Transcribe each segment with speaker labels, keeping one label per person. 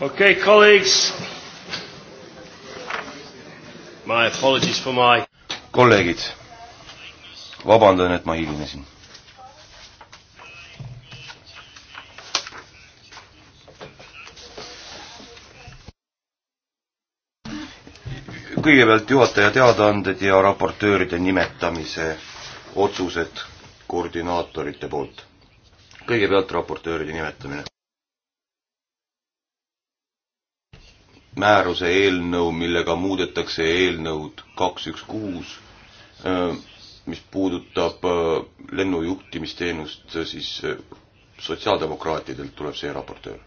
Speaker 1: Okay, colleagues. My apologies for my... kolleegid, vabandan, et ma hilinesin. kõigepealt juhataja teadaanded ja raportööride nimetamise otsused koordinaatorite poolt. kõigepealt raportööride nimetamine. määruse eelnõu, millega muudetakse eelnõud kaks, üks, kuus, äh, mis puudutab äh, lennujuhtimisteenust, siis äh, sotsiaaldemokraatidelt tuleb see raportöör.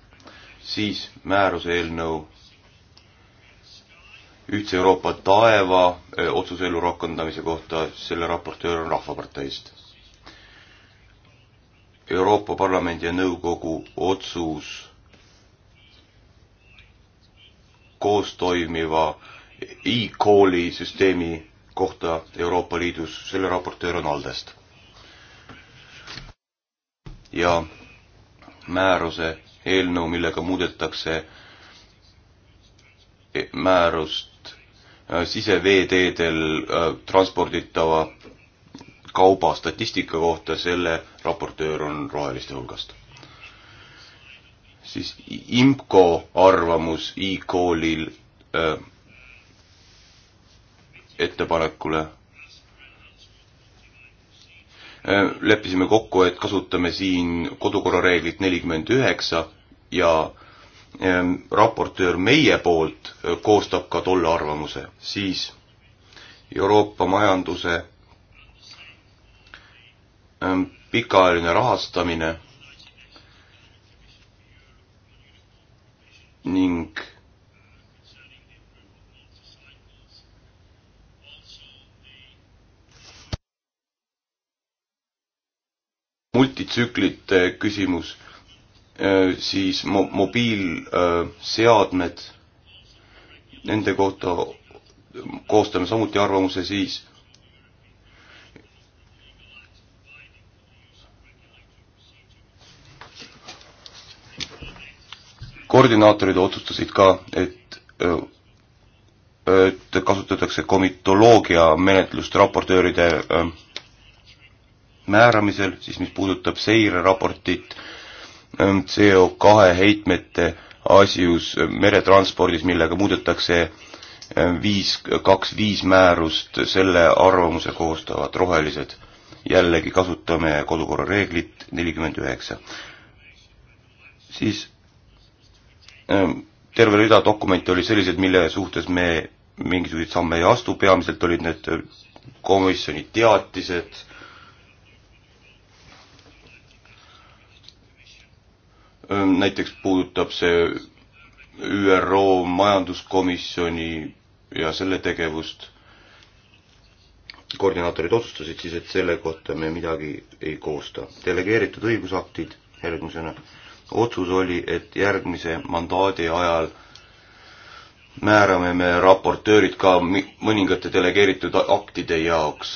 Speaker 1: siis määruse eelnõu Ühtse Euroopa taeva otsuse elu rakendamise kohta, selle raportöör on Rahvaparteist. Euroopa Parlamendi ja Nõukogu otsus koos toimiva e-kooli süsteemi kohta Euroopa Liidus, selle raportöör on Aldest. ja määruse eelnõu, millega muudetakse määrust äh, siseveeteedel äh, transporditava kauba statistika kohta, selle raportöör on Roheliste hulgast siis IMCO arvamus e-koolil äh, ettepanekule äh,. leppisime kokku, et kasutame siin kodukorrareeglit nelikümmend üheksa ja äh, raportöör meie poolt äh, koostab ka tolle arvamuse, siis Euroopa majanduse äh, pikaajaline rahastamine ning multitsüklite küsimus, äh, siis mo-, mobiilseadmed, äh, nende kohta koostame samuti arvamuse siis koordinaatorid otsustasid ka, et et kasutatakse komitoloogia menetlust raportööride määramisel, siis mis puudutab seireraportit CO kahe heitmete asjus meretranspordis, millega muudetakse viis, kaks viis määrust, selle arvamuse koostavad rohelised. jällegi kasutame kodukorra reeglit nelikümmend üheksa. siis Ehm, terve rida dokumente oli sellised, mille suhtes me mingisuguseid samme ei astu, peamiselt olid need äh, komisjoni teatised, ehm, näiteks puudutab see ÜRO majanduskomisjoni ja selle tegevust. koordinaatorid otsustasid siis, et selle kohta me midagi ei koosta. delegeeritud õigusaktid järgmisena otsus oli, et järgmise mandaadi ajal määrame me raportöörid ka mõningate delegeeritud aktide jaoks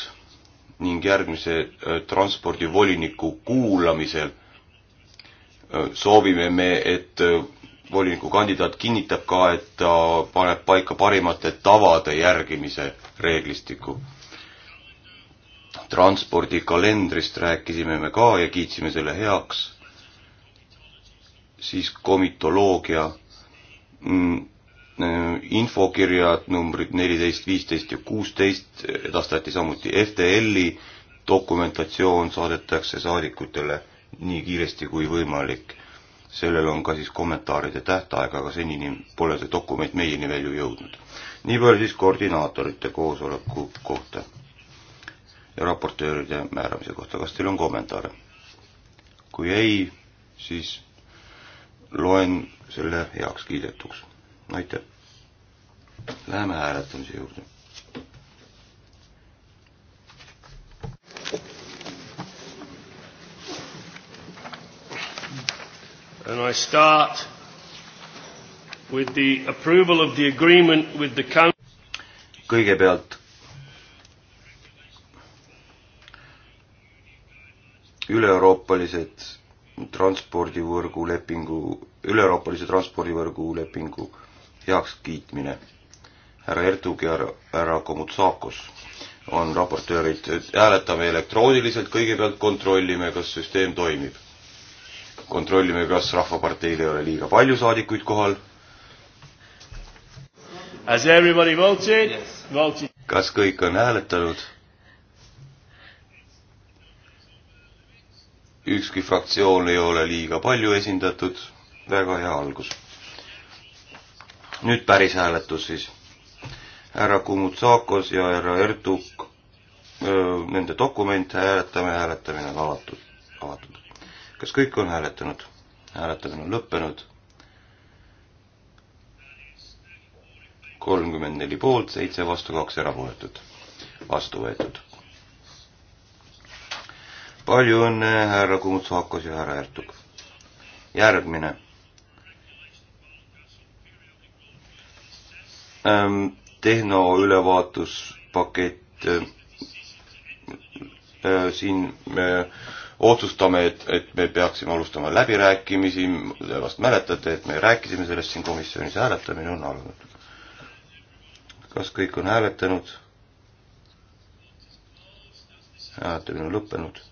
Speaker 1: ning järgmise äh, transpordivoliniku kuulamisel äh, soovime me, et äh, volinikukandidaat kinnitab ka, et ta paneb paika parimate tavade järgimise reeglistiku. transpordikalendrist rääkisime me ka ja kiitsime selle heaks siis komitoloogia mm, äh, infokirjad numbrid neliteist, viisteist ja kuusteist edastati samuti FTL-i dokumentatsioon saadetakse saadikutele nii kiiresti kui võimalik. sellel on ka siis kommentaaride tähtaeg, aga senini pole see dokument meieni veel ju jõudnud. nii palju siis koordinaatorite koosoleku kohta ja raportööride määramise kohta. kas teil on kommentaare? kui ei, siis loen selle heaks kiidetuks. aitäh. Läheme hääletamise juurde. And I start with the approval of the agreement with the council. kõigepealt üle-euroopalised transpordivõrgu lepingu, üle-euroopalise transpordivõrgu lepingu heakskiitmine. härra Ertug ja härra Komutsakos on raportöörid, hääletame elektrooniliselt, kõigepealt kontrollime, kas süsteem toimib. kontrollime, kas Rahvaparteil ei ole liiga palju saadikuid kohal. kas kõik on hääletanud? ükski fraktsioon ei ole liiga palju esindatud, väga hea algus. nüüd päris hääletus siis. härra Kumutsakos ja härra Ertuk, nende dokument, hääletame, hääletamine on avatud, avatud. kas kõik on hääletanud? hääletamine on lõppenud. kolmkümmend neli poolt, seitse vastu, kaks erapooletut. vastu võetud palju õnne, härra Kumutsakos ja härra Ertug. järgmine ähm,. tehnoülevaatuspakett äh,. Ehm, äh, ehm, siin me otsustame, et, et me peaksime alustama läbirääkimisi, te vast mäletate, et me rääkisime sellest siin komisjonis, hääletamine on alanud. kas kõik on hääletanud? hääletamine on lõppenud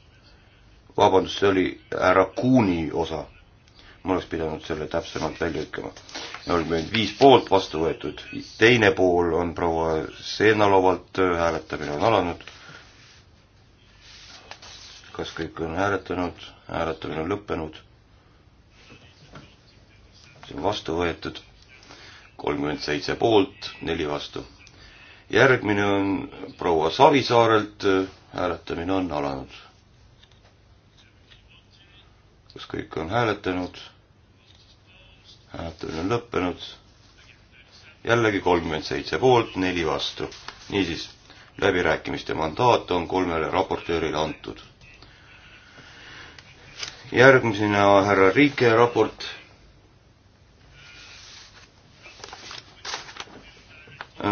Speaker 1: vabandust, see oli härra Kuuni osa. ma oleks pidanud selle täpsemalt välja ütlema. me olime nüüd viis poolt vastu võetud, teine pool on proua Seenalovalt, äh, hääletamine on alanud. kas kõik on hääletanud, hääletamine on lõppenud? see on vastu võetud, kolmkümmend seitse poolt, neli vastu. järgmine on proua Savisaarelt, äh, hääletamine on alanud kas kõik on hääletanud? hääletamine on lõppenud. jällegi kolmkümmend seitse poolt, neli vastu. niisiis, läbirääkimiste mandaat on kolmele raportöörile antud. järgmisena härra Riike raport.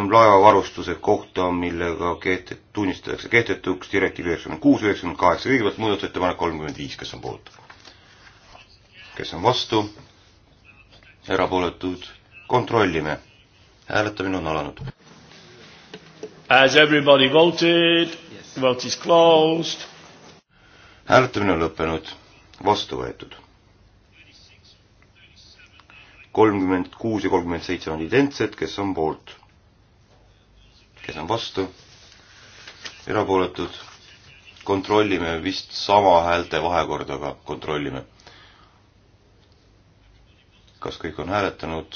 Speaker 1: laevavarustuse kohta, millega keht-, tunnistatakse kehtetuks direktiiv üheksakümmend kuus, üheksakümmend kaheksa, kõigepealt muudatusettepanek kolmkümmend viis, kes on poolt? kes on vastu, erapooletud, kontrollime. hääletamine on alanud. As everybody voted yes., vote is closed. hääletamine on lõppenud, vastu võetud. kolmkümmend kuus ja kolmkümmend seitse on identsed, kes on poolt, kes on vastu, erapooletud kontrollime vist sama häälte vahekorda, aga kontrollime kas kõik on hääletanud?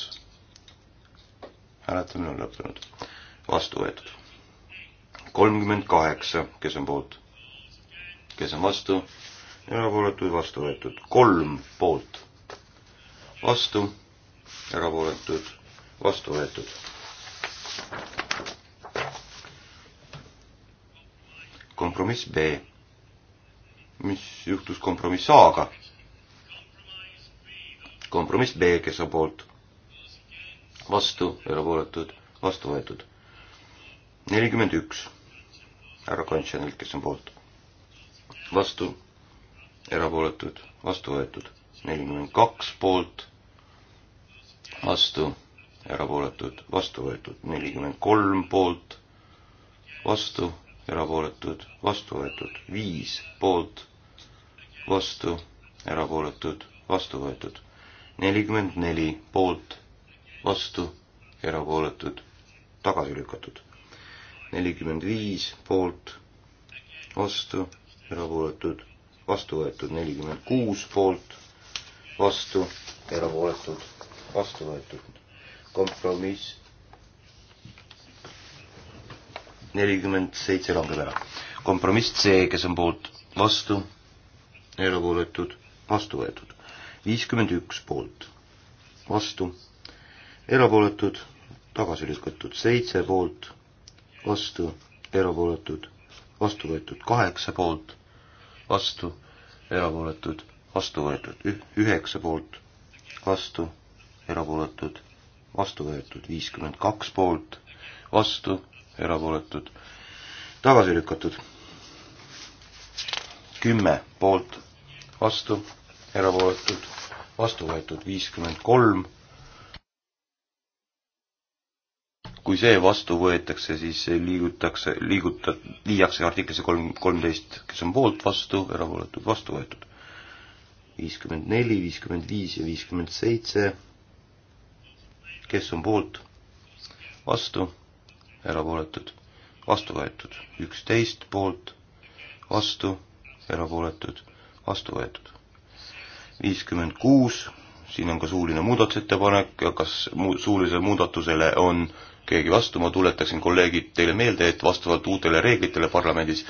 Speaker 1: hääletamine on lõppenud. vastu võetud. kolmkümmend kaheksa, kes on poolt? kes on vastu? erapooletuid vastu võetud. kolm poolt. vastu, erapooletud, vastu võetud. kompromiss B. mis juhtus kompromiss A-ga? kompromiss B, kes on poolt, vastu, erapooletud, vastu võetud. nelikümmend üks härra Kontšanilt, kes on poolt, vastu, erapooletud, vastu võetud. nelikümmend kaks poolt, vastu, erapooletud, vastu võetud. nelikümmend kolm poolt, vastu, erapooletud, vastu võetud. viis poolt, vastu, erapooletud, vastu võetud nelikümmend neli poolt, vastu, erapooletud, tagasi lükatud. nelikümmend viis poolt, vastu, erapooletud, vastu võetud, nelikümmend kuus poolt, vastu, erapooletud, vastu võetud. kompromiss nelikümmend seitse langeb ära. kompromiss C, kes on poolt, vastu, erapooletud, vastu võetud viiskümmend üks poolt, vastu, erapooletud, tagasi lükatud seitse poolt, vastu, erapooletud, vastu võetud kaheksa poolt, vastu, erapooletud, vastu võetud üheksa poolt, vastu, erapooletud, vastu võetud viiskümmend kaks poolt, vastu, erapooletud, tagasi lükatud kümme poolt, vastu erapooletud, vastu võetud viiskümmend kolm. kui see vastu võetakse, siis liigutakse, liiguta-, viiakse artiklisse kolm, kolmteist, kes on poolt, vastu, erapooletud, vastu võetud. viiskümmend neli, viiskümmend viis ja viiskümmend seitse, kes on poolt, vastu, erapooletud, vastu võetud, üksteist poolt, vastu, erapooletud, vastu võetud viiskümmend kuus, siin on ka suuline muudatusettepanek ja kas mu-, suulisele muudatusele on keegi vastu, ma tuletaksin, kolleegid, teile meelde, et vastavalt uutele reeglitele parlamendis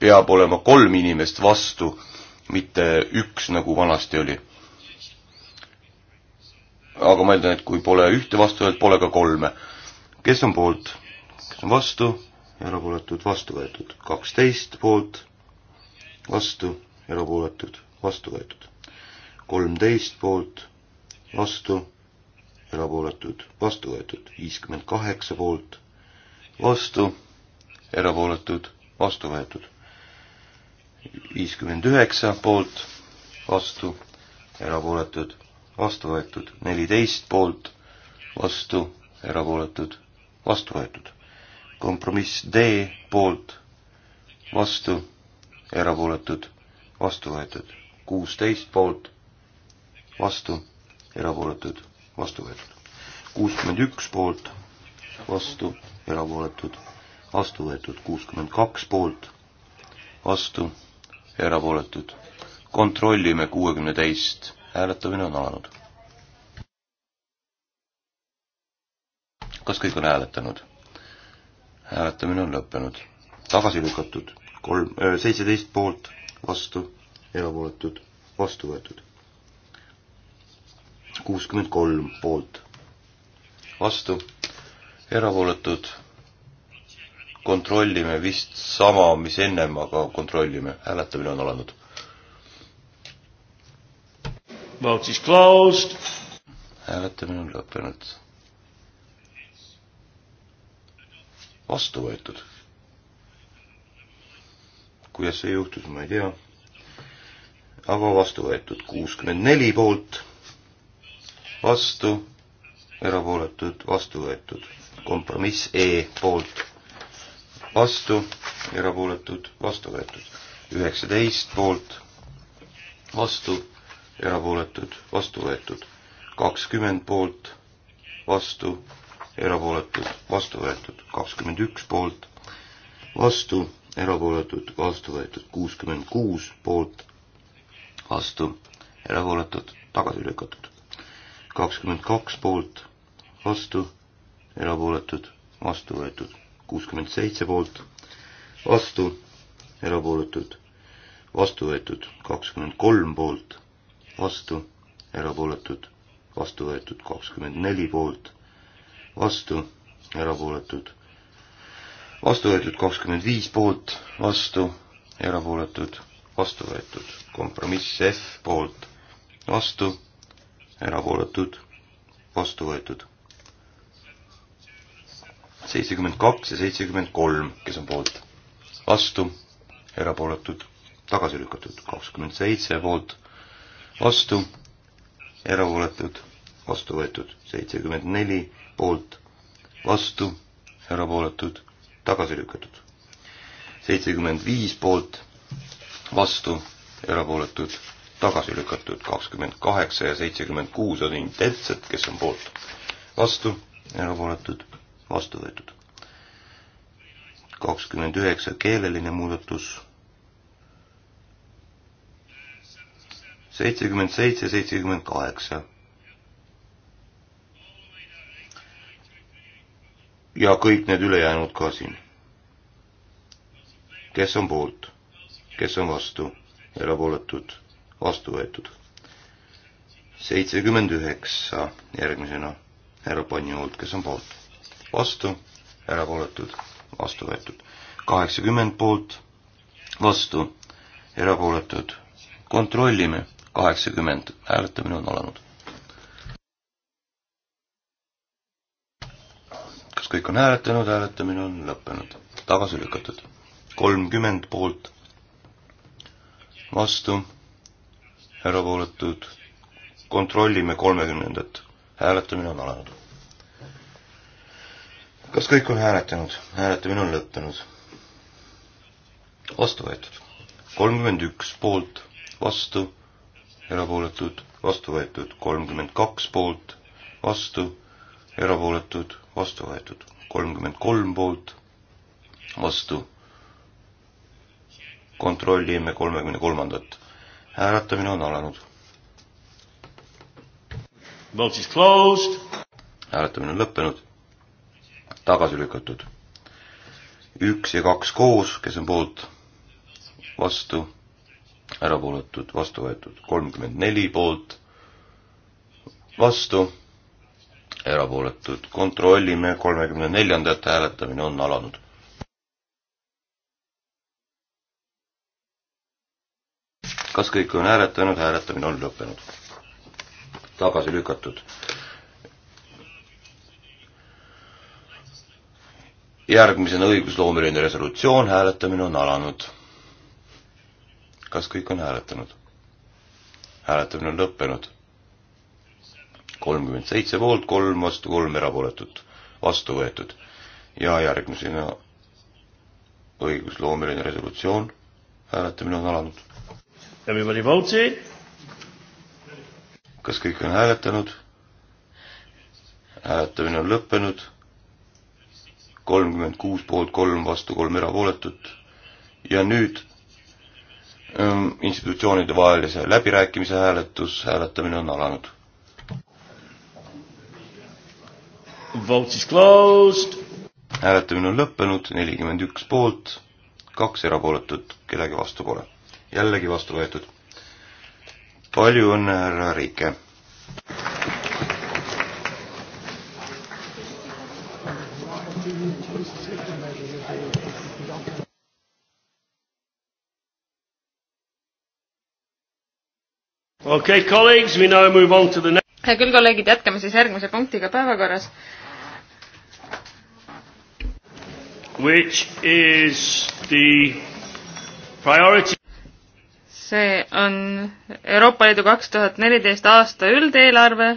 Speaker 1: peab olema kolm inimest vastu, mitte üks, nagu vanasti oli. aga ma eeldan, et kui pole ühte vastuhäält, pole ka kolme. kes on poolt, kes on vastu, erapooletud, vastu võetud, kaksteist poolt, vastu, erapooletud, vastu võetud kolmteist poolt, vastu, erapooletud, vastu võetud, viiskümmend kaheksa poolt, vastu, erapooletud, vastu võetud, viiskümmend üheksa poolt, vastu, erapooletud, vastu võetud, neliteist poolt, vastu, erapooletud, vastu võetud. kompromiss D poolt, vastu, erapooletud, vastu võetud, kuusteist poolt, vastu, erapooletud, vastu võetud. kuuskümmend üks poolt, vastu, erapooletud, vastu võetud. kuuskümmend kaks poolt, vastu, erapooletud. kontrollime kuuekümne teist, hääletamine on alanud. kas kõik on hääletanud? hääletamine on lõppenud. tagasi lükatud, kolm, äh, seitseteist poolt, vastu, erapooletud, vastu võetud kuuskümmend kolm poolt, vastu, erapooletud. kontrollime vist sama, mis ennem, aga kontrollime, hääletamine on alanud. Vote is closed. hääletamine on lõppenud. vastu võetud. kuidas see juhtus, ma ei tea. aga vastu võetud kuuskümmend neli poolt vastu, erapooletud, vastu võetud. kompromiss E poolt, vastu, erapooletud, vastu võetud. üheksateist poolt, vastu, erapooletud, vastu võetud. kakskümmend poolt, vastu, erapooletud, vastu võetud. kakskümmend üks poolt, vastu, erapooletud, vastu võetud. kuuskümmend kuus poolt, vastu, erapooletud, tagasi lükatud kakskümmend kaks poolt, vastu, erapooletud, vastu võetud. kuuskümmend seitse poolt, vastu, erapooletud, vastu võetud. kakskümmend kolm poolt, vastu, erapooletud, vastu võetud. kakskümmend neli poolt, vastu, erapooletud, vastu võetud. kakskümmend viis poolt, vastu, erapooletud, vastu võetud. kompromiss F poolt, vastu erapooletud, vastu võetud. seitsekümmend kaks ja seitsekümmend kolm, kes on poolt, vastu, erapooletud, tagasi lükatud, kakskümmend seitse poolt, vastu, erapooletud, vastu võetud, seitsekümmend neli poolt, vastu, erapooletud, tagasi lükatud. seitsekümmend viis poolt, vastu, erapooletud tagasi lükatud, kakskümmend kaheksa ja seitsekümmend kuus on identsed, kes on poolt, vastu, erapooletud, vastu võetud. kakskümmend üheksa keeleline muudatus. seitsekümmend seitse, seitsekümmend kaheksa. ja kõik need ülejäänud ka siin. kes on poolt, kes on vastu, erapooletud vastu võetud. seitsekümmend üheksa järgmisena härra Panjult, kes on poolt, vastu, erapooletud, vastu võetud. kaheksakümmend poolt, vastu, erapooletud, kontrollime, kaheksakümmend, hääletamine on alanud. kas kõik on hääletanud, hääletamine on lõppenud, tagasi lükatud. kolmkümmend poolt, vastu erapooletud, kontrollime kolmekümnendat. hääletamine on alanud. kas kõik on hääletanud? hääletamine on lõppenud. vastu võetud. kolmkümmend üks poolt, vastu, erapooletud, vastu võetud. kolmkümmend kaks poolt, vastu, erapooletud, vastu võetud. kolmkümmend kolm poolt, vastu. kontrollime kolmekümne kolmandat hääletamine on alanud. hääletamine on lõppenud. tagasi lükatud. üks ja kaks koos, kes on poolt, vastu, erapooletud, vastu võetud, kolmkümmend neli poolt, vastu, erapooletud. kontrollime, kolmekümne neljandat hääletamine on alanud. kas kõik on hääletanud, hääletamine on lõppenud. tagasi lükatud. järgmisena õigusloomeline resolutsioon, hääletamine on alanud. kas kõik on hääletanud? hääletamine on lõppenud. kolmkümmend seitse poolt, kolm vastu, kolm erapooletut vastu võetud. ja järgmisena õigusloomeline resolutsioon, hääletamine on alanud Everybody voted? kas kõik on hääletanud? hääletamine on lõppenud. kolmkümmend kuus poolt, kolm vastu, kolm erapooletut. ja nüüd ähm, institutsioonide vahelise läbirääkimise hääletus, hääletamine on alanud. Vote is closed. hääletamine on lõppenud, nelikümmend üks poolt, kaks erapooletut, kedagi vastu pole jällegi vastu võetud. palju õnne, härra Riike! Okay, colleagues, we now move on to the next.
Speaker 2: hea küll, kolleegid, jätkame siis järgmise punktiga päevakorras.
Speaker 1: Which is the priority
Speaker 2: see on Euroopa Liidu kaks tuhat neliteist aasta üldeelarve,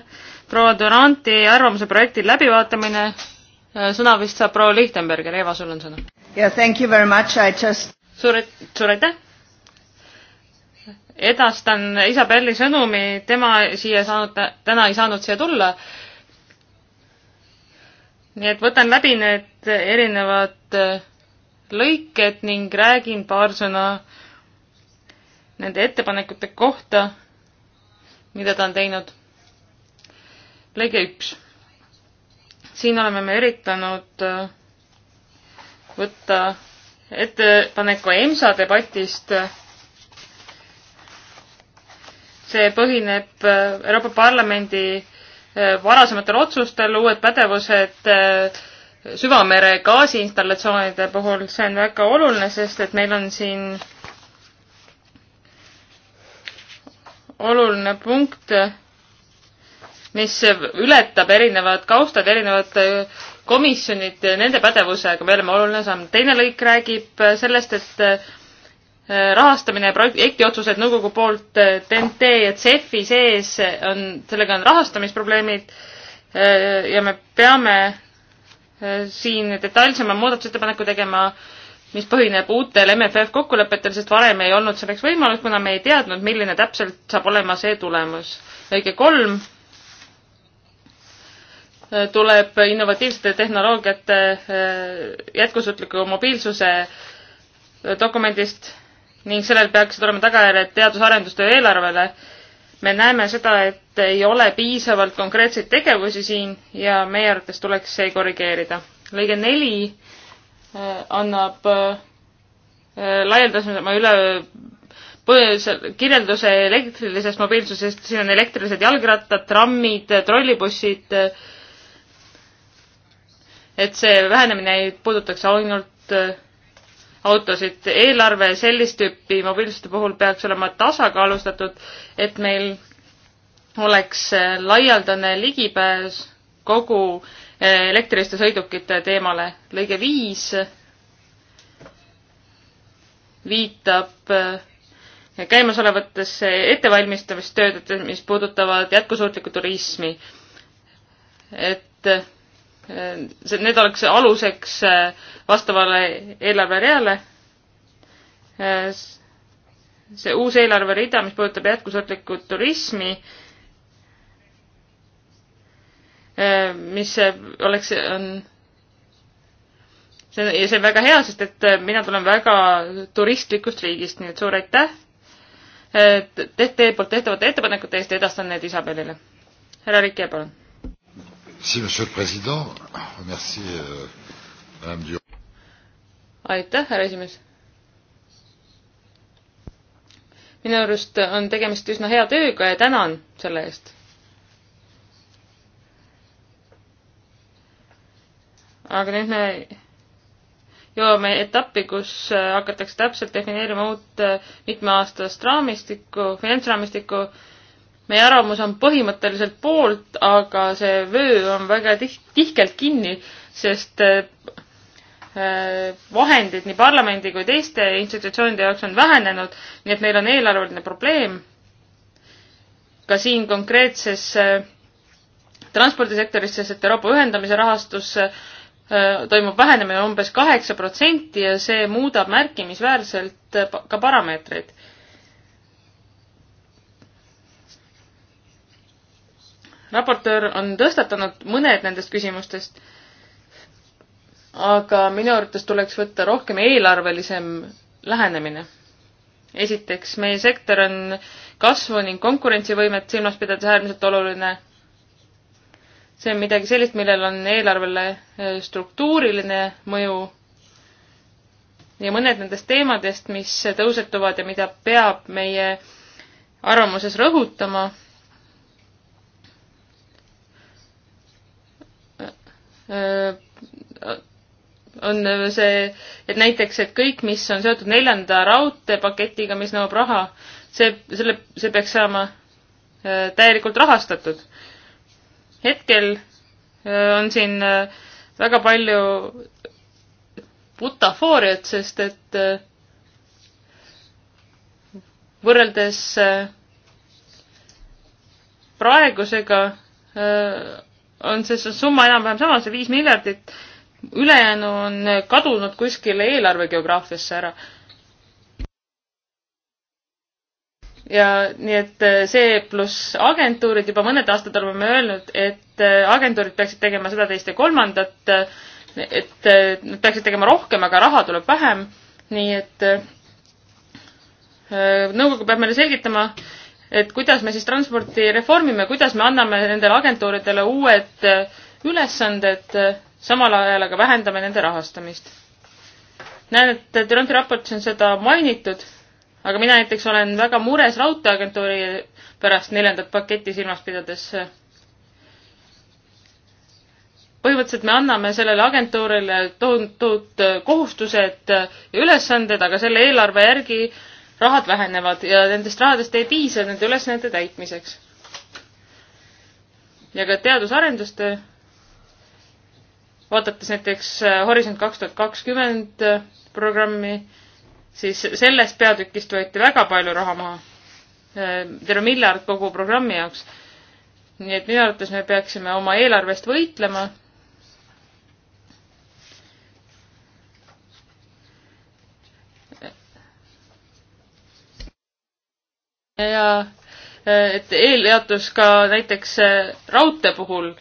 Speaker 2: proua Duranti arvamuse projekti läbivaatamine, äh, sõna vist saab proua Lichtenberger, Eva, sul on sõna. jaa, thank you very much, I just suur, suur aitäh! edastan Isabelli sõnumi, tema siia saanud, täna ei saanud siia tulla, nii et võtan läbi need erinevad äh, lõiked ning räägin paar sõna äh, nende ettepanekute kohta, mida ta on teinud. lõige üks. siin oleme me üritanud äh, võtta ettepaneku EMSA debatist. see põhineb äh, Euroopa Parlamendi äh, varasematel otsustel, uued pädevused süvamere gaasiinstallatsioonide puhul, see on väga oluline, sest et meil on siin oluline punkt, mis ületab erinevad kaustad, erinevad komisjonid, nende pädevusega me oleme oluline samm. teine lõik räägib sellest, et äh, rahastamine ja projektiotsused nõukogu poolt TNT äh, ja CEF-i sees on, sellega on rahastamisprobleemid äh, ja me peame siin detailsema muudatusettepaneku tegema äh, mis põhineb uutel MFF kokkulepetel, sest varem ei olnud selleks võimalus, kuna me ei teadnud, milline täpselt saab olema see tulemus. lõige kolm tuleb innovatiivsete tehnoloogiate eh, jätkusuutliku mobiilsuse eh, dokumendist ning sellel peaksid olema tagajärjed teadus-arendustöö eelarvele. me näeme seda, et ei ole piisavalt konkreetseid tegevusi siin ja meie arvates tuleks see korrigeerida. lõige neli annab äh, laialdasema üle kirjelduse elektrilisest mobiilsusest, siin on elektrilised jalgrattad, trammid, trollibussid. et see vähenemine ei puudutaks ainult äh, autosid. eelarve sellist tüüpi mobiilsuste puhul peaks olema tasakaalustatud, et meil oleks äh, laialdane ligipääs kogu elektriliste sõidukite teemale. lõige viis viitab äh, käimasolevatesse ettevalmistamistöödesse, mis puudutavad jätkusuutlikku turismi. et äh, see, need oleks aluseks äh, vastavale eelarvereale. see uus eelarverida, mis puudutab jätkusuutlikku turismi, Äh, mis oleks, on see, ja see on väga hea, sest et äh, mina tulen väga turistlikust riigist, nii et suur aitäh äh, te, teie poolt tehtavate ettepanekute eest ja edastan need Isabelile. härra Rikke, palun. Euh, aitäh, härra esimees. minu arust on tegemist üsna hea tööga ja tänan selle eest aga nüüd me jõuame etappi, kus äh, hakatakse täpselt defineerima uut äh, mitmeaastast raamistikku, finantsraamistikku. meie arvamus on põhimõtteliselt poolt, aga see vöö on väga tih-, tihkelt kinni, sest äh, vahendid nii parlamendi kui teiste institutsioonide jaoks on vähenenud, nii et meil on eelarveline probleem. ka siin konkreetses transpordisektoris, sest Euroopa ühendamise rahastus Äh, toimub vähenemine umbes kaheksa protsenti ja see muudab märkimisväärselt ka parameetreid. raportöör on tõstatanud mõned nendest küsimustest, aga minu arvates tuleks võtta rohkem eelarvelisem lähenemine. esiteks, meie sektor on kasvu ning konkurentsivõimet silmas pidades äärmiselt oluline see on midagi sellist, millel on eelarvele eh, struktuuriline mõju ja mõned nendest teemadest, mis tõusetuvad ja mida peab meie arvamuses rõhutama, eh, on see, et näiteks, et kõik, mis on seotud neljanda raudteepaketiga, mis nõuab raha, see, selle, see peaks saama eh, täielikult rahastatud hetkel äh, on siin äh, väga palju butafooriat, sest et äh, võrreldes praegusega on see summa enam-vähem sama, see viis miljardit, ülejäänu on kadunud kuskile eelarvegeograafiasse ära ja nii et äh, see pluss agentuurid, juba mõned aastad oleme öelnud, et äh, agentuurid peaksid tegema seda, teist ja kolmandat, äh, et nad peaksid tegema rohkem, aga raha tuleb vähem, nii et nõukogu peab meile selgitama, et kuidas me siis transporti reformime, kuidas me anname nendele agentuuridele uued ülesanded, samal ajal aga vähendame nende rahastamist. näen, et Toronto raportis on seda mainitud aga mina näiteks olen väga mures raudteeagentuuri pärast neljandat paketti silmas pidades. põhimõtteliselt me anname sellele agentuurile tohutud kohustused ja ülesanded, aga selle eelarve järgi rahad vähenevad ja nendest rahadest ei piisa nende ülesannete täitmiseks. ja ka teadus-arenduste, vaadates näiteks Horisont kaks tuhat kakskümmend programmi, siis sellest peatükist võeti väga palju raha maha. terve miljard kogu programmi jaoks. nii et minu arvates me peaksime oma eelarvest võitlema. ja et eeljaotus ka näiteks raudtee puhul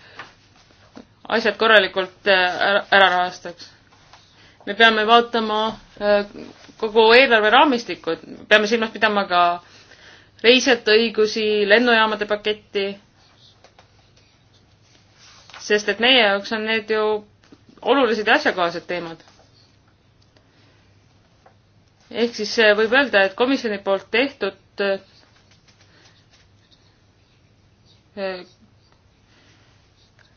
Speaker 2: asjad korralikult ära rahastaks. me peame vaatama kogu eelarve raamistikku, et peame silmas pidama ka reisijate õigusi, lennujaamade paketti. sest et meie jaoks on need ju olulised ja asjakohased teemad. ehk siis eh, võib öelda, et komisjoni poolt tehtud eh,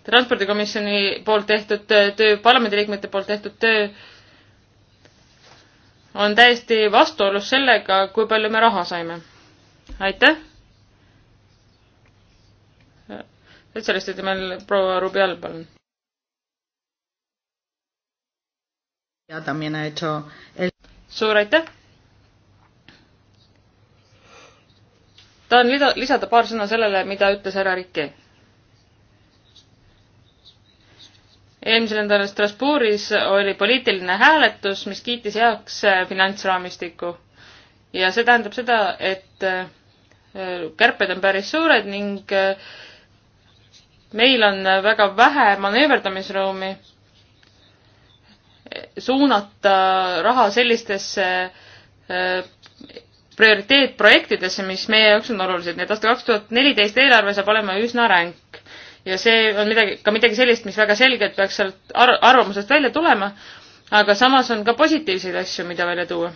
Speaker 2: transpordikomisjoni poolt tehtud eh, töö, parlamendiliikmete poolt tehtud töö on täiesti vastuolus sellega, kui palju me raha saime. aitäh! sotsialistide nimel proua Rubial, palun. suur aitäh! tahan lida, lisada paar sõna sellele, mida ütles härra Rikki eelmisel nädalal Strasbourgis oli poliitiline hääletus, mis kiitis heaks äh, finantsraamistiku. ja see tähendab seda, et äh, kärped on päris suured ning äh, meil on väga vähe manööverdamisruumi suunata raha sellistesse prioriteetprojektidesse, mis meie jaoks on olulised, nii et aasta kaks tuhat neliteist eelarve saab olema üsna ränk ja see on midagi, ka midagi sellist, mis väga selgelt peaks sealt ar arvamusest välja tulema, aga samas on ka positiivseid asju, mida välja tuua.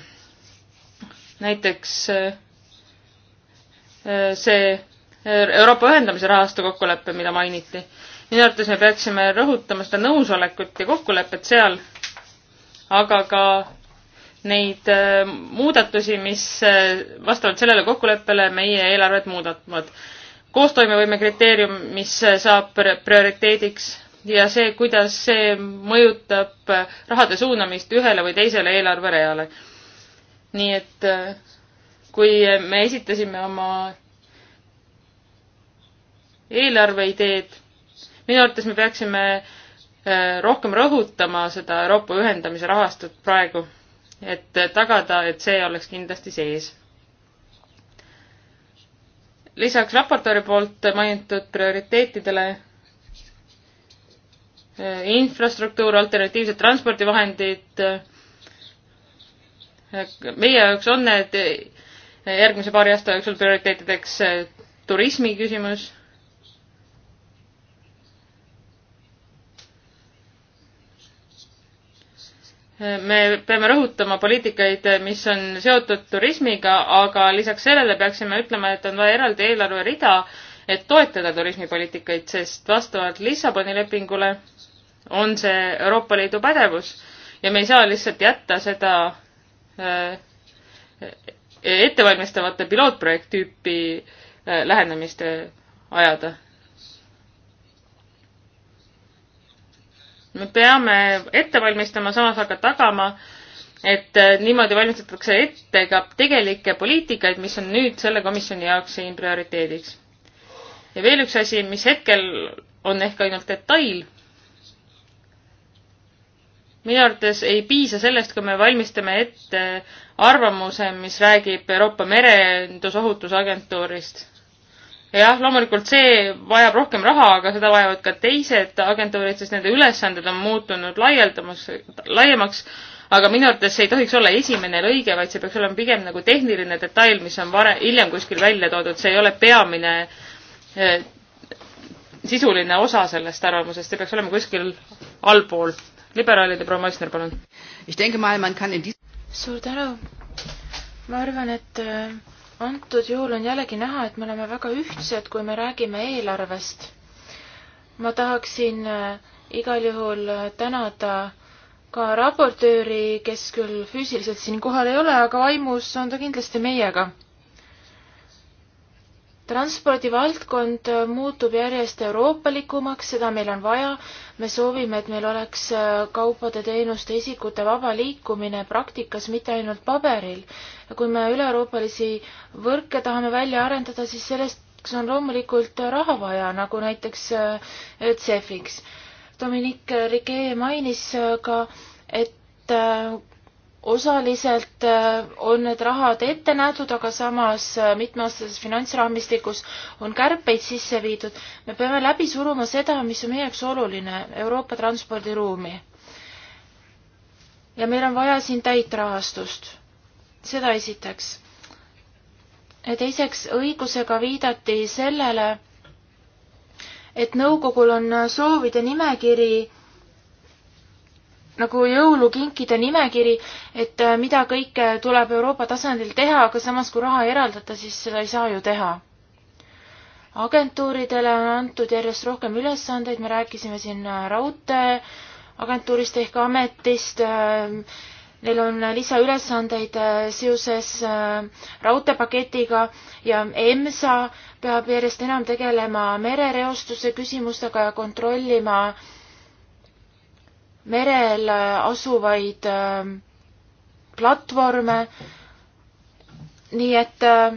Speaker 2: näiteks äh, äh, see Euroopa ühendamise rahastu kokkulepe, mida mainiti. minu arvates me peaksime rõhutama seda nõusolekut ja kokkulepet seal, aga ka neid äh, muudatusi, mis vastavalt sellele kokkuleppele meie eelarvet muudavad koostoimevõime kriteerium, mis saab prioriteediks ja see, kuidas see mõjutab rahade suunamist ühele või teisele eelarvereale. nii et äh, kui me esitasime oma eelarveideed, minu arvates me peaksime äh, rohkem rõhutama seda Euroopa ühendamise rahastut praegu, et tagada, et see oleks kindlasti sees lisaks raportööri poolt mainitud prioriteetidele eh, infrastruktuur, alternatiivsed transpordivahendid. Eh, meie jaoks on need eh, järgmise paari aasta jooksul prioriteetideks turismi küsimus me peame rõhutama poliitikaid, mis on seotud turismiga, aga lisaks sellele peaksime ütlema, et on vaja eraldi eelarverida, et toetada turismipoliitikaid, sest vastavalt Lissaboni lepingule on see Euroopa Liidu pädevus ja me ei saa lihtsalt jätta seda äh, ettevalmistavate pilootprojekt tüüpi äh, lähenemist ajada me peame ette valmistama, samas aga tagama, et äh, niimoodi valmistatakse ette ka tegelikke poliitikaid, mis on nüüd selle komisjoni jaoks siin prioriteediks. ja veel üks asi, mis hetkel on ehk ainult detail. minu arvates ei piisa sellest, kui me valmistame ette arvamuse, mis räägib Euroopa Merendusohutusagentuurist jah, loomulikult see vajab rohkem raha, aga seda vajavad ka teised agentuurid, sest nende ülesanded on muutunud laialdamas, laiemaks, aga minu arvates see ei tohiks olla esimene lõige, vaid see peaks olema pigem nagu tehniline detail, mis on varem, hiljem kuskil välja toodud, see ei ole peamine eh, sisuline osa sellest arvamusest, see peaks olema kuskil allpool. liberaalide proua Maisner, palun.
Speaker 3: suur tänu. ma arvan, et äh antud juhul on jällegi näha, et me oleme väga ühtsed, kui me räägime eelarvest. ma tahaksin äh, igal juhul äh, tänada ka raportööri, kes küll füüsiliselt siin kohal ei ole, aga vaimus on ta kindlasti meiega transpordivaldkond muutub järjest euroopalikumaks, seda meil on vaja. me soovime, et meil oleks äh, kaupade, teenuste, isikute vaba liikumine praktikas, mitte ainult paberil. kui me üle-euroopalisi võrke tahame välja arendada, siis selleks on loomulikult raha vaja, nagu näiteks äh, CEF-iks. Dominic Riquet mainis ka, et äh, osaliselt äh, on need rahad ette nähtud, aga samas äh, mitmeaastases finantsraamistikus on kärpeid sisse viidud. me peame läbi suruma seda, mis on meie jaoks oluline, Euroopa transpordiruumi. ja meil on vaja siin täit rahastust. seda esiteks. teiseks, õigusega viidati sellele, et nõukogul on soovide nimekiri nagu jõulukinkide nimekiri, et äh, mida kõike äh, tuleb Euroopa tasandil teha, aga samas, kui raha ei eraldata, siis seda ei saa ju teha. agentuuridele on antud järjest rohkem ülesandeid, me rääkisime siin äh, raudteeagentuurist ehk ametist, ähm, neil on lisaülesandeid seoses raudteepaketiga ja EMSA peab järjest enam tegelema merereostuse küsimustega ja kontrollima äh, merel äh, asuvaid ähm, platvorme. nii et äh,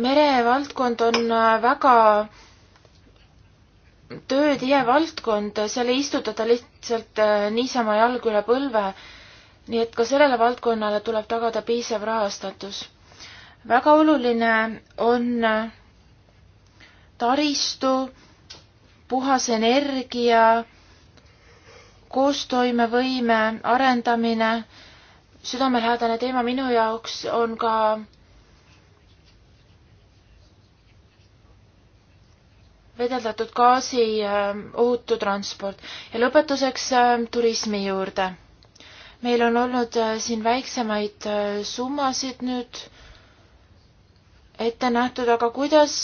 Speaker 3: merevaldkond on äh, väga töötihe valdkond, seal ei istutata lihtsalt niisama jalgu üle põlve. nii et ka sellele valdkonnale tuleb tagada piisav rahastatus. väga oluline on taristu puhas energia, koostoimevõime arendamine, südamelähedane teema minu jaoks on ka vedeldatud gaasi äh, ohutu transport ja lõpetuseks äh, turismi juurde. meil on olnud äh, siin väiksemaid summasid nüüd ette nähtud, aga kuidas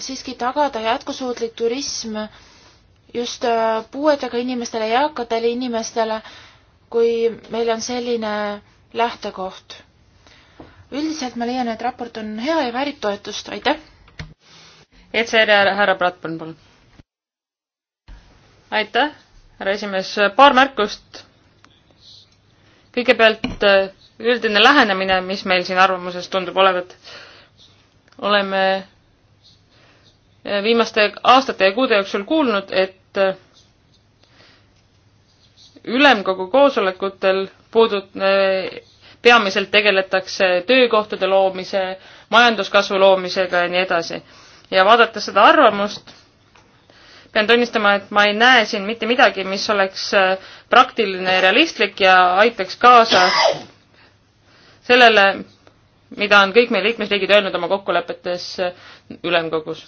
Speaker 3: siiski tagada jätkusuutlik turism just äh, puuetega inimestele, eakatele inimestele, kui meil on selline lähtekoht. üldiselt ma leian, et raport on hea ja väärib toetust, aitäh! ECR ja härra Bratburn, palun!
Speaker 2: aitäh, härra esimees, paar märkust. kõigepealt äh, üldine lähenemine, mis meil siin arvamuses tundub olevat. oleme viimaste aastate ja kuude jooksul kuulnud, et äh, ülemkogu koosolekutel puudut-, äh, peamiselt tegeletakse töökohtade loomise, majanduskasvu loomisega ja nii edasi. ja vaadates seda arvamust, pean tunnistama, et ma ei näe siin mitte midagi, mis oleks äh, praktiline ja realistlik ja aitaks kaasa sellele, mida on kõik meie liikmesriigid öelnud oma kokkulepetes ülemkogus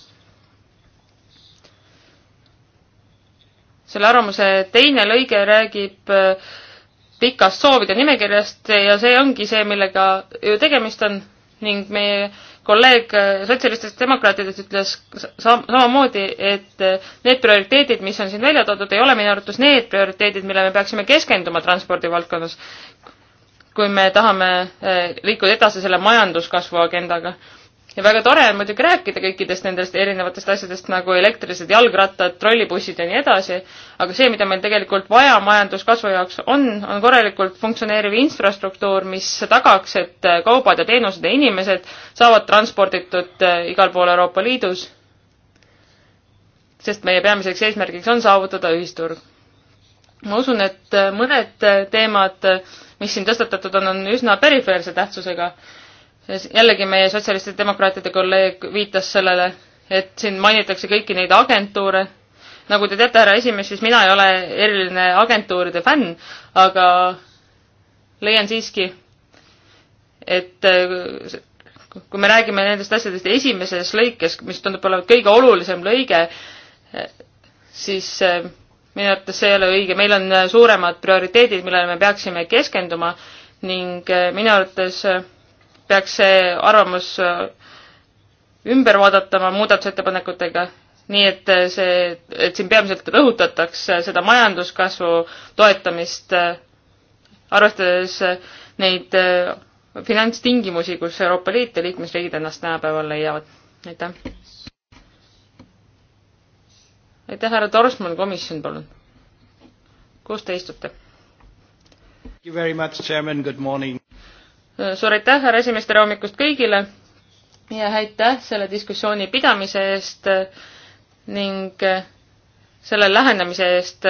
Speaker 2: selle arvamuse teine lõige räägib äh, pikast soovide nimekirjast ja see ongi see, millega ju tegemist on ning meie kolleeg äh, sotsialistidest demokraatidest ütles sam samamoodi, et äh, need prioriteedid, mis on siin välja toodud, ei ole minu arvates need prioriteedid, millele me peaksime keskenduma transpordivaldkonnas, kui me tahame liikuda edasi selle majanduskasvu agendaga ja väga tore on muidugi rääkida kõikidest nendest erinevatest asjadest nagu elektrilised jalgrattad, trollibussid ja nii edasi, aga see, mida meil tegelikult vaja majanduskasvu jaoks on, on korralikult funktsioneeriv infrastruktuur, mis tagaks, et kaubad ja teenused ja inimesed saavad transporditud eh, igal pool Euroopa Liidus. sest meie peamiseks eesmärgiks on saavutada ühisturg. ma usun, et eh, mõned eh, teemad, mis siin tõstatatud on, on üsna perifeerse tähtsusega jällegi meie sotsialistide demokraatide kolleeg viitas sellele, et siin mainitakse kõiki neid agentuure. nagu te teate, härra esimees, siis mina ei ole eriline agentuuride fänn, aga leian siiski, et äh, kui me räägime nendest asjadest esimeses lõikes, mis tundub olevat kõige olulisem lõige, äh, siis äh, minu arvates see ei ole õige, meil on suuremad prioriteedid, millele me peaksime keskenduma ning minu arvates peaks see arvamus äh, ümber vaadatama muudatusettepanekutega, nii et äh, see, et siin peamiselt rõhutatakse äh, seda majanduskasvu toetamist, arvestades neid finantstingimusi, kus Euroopa Liit ja liikmesriigid ennast tänapäeval leiavad. aitäh. aitäh, härra Torsmann, komisjon, palun. kus te istute? suur aitäh, härra esimees, tere hommikust kõigile ja aitäh selle diskussiooni pidamise eest ning selle lähenemise eest,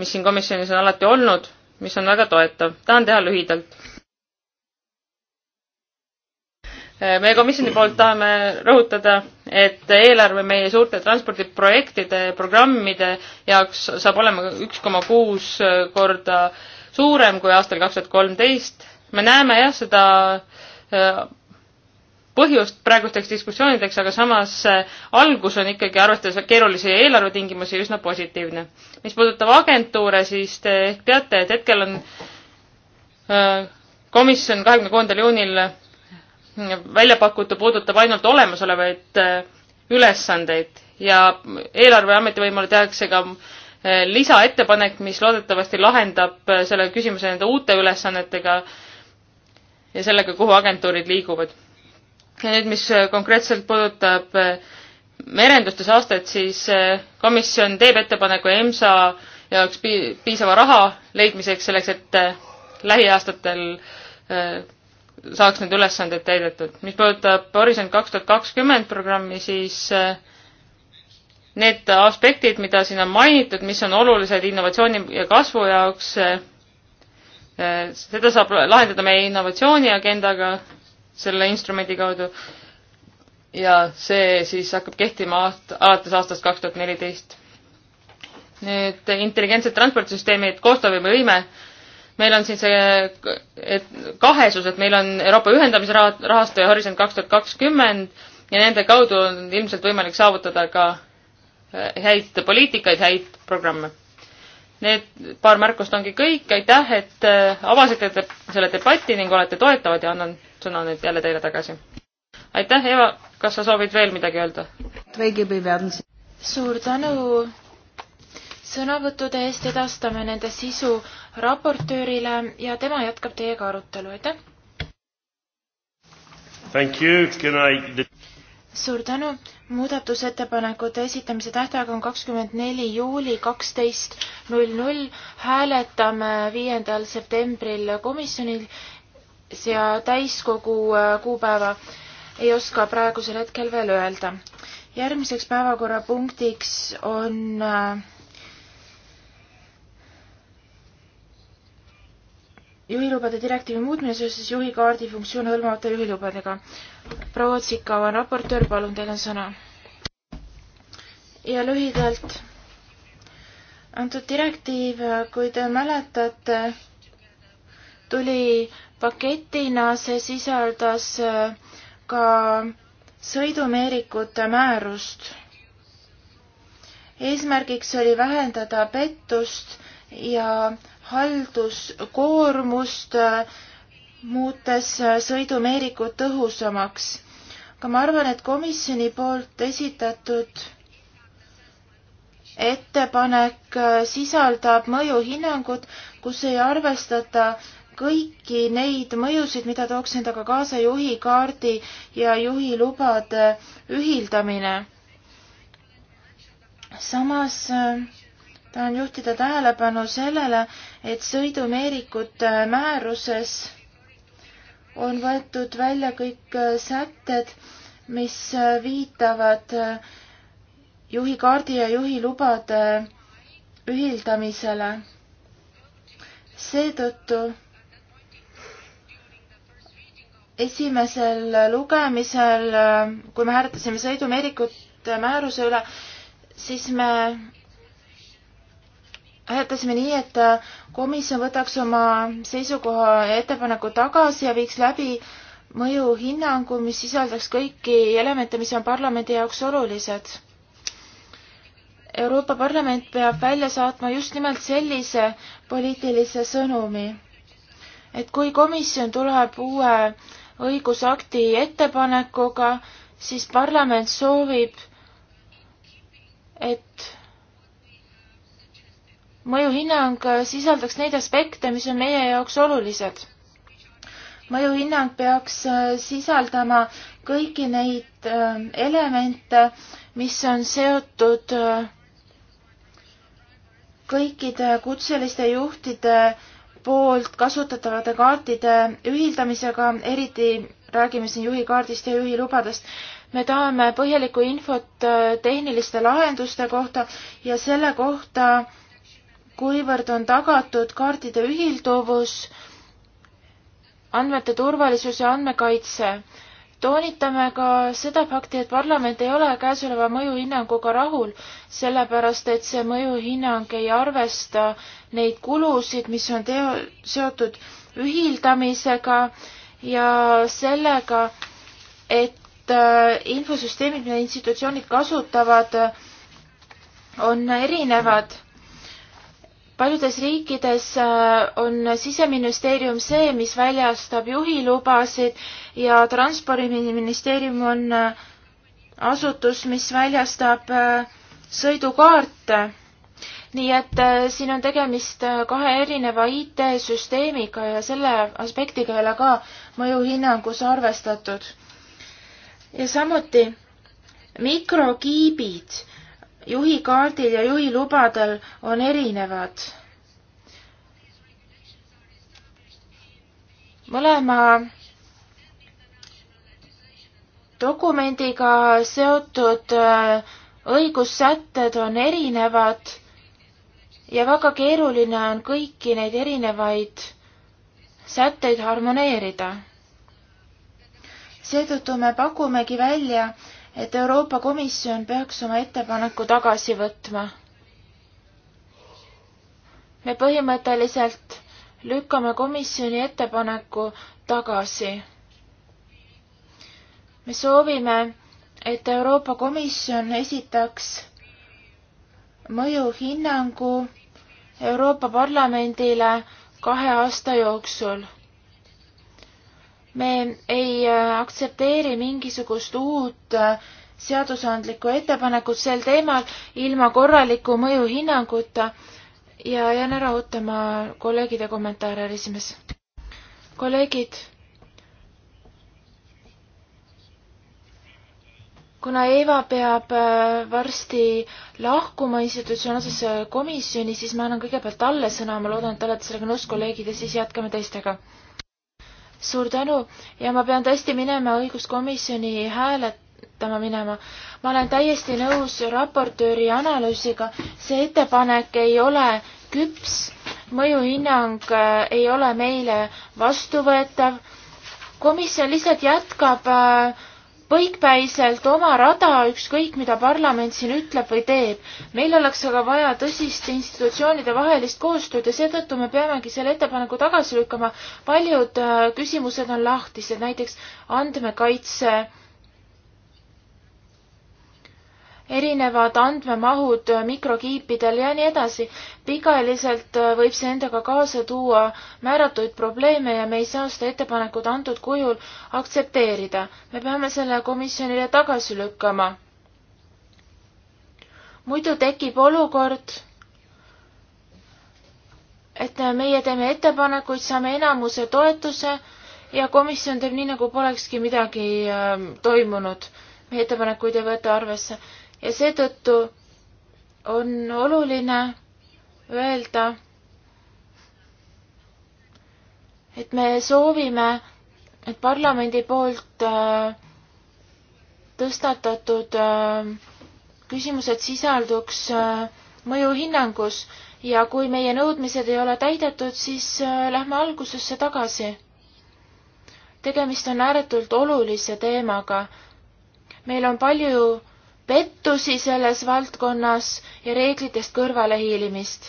Speaker 2: mis siin komisjonis on alati olnud, mis on väga toetav. tahan teha lühidalt. meie komisjoni poolt tahame rõhutada, et eelarve meie suurte transpordiprojektide, programmide jaoks saab olema üks koma kuus korda suurem kui aastal kaks tuhat kolmteist me näeme jah, seda äh, põhjust praegusteks diskussioonideks, aga samas äh, algus on ikkagi, arvestades keerulisi eelarvetingimusi, üsna positiivne. mis puudutab agentuure, siis te ehk teate, et hetkel on äh, komisjon kahekümne kuuendal juunil välja pakutu puudutab ainult olemasolevaid ülesandeid ja eelarve ametivõimule tehakse ka lisaettepanek, mis loodetavasti lahendab selle küsimuse nende uute ülesannetega ja sellega, kuhu agentuurid liiguvad. ja nüüd, mis äh, konkreetselt puudutab äh, merendustes aastat, siis äh, komisjon teeb ettepaneku EMSA jaoks piisava raha leidmiseks, selleks et lähiaastatel saaks need ülesanded täidetud. mis puudutab Horisont kaks tuhat kakskümmend programmi, siis need aspektid, mida siin on mainitud, mis on olulised innovatsiooni ja kasvu jaoks, seda saab lahendada meie innovatsiooniagendaga, selle instrumendi kaudu. ja see siis hakkab kehtima aast-, alates aastast kaks tuhat neliteist. nüüd intelligentsed transpordisüsteemid, koostöövõime, meil on siin see, et kahesus, et meil on Euroopa ühendamise rahastu ja Horisont kaks tuhat kakskümmend ja nende kaudu on ilmselt võimalik saavutada ka eh, häid poliitikaid, häid programme Need paar märkust ongi kõik, aitäh, et äh, avasite selle debati ning olete toetavad ja annan sõna nüüd jälle teile tagasi. aitäh, Eva, kas sa soovid veel midagi öelda?
Speaker 3: suur tänu sõnavõttude eest, edastame nende sisu raportöörile ja tema jätkab teiega arutelu, aitäh!
Speaker 1: Thank you, can I
Speaker 3: suur tänu, muudatusettepanekute esitamise tähtaeg on kakskümmend neli juuli kaksteist null null, hääletame viiendal septembril komisjonil ja täiskogu äh, kuupäeva ei oska praegusel hetkel veel öelda. järgmiseks päevakorrapunktiks on äh, juhilubade direktiivi muutmine seoses juhikaardi funktsioone hõlmavate juhilubadega. proua Otsika on raportöör, palun, teil on sõna. ja lühidalt, antud direktiiv, kui te mäletate, tuli paketina, see sisaldas äh, ka sõidumeerikute määrust. eesmärgiks oli vähendada pettust ja halduskoormust, äh, muutes äh, sõidumeerikud tõhusamaks. aga ma arvan, et komisjoni poolt esitatud ettepanek äh, sisaldab mõjuhinnangut, kus ei arvestata kõiki neid mõjusid, mida tooks endaga kaasa juhikaardi ja juhilubade ühildamine. samas äh, tahan juhtida tähelepanu sellele, et sõidumeerikute määruses on võetud välja kõik äh, sätted, mis äh, viitavad äh, juhikaardi ja juhilubade ühildamisele. seetõttu esimesel lugemisel, kui me hääletasime sõidumeerikute määruse üle, siis me hääletasime nii, et äh, komisjon võtaks oma seisukoha ja ettepaneku tagasi ja viiks läbi mõjuhinnangu, mis sisaldaks kõiki elemente, mis on parlamendi jaoks olulised. Euroopa Parlament peab välja saatma just nimelt sellise poliitilise sõnumi, et kui komisjon tuleb uue õigusakti ettepanekuga, siis parlament soovib, et mõjuhinnang sisaldaks neid aspekte, mis on meie jaoks olulised. mõjuhinnang peaks äh, sisaldama kõiki neid äh, elemente, mis on seotud äh, kõikide kutseliste juhtide poolt kasutatavate kaartide ühildamisega, eriti räägime siin juhikaardist ja juhilubadest me tahame põhjalikku infot tehniliste lahenduste kohta ja selle kohta, kuivõrd on tagatud kaartide ühilduvus, andmete turvalisus ja andmekaitse. toonitame ka seda fakti, et parlament ei ole käesoleva mõjuhinnanguga rahul, sellepärast et see mõjuhinnang ei arvesta neid kulusid, mis on teo-, seotud ühildamisega ja sellega, et äh, infosüsteemid, mida institutsioonid kasutavad, on erinevad paljudes riikides äh, on siseministeerium see, mis väljastab juhilubasid ja transpordiministeerium on äh, asutus, mis väljastab äh, sõidukaarte. nii et siin on tegemist kahe erineva IT-süsteemiga ja selle aspektiga ei ole ka mõjuhinnangus arvestatud. ja samuti mikrokiibid juhikaardil ja juhilubadel on erinevad. mõlema dokumendiga seotud äh, õigussätted on erinevad ja väga keeruline on kõiki neid erinevaid sätteid harmoneerida. seetõttu me pakumegi välja et Euroopa Komisjon peaks oma ettepaneku tagasi võtma. me põhimõtteliselt lükkame komisjoni ettepaneku tagasi. me soovime, et Euroopa Komisjon esitaks mõjuhinnangu Euroopa Parlamendile kahe aasta jooksul me ei äh, aktsepteeri mingisugust uut äh, seadusandlikku ettepanekut sel teemal ilma korraliku mõjuhinnanguta ja jään ära ootama kolleegide kommentaare, härra esimees. kolleegid, kuna Eva peab äh, varsti lahkuma institutsionaalsesse komisjoni, siis ma annan kõigepealt talle sõna, ma loodan, et te olete sellega nõus, kolleegid, ja siis jätkame teistega suur tänu ja ma pean tõesti minema õiguskomisjoni hääletama minema. ma olen täiesti nõus raportööri analüüsiga, see ettepanek ei ole küps, mõjuhinnang äh, ei ole meile vastuvõetav. komisjon lihtsalt jätkab äh, põikpäiselt oma rada, ükskõik mida parlament siin ütleb või teeb. meil oleks aga vaja tõsist institutsioonide vahelist koostööd ja seetõttu me peamegi selle ettepaneku tagasi lükkama. paljud äh, küsimused on lahtised, näiteks andmekaitse erinevad andmemahud mikrokiipidel ja nii edasi. pikaajaliselt äh, võib see endaga kaasa tuua määratuid probleeme ja me ei saa seda ettepanekut antud kujul aktsepteerida. me peame selle komisjonile tagasi lükkama. muidu tekib olukord, et meie teeme ettepanekuid, saame enamuse toetuse ja komisjon teeb nii, nagu polekski midagi äh, toimunud. meie ettepanekuid ei võeta arvesse ja seetõttu on oluline öelda, et me soovime, et parlamendi poolt äh, tõstatatud äh, küsimused sisalduks äh, mõjuhinnangus ja kui meie nõudmised ei ole täidetud, siis lähme algusesse tagasi. tegemist on ääretult olulise teemaga. meil on palju pettusi selles valdkonnas ja reeglitest kõrvalehiilimist.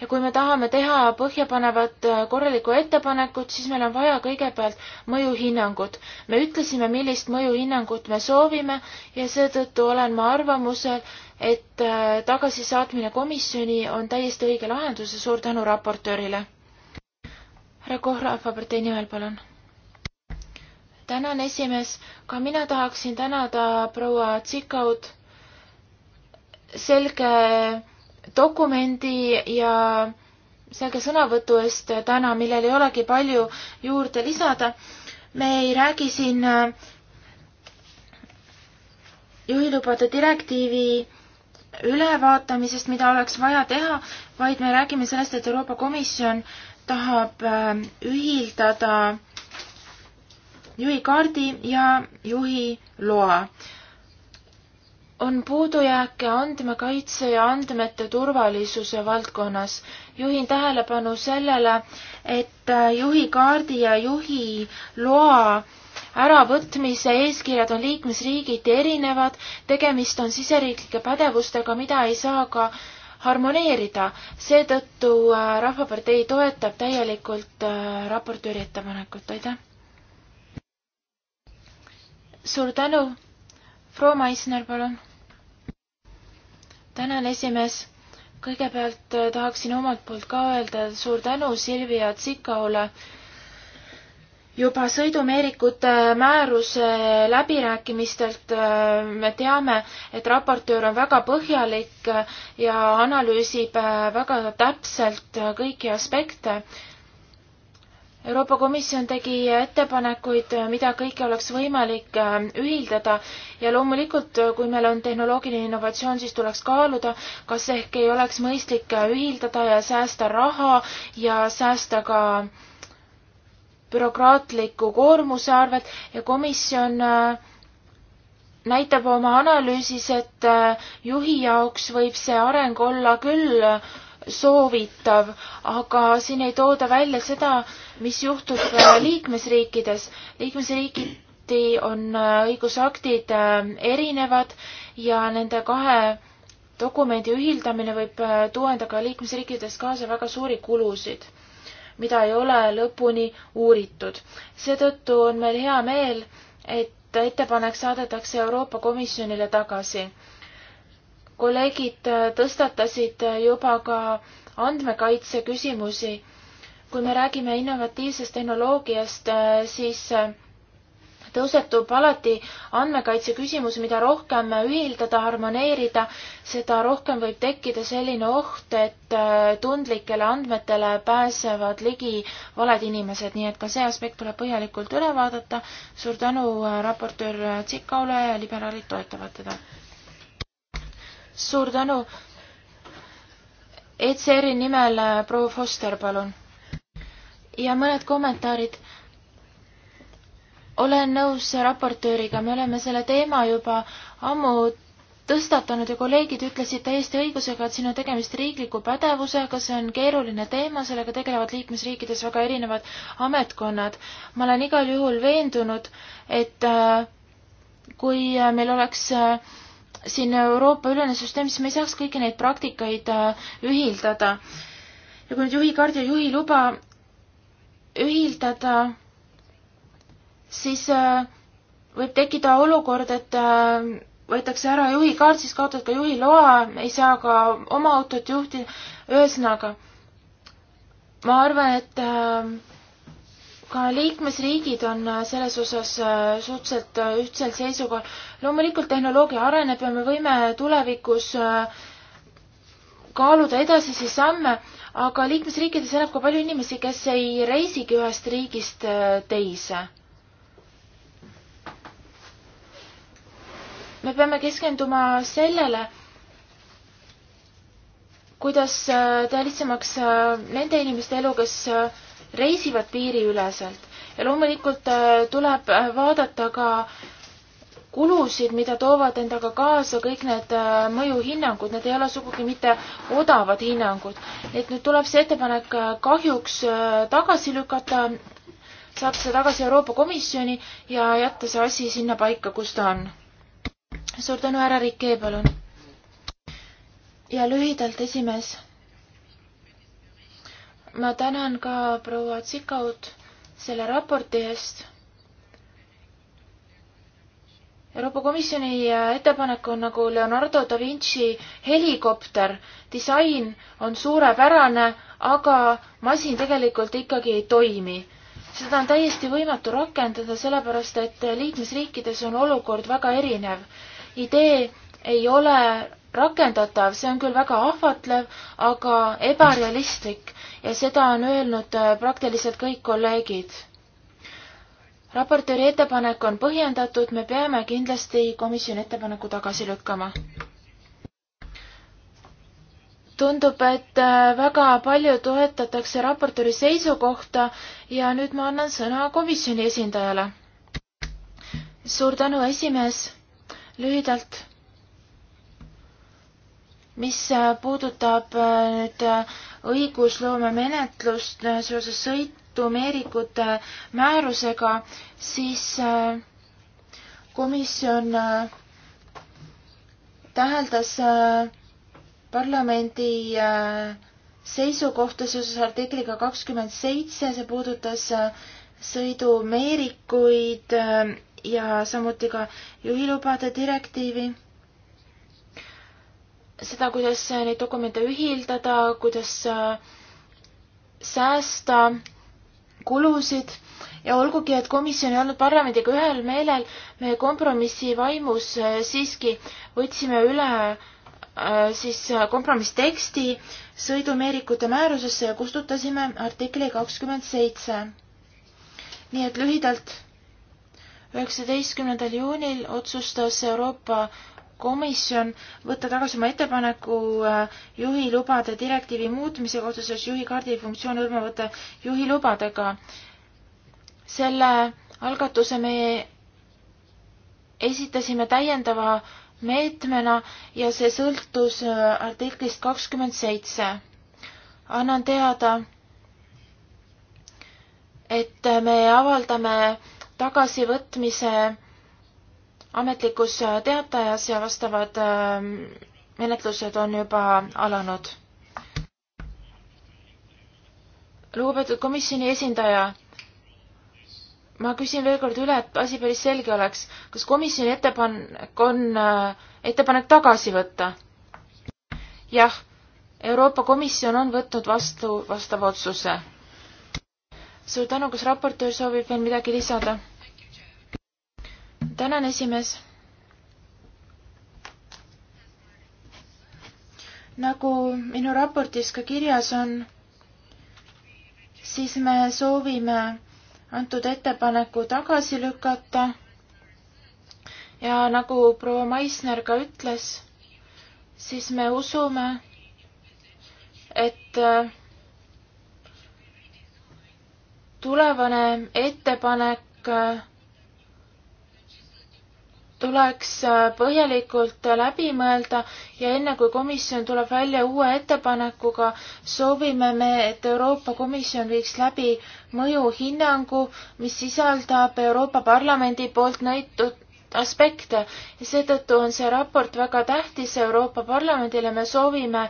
Speaker 3: ja kui me tahame teha põhjapanevat äh, korralikku ettepanekut, siis meil on vaja kõigepealt mõjuhinnangut. me ütlesime, millist mõjuhinnangut me soovime ja seetõttu olen ma arvamusel, et äh, tagasisaatmine komisjoni on täiesti õige lahendus ja suur tänu raportöörile. härra Kohra, Rahvapartei nimel, palun tänan, esimees. ka mina tahaksin tänada proua Tsikaut selge dokumendi ja selge sõnavõtu eest täna, millel ei olegi palju juurde lisada. me ei räägi siin äh, juhilubade direktiivi ülevaatamisest, mida oleks vaja teha, vaid me räägime sellest, et Euroopa Komisjon tahab äh, ühildada äh, juhi kaardi ja juhi loa. on puudujääke andmekaitse ja andmete turvalisuse valdkonnas. juhin tähelepanu sellele, et juhi kaardi ja juhi loa äravõtmise eeskirjad on liikmesriigiti erinevad, tegemist on siseriiklike pädevustega, mida ei saa ka harmoneerida. seetõttu äh, Rahvapartei toetab täielikult äh, raportööri ettepanekut, aitäh! suur tänu, proua Maisner, palun. tänan, esimees. kõigepealt äh, tahaksin omalt poolt ka öelda suur tänu Silvia Tsikaule juba sõidumeerikute määruse läbirääkimistelt äh, me teame, et raportöör on väga põhjalik ja analüüsib äh, väga täpselt kõiki aspekte. Euroopa Komisjon tegi ettepanekuid, mida kõike oleks võimalik äh, ühildada ja loomulikult, äh, kui meil on tehnoloogiline innovatsioon, siis tuleks kaaluda, kas ehk ei oleks mõistlik äh, ühildada ja säästa raha ja säästa ka bürokraatliku koormuse arvelt ja komisjon näitab oma analüüsis, et juhi jaoks võib see areng olla küll soovitav, aga siin ei tooda välja seda, mis juhtub äh, liikmesriikides. liikmesriigiti on äh, õigusaktid äh, erinevad ja nende kahe dokumendi ühildamine võib tuua endaga liikmesriikides kaasa väga suuri kulusid, mida ei ole lõpuni uuritud. seetõttu on meil hea meel, et ettepanek saadetakse Euroopa Komisjonile tagasi kolleegid äh, tõstatasid äh, juba ka andmekaitse küsimusi. kui me räägime innovatiivsest tehnoloogiast, äh, siis tõusetub alati andmekaitse küsimus, mida rohkem ühildada, harmoneerida, seda rohkem võib tekkida selline oht, et tundlikele andmetele pääsevad ligi valed inimesed, nii et ka see aspekt tuleb põhjalikult üle vaadata. suur tänu raportöör Tsikaule, liberaalid toetavad teda suur tänu. ECR-i nimel äh, proua Foster, palun. ja mõned kommentaarid. olen nõus raportööriga, me oleme selle teema juba ammu tõstatanud ja kolleegid ütlesid täiesti õigusega, et siin on tegemist riikliku pädevusega, see on keeruline teema, sellega tegelevad liikmesriikides väga erinevad ametkonnad. ma olen igal juhul veendunud, et äh, kui äh, meil oleks äh, siin Euroopa ülene süsteem, siis me ei saaks kõiki neid praktikaid äh, ühildada. ja kui nüüd juhikaardi ja juhiluba ühildada, siis äh, võib tekkida olukord, et äh, võetakse ära juhikaart, siis kaotad ka juhiloa, ei saa ka oma autot juhtida, ühesõnaga ma arvan, et ka liikmesriigid on äh, selles osas äh, suhteliselt äh, ühtsel seisukohal. loomulikult tehnoloogia areneb ja me võime tulevikus kaaluda edasisi samme, aga liikmesriikides elab ka palju inimesi, kes ei reisigi ühest riigist teise. me peame keskenduma sellele, kuidas teha lihtsamaks nende inimeste elu, kes reisivad piiriüleselt ja loomulikult äh, tuleb äh, vaadata ka kulusid, mida toovad endaga kaasa kõik need äh, mõjuhinnangud, need ei ole sugugi mitte odavad hinnangud. et nüüd tuleb see ettepanek kahjuks tagasi lükata, saata see tagasi Euroopa Komisjoni ja jätta see asi sinna paika, kus ta on. suur tänu, härra Rikke, palun. ja lühidalt, esimees ma tänan ka proua Tsikaut selle raporti eest. Euroopa Komisjoni ettepanek on nagu Leonardo da Vinci helikopter. disain on suurepärane, aga masin tegelikult ikkagi ei toimi. seda on täiesti võimatu rakendada, sellepärast et liikmesriikides on olukord väga erinev. idee ei ole rakendatav, see on küll väga ahvatlev, aga ebarealistlik seda on öelnud äh, praktiliselt kõik kolleegid. raportööri ettepanek on põhjendatud, me peame kindlasti komisjoni ettepaneku tagasi lükkama. tundub, et äh, väga palju toetatakse raportööri seisukohta ja nüüd ma annan sõna komisjoni esindajale. suur tänu, esimees. lühidalt mis äh, puudutab äh, nüüd äh, õigusloome menetlust seoses sõidumeerikute määrusega, siis komisjon täheldas parlamendi seisukohta seoses artikliga kakskümmend seitse, see puudutas sõidumeerikuid ja samuti ka juhilubade direktiivi seda, kuidas äh, neid dokumente ühildada, kuidas äh, säästa kulusid ja olgugi, et komisjon ei olnud parlamendiga ühel meelel, me kompromissi vaimus äh, siiski võtsime üle siis kompromissteksti sõidumeerikute määrusesse ja kustutasime artikli kakskümmend seitse. nii et lühidalt üheksateistkümnendal juunil otsustas Euroopa komisjon võtta tagasi oma ettepaneku äh, juhilubade direktiivi muutmise kohta seoses juhikaardi funktsioone hõlmavate juhilubadega. selle algatuse me esitasime täiendava meetmena ja see sõltus äh, artiklist kakskümmend seitse. annan teada, et me avaldame tagasivõtmise ametlikus äh, teatajas ja vastavad ähm, menetlused on juba alanud. lugupeetud komisjoni esindaja, ma küsin veel kord üle, et asi päris selge oleks, kas komisjoni ettepanek on äh, ettepanek tagasi võtta? jah, Euroopa Komisjon on võtnud vastu vastava otsuse. suur tänu, kas raportöör soovib veel midagi lisada? tänan, esimees. nagu minu raportis ka kirjas on, siis me soovime antud ettepaneku tagasi lükata. ja nagu proua Maisner ka ütles, siis me usume, et äh, tulevane ettepanek äh, tuleks äh, põhjalikult äh, läbi mõelda ja enne kui komisjon tuleb välja uue ettepanekuga, soovime me, et Euroopa Komisjon viiks läbi mõjuhinnangu, mis sisaldab Euroopa Parlamendi poolt nõitud aspekte ja seetõttu on see raport väga tähtis Euroopa Parlamendile, me soovime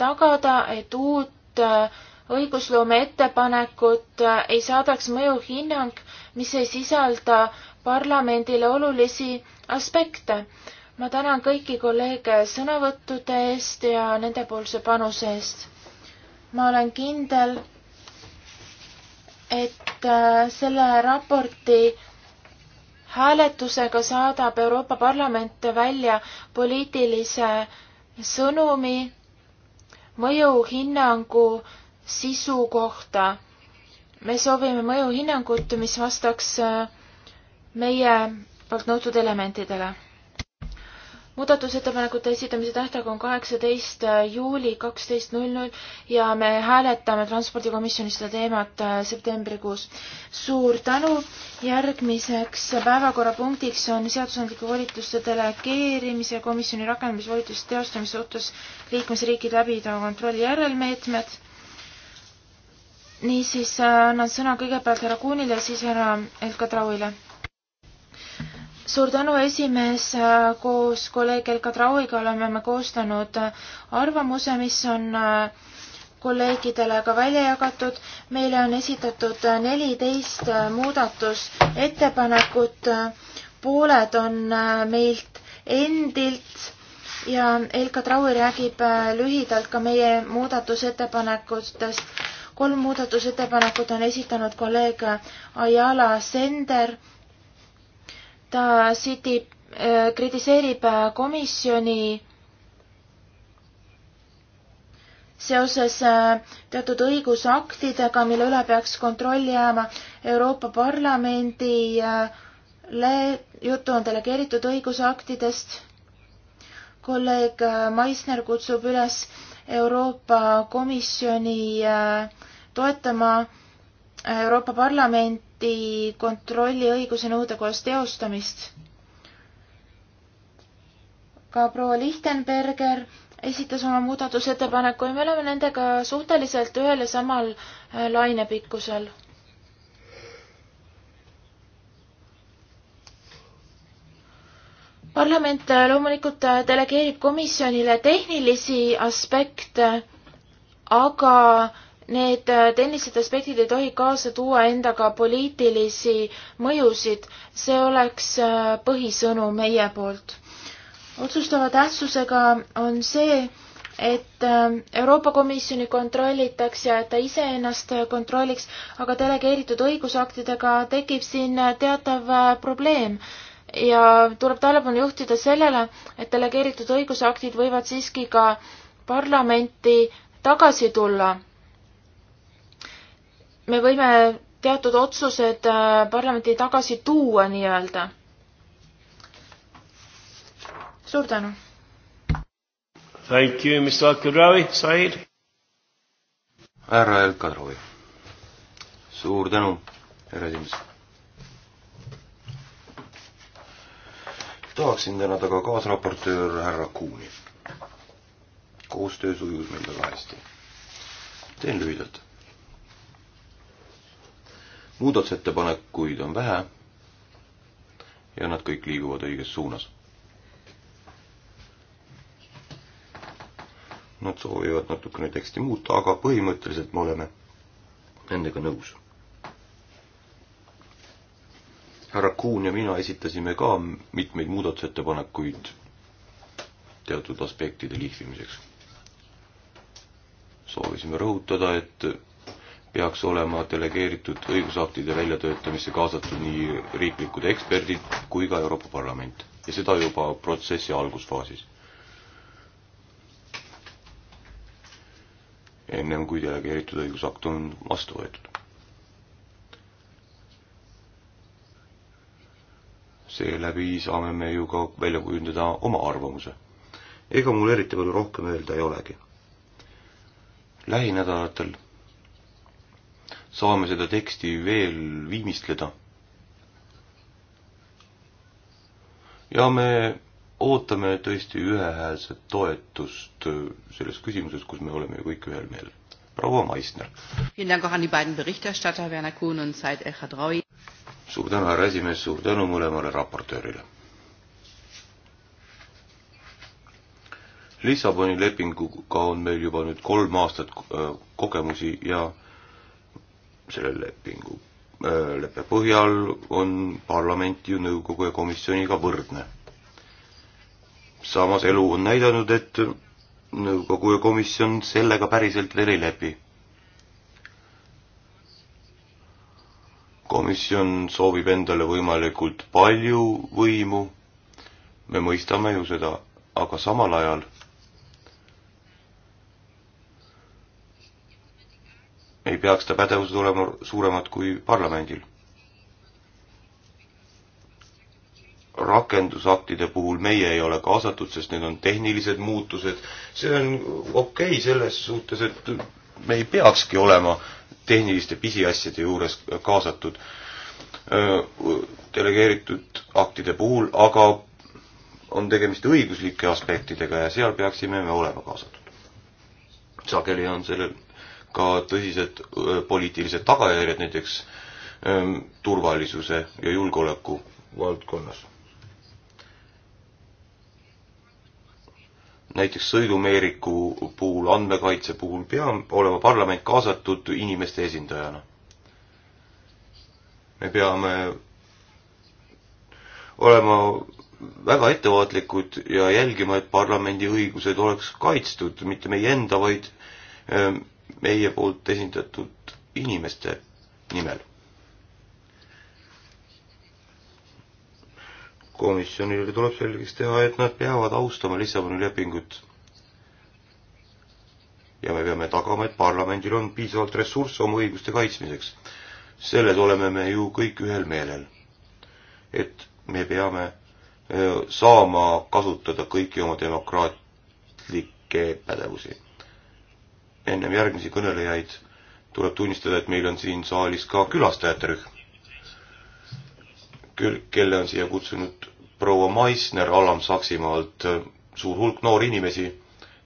Speaker 3: tagada, et uut äh, õigusloome ettepanekut ei saadaks mõjuhinnang, mis ei sisalda parlamendile olulisi aspekte. ma tänan kõiki kolleege sõnavõttude eest ja nendepoolse panuse eest. ma olen kindel, et äh, selle raporti hääletusega saadab Euroopa Parlament välja poliitilise sõnumi mõjuhinnangu sisu kohta. me soovime mõjuhinnangut, mis vastaks äh, meie poolt nõutud elementidele. muudatusettepanekute esitamise tähtaeg on kaheksateist äh, juuli kaksteist null null ja me hääletame Transpordikomisjonis seda teemat äh, septembrikuus. suur tänu, järgmiseks päevakorrapunktiks on seadusandlike volituste delegeerimise komisjoni rakendamisvolituste teostamise suhtes liikmesriigid läbitava kontrolli järelmeetmed niisiis äh, annan sõna kõigepealt härra Kuunile ja siis härra Elka Trauile suur tänu, esimees, koos kolleeg Elka Trauiga oleme me koostanud arvamuse, mis on äh, kolleegidele ka välja jagatud. meile on esitatud neliteist muudatusettepanekut, pooled on äh, meilt endilt ja Elka Traui räägib äh, lühidalt ka meie muudatusettepanekutest. kolm muudatusettepanekut on esitanud kolleeg Ayala Sender ta sitib, äh, äh, kritiseerib äh, komisjoni seoses teatud õigusaktidega, mille üle peaks kontroll jääma Euroopa Parlamendile, juttu on delegeeritud õigusaktidest. kolleeg Maisner kutsub üles Euroopa Komisjoni toetama Euroopa Parlamenti samuti kontrolliõiguse nõudekojas teostamist. ka proua Lichtenberger esitas oma muudatusettepaneku ja me oleme nendega suhteliselt ühel ja samal äh, lainepikkusel. parlament äh, loomulikult äh, delegeerib komisjonile tehnilisi aspekte, aga Need äh, tehnilised aspektid ei tohi kaasa tuua endaga poliitilisi mõjusid, see oleks äh, põhisõnum meie poolt. otsustava tähtsusega on see, et äh, Euroopa Komisjoni kontrollitakse ja et ta iseennast kontrolliks, aga delegeeritud õigusaktidega tekib siin teatav probleem ja tuleb tähelepanu juhtida sellele, et delegeeritud õigusaktid võivad siiski ka parlamenti tagasi tulla me võime teatud otsused äh, parlamenti tagasi tuua nii-öelda. suur tänu.
Speaker 1: Thank you, Mr Al-Kadrawi, Said. härra Al-Kadrawi. suur tänu, härra esimees. tahaksin tänada ka kaasraportöör härra Kuuni. koostöö sujus meil väga hästi. teen lühidalt muudatusettepanekuid on vähe ja nad kõik liiguvad õiges suunas. Nad soovivad natukene teksti muuta, aga põhimõtteliselt me oleme nendega nõus. härra Kuhn ja mina esitasime ka mitmeid muudatusettepanekuid teatud aspektide lihvimiseks. soovisime rõhutada, et peaks olema delegeeritud õigusaktide väljatöötamisse kaasatud nii riiklikud eksperdid kui ka Euroopa Parlament ja seda juba protsessi algusfaasis. ennem kui delegeeritud õigusakt on vastu võetud. seeläbi saame me ju ka välja kujundada oma arvamuse. ega mul eriti palju rohkem öelda ei olegi. lähinädalatel saame seda teksti veel viimistleda. ja me ootame tõesti ühehäälset toetust selles küsimuses, kus me oleme ju kõik ühel meelel. proua Maisner. suur tänu, härra esimees, suur tänu mõlemale raportöörile. Lissaboni lepinguga on meil juba nüüd kolm aastat äh, kogemusi ja äh, selle lepingu, äh, leppe põhjal on parlament ju nõukogu ja komisjoniga võrdne. samas elu on näidanud, et nõukogu ja komisjon sellega päriselt veel ei lepi. komisjon soovib endale võimalikult palju võimu, me mõistame ju seda, aga samal ajal ei peaks ta pädevused olema suuremad kui parlamendil. rakendusaktide puhul meie ei ole kaasatud, sest need on tehnilised muutused, see on okei okay selles suhtes, et me ei peakski olema tehniliste pisiasjade juures kaasatud delegeeritud aktide puhul, aga on tegemist õiguslike aspektidega ja seal peaksime me olema kaasatud. sageli on sellel ka tõsised poliitilised tagajärjed, näiteks turvalisuse ja julgeoleku valdkonnas. näiteks sõidumeeriku puhul, andmekaitse puhul peab olema parlament kaasatud inimeste esindajana. me peame olema väga ettevaatlikud ja jälgima, et parlamendi õigused oleks kaitstud, mitte meie enda, vaid ähm, meie poolt esindatud inimeste nimel. komisjonile tuleb selgeks teha, et nad peavad austama Lissaboni lepingut. ja me peame tagama, et parlamendil on piisavalt ressursse oma õiguste kaitsmiseks. selles oleme me ju kõik ühel meelel. et me peame saama kasutada kõiki oma demokraatlikke pädevusi ennem järgmisi kõnelejaid tuleb tunnistada, et meil on siin saalis ka külastajate rühm, kelle on siia kutsunud proua Maisner Alam-Saksimaalt, suur hulk noori inimesi.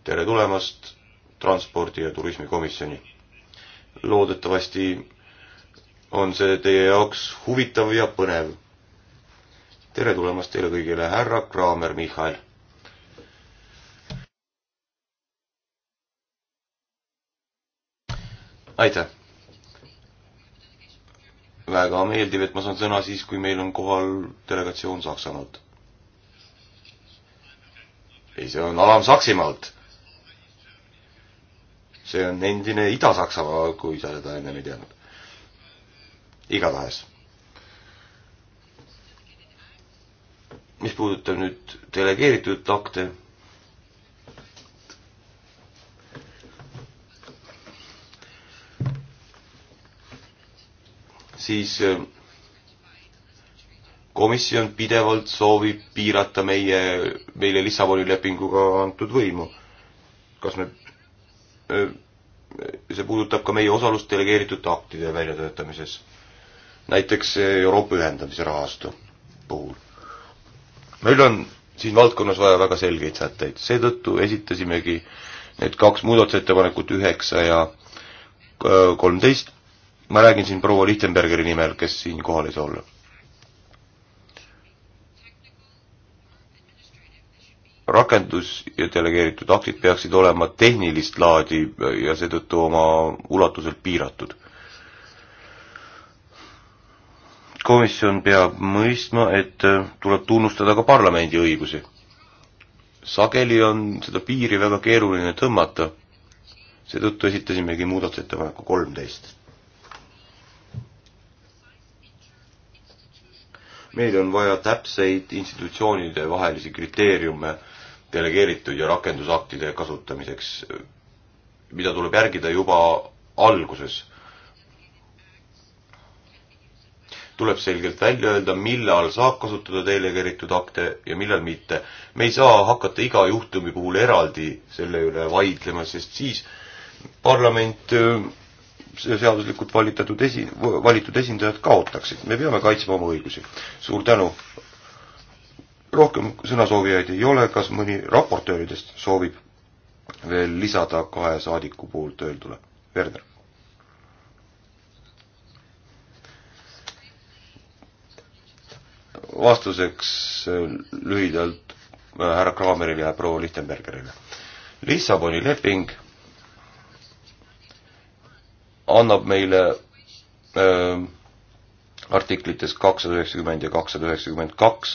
Speaker 1: tere tulemast transpordi- ja turismikomisjoni. loodetavasti on see teie jaoks huvitav ja põnev. tere tulemast teile kõigile, härra Kraamer Michal aitäh! väga meeldiv, et ma saan sõna siis, kui meil on kohal delegatsioon Saksamaalt. ei, see on alam Saksimaalt. see on endine Ida-Saksamaa, kui sa seda ennem ei teadnud. igatahes. mis puudutab nüüd delegeeritud akte siis äh, komisjon pidevalt soovib piirata meie, meile Lissaboni lepinguga antud võimu. kas me, äh, see puudutab ka meie osalust delegeeritud aktide väljatöötamises. näiteks äh, Euroopa ühendamise rahastu puhul. meil on siin valdkonnas vaja väga selgeid sätteid, seetõttu esitasimegi need kaks muudatusettepanekut, üheksa ja kolmteist, ma räägin siin proua Lichtenbergeri nimel, kes siin kohal ei saa olla. rakendus ja delegeeritud aktid peaksid olema tehnilist laadi ja seetõttu oma ulatuselt piiratud. komisjon peab mõistma, et tuleb tunnustada ka parlamendi õigusi. sageli on seda piiri väga keeruline tõmmata, seetõttu esitasimegi muudatusettepaneku kolmteist meil on vaja täpseid institutsioonide vahelisi kriteeriume delegeeritud ja rakendusaktide kasutamiseks, mida tuleb järgida juba alguses. tuleb selgelt välja öelda, millal saab kasutada delegeeritud akte ja millal mitte. me ei saa hakata iga juhtumi puhul eraldi selle üle vaidlema, sest siis parlament seaduslikult valitatud esi, valitud esindajad kaotaksid. me peame kaitsma oma õigusi. suur tänu. rohkem sõnasoovijaid ei ole, kas mõni raportööridest soovib veel lisada kahe saadiku poolt öeldule? Werner. vastuseks äh, lühidalt äh, härra Kraamerile ja proua Lichtenbergerile. Lissaboni leping annab meile öö, ähm, artiklites kakssada üheksakümmend ja kakssada üheksakümmend kaks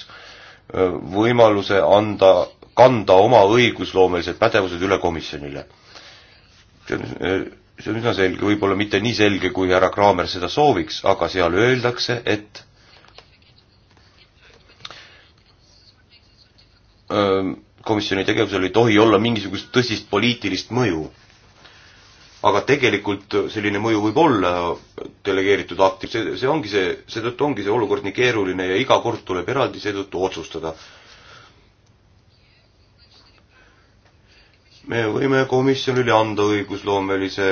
Speaker 1: äh, võimaluse anda, kanda oma õigusloomelised pädevused üle komisjonile. see on, äh, see on üsna selge, võib-olla mitte nii selge, kui härra Kraamer seda sooviks, aga seal öeldakse, et ähm, komisjoni tegevusel ei tohi olla mingisugust tõsist poliitilist mõju aga tegelikult selline mõju võib olla delegeeritud akti, see, see ongi see, seetõttu ongi see olukord nii keeruline ja iga kord tuleb eraldi seetõttu otsustada. me võime komisjonile anda õigusloomelise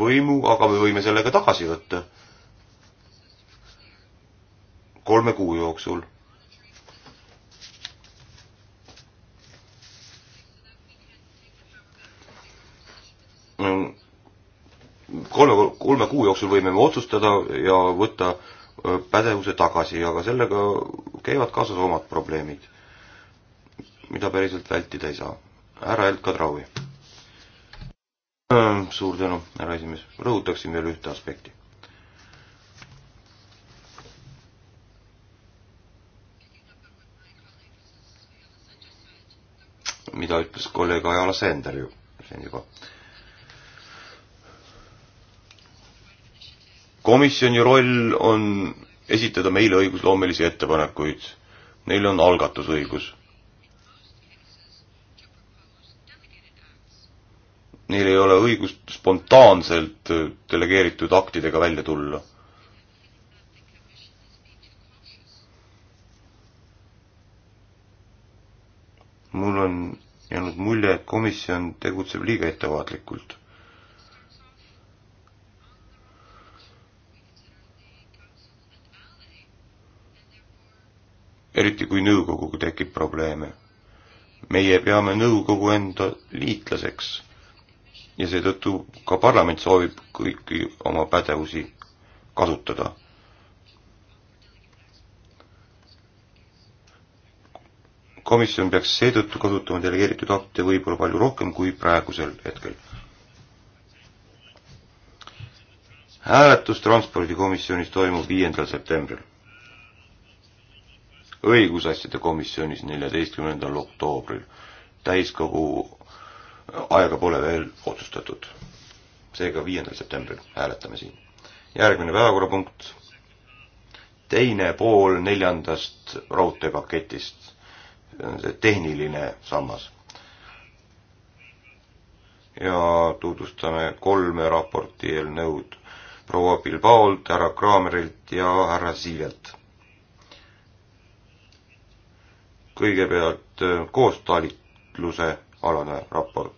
Speaker 1: võimu, aga me võime selle ka tagasi võtta kolme kuu jooksul kolme, kolme kuu jooksul võime me otsustada ja võtta pädevuse tagasi, aga sellega käivad kaasas omad probleemid, mida päriselt vältida ei saa. härra Elka Traui. suur tänu, härra esimees, rõhutaksin veel ühte aspekti. mida ütles kolleeg Ajala Sender ju, siin juba komisjoni roll on esitada meile õigusloomelisi ettepanekuid. Neil on algatusõigus. Neil ei ole õigust spontaanselt delegeeritud aktidega välja tulla mul on jäänud mulje, et komisjon tegutseb liiga ettevaatlikult. eriti kui nõukoguga tekib probleeme. meie peame nõukogu enda liitlaseks ja seetõttu ka parlament soovib kõiki oma pädevusi kasutada. komisjon peaks seetõttu kasutama delegeeritud akte võib-olla palju rohkem kui praegusel hetkel hääletus transpordikomisjonis toimub viiendal septembril õigusasjade komisjonis neljateistkümnendal oktoobril. täiskogu aega pole veel otsustatud. seega viiendal septembril hääletame siin. järgmine päevakorrapunkt, teine pool neljandast raudteepaketist, see tehniline sammas. ja tutvustame kolme raporti eelnõud proua Bilbaolt, härra Kraamerilt ja härra Siivelt kõigepealt äh, koostalitluse alane raport.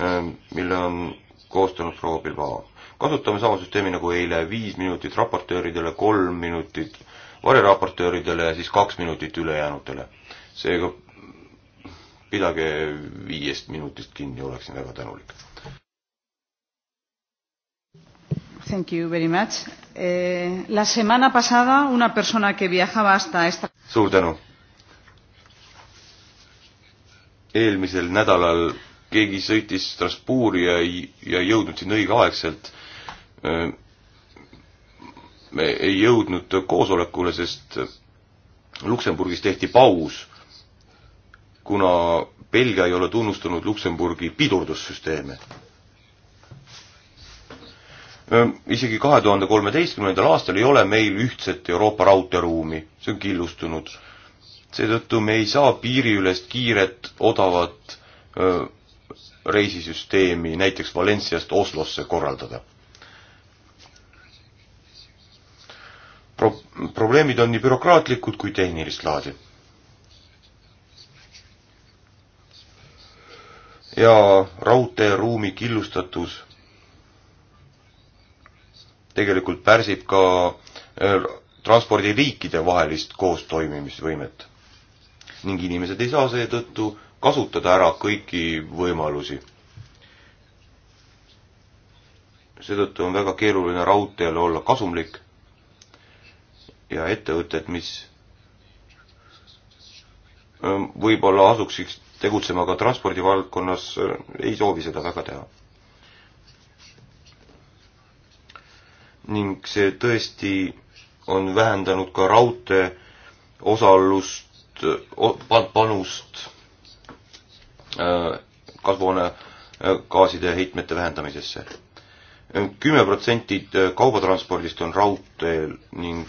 Speaker 1: Ähm, mille on koostanud proua Bilbao. kasutame sama süsteemi nagu eile, viis minutit raportööridele, kolm minutit variraportööridele ja siis kaks minutit ülejäänutele. seega pidage viiest minutist kinni, oleksin väga tänulik.
Speaker 2: Thank you very much. Eh, la semana pasada una persona que viajaba hasta esta...
Speaker 1: suur tänu. eelmisel nädalal keegi sõitis Strasbourgi ja ei, ja ei jõudnud sinna õigeaegselt. Eh, me ei jõudnud koosolekule, sest Luksemburgis tehti paus, kuna Belgia ei ole tunnustanud Luksemburgi pidurdussüsteeme isegi kahe tuhande kolmeteistkümnendal aastal ei ole meil ühtset Euroopa raudteeruumi, see on killustunud. seetõttu me ei saa piiriülest kiiret odavat öö, reisisüsteemi näiteks Valensiast Oslosse korraldada Pro. probleemid on nii bürokraatlikud kui tehnilist laadi. ja raudteeruumi killustatus tegelikult pärsib ka äh, transpordiliikide vahelist koostoimimisvõimet. ning inimesed ei saa seetõttu kasutada ära kõiki võimalusi. seetõttu on väga keeruline raudteele olla kasumlik ja ettevõtted, mis äh, võib-olla asuksid tegutsema ka transpordivaldkonnas, äh, ei soovi seda väga teha ning see tõesti on vähendanud ka raudtee osalust, panust äh, kasvuhoonegaaside heitmete vähendamisesse. kümme protsenti äh, kaubatranspordist on raudteel ning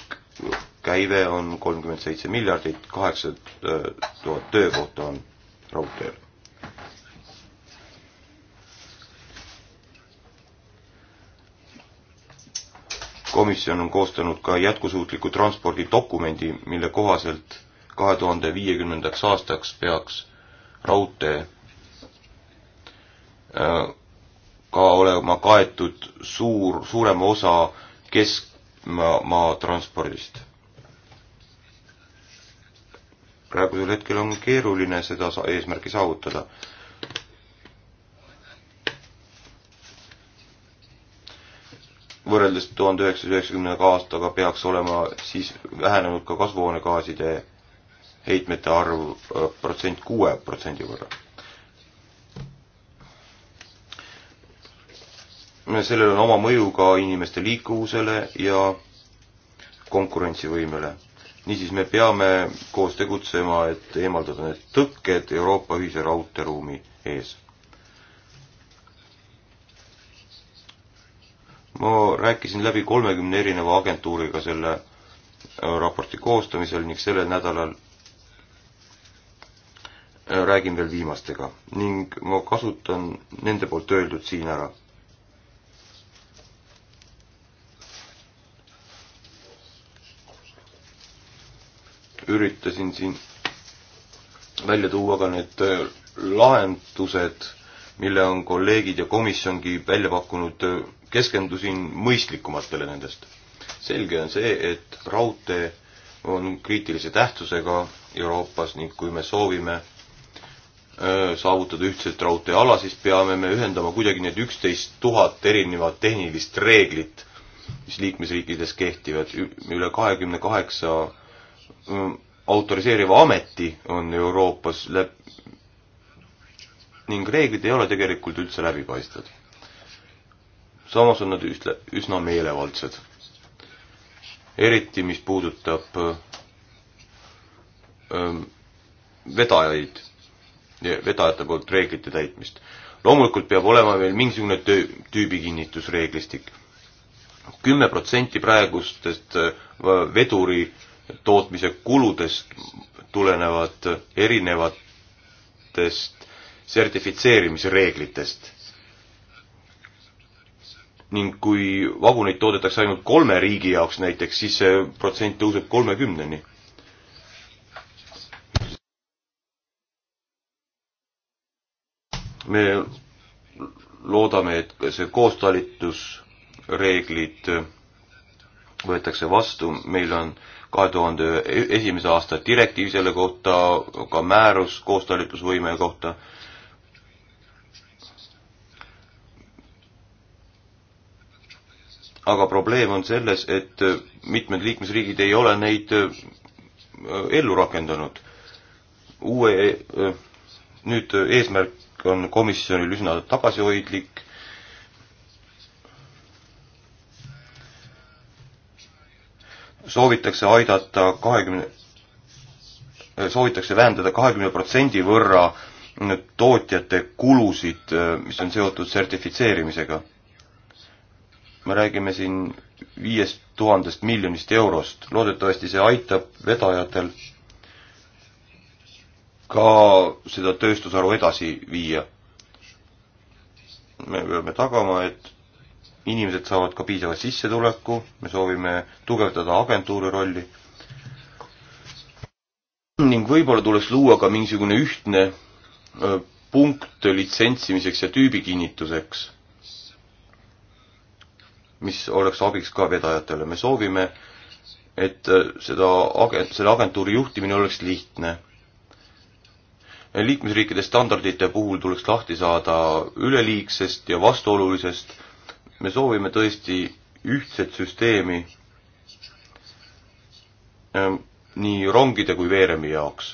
Speaker 1: käive on kolmkümmend seitse miljardit, kaheksa tuhat töökohta on raudteel. komisjon on koostanud ka jätkusuutliku transpordi dokumendi, mille kohaselt kahe tuhande viiekümnendaks aastaks peaks raudtee äh, ka olema kaetud suur, suurema osa keskmaa transpordist. praegusel hetkel on keeruline seda eesmärki saavutada võrreldes tuhande üheksasaja üheksakümnenda aastaga peaks olema siis vähenenud ka kasvuhoonegaaside heitmete arv äh, protsent kuue protsendi võrra. sellel on oma mõju ka inimeste liikuvusele ja konkurentsivõimele. niisiis me peame koos tegutsema, et eemaldada need tõkked Euroopa ühise raudteeruumi ees ma rääkisin läbi kolmekümne erineva agentuuriga selle äh, raporti koostamisel ning sellel nädalal äh, räägin veel viimastega ning ma kasutan nende poolt öeldud siin ära. üritasin siin välja tuua ka need äh, lahendused mille on kolleegid ja komisjongi välja pakkunud, keskendusin mõistlikumatele nendest. selge on see, et raudtee on kriitilise tähtsusega Euroopas ning kui me soovime äh, saavutada ühtset raudteeala, siis peame me ühendama kuidagi need üksteist tuhat erinevat tehnilist reeglit, mis liikmesriikides kehtivad. üle kahekümne kaheksa mm, autoriseeriva ameti on Euroopas läb-, ning reeglid ei ole tegelikult üldse läbipaistvad. samas on nad üsna, üsna meelevaldsed. eriti, mis puudutab öö, ähm, vedajaid, vedajate poolt reeglite täitmist. loomulikult peab olema veel mingisugune töö, tüübikinnitusreeglistik. kümme protsenti praegustest äh, veduri tootmise kuludest tulenevad erinevatest sertifitseerimisreeglitest. ning kui vaguneid toodetakse ainult kolme riigi jaoks näiteks, siis see protsent tõuseb kolmekümneni me loodame, et see koostalitusreeglid võetakse vastu, meil on kahe tuhande esimese aasta direktiiv selle kohta, ka määrus koostalitusvõime kohta aga probleem on selles, et mitmed liikmesriigid ei ole neid äh, ellu rakendanud. uue, äh, nüüd eesmärk on komisjonil üsna tagasihoidlik. soovitakse aidata kahekümne, äh, soovitakse vähendada kahekümne protsendi võrra tootjate kulusid, mis on seotud sertifitseerimisega me räägime siin viiest tuhandest miljonist eurost, loodetavasti see aitab vedajatel ka seda tööstusharu edasi viia. me peame tagama, et inimesed saavad ka piisava sissetuleku, me soovime tugevdada agentuuri rolli ning võib-olla tuleks luua ka mingisugune ühtne punkt litsentsimiseks ja tüübikinnituseks mis oleks abiks ka vedajatele. me soovime, et äh, seda agent, selle agentuuri juhtimine oleks lihtne. liikmesriikide standardite puhul tuleks lahti saada üleliigsest ja vastuolulisest. me soovime tõesti ühtset süsteemi ähm, nii rongide kui veeremi jaoks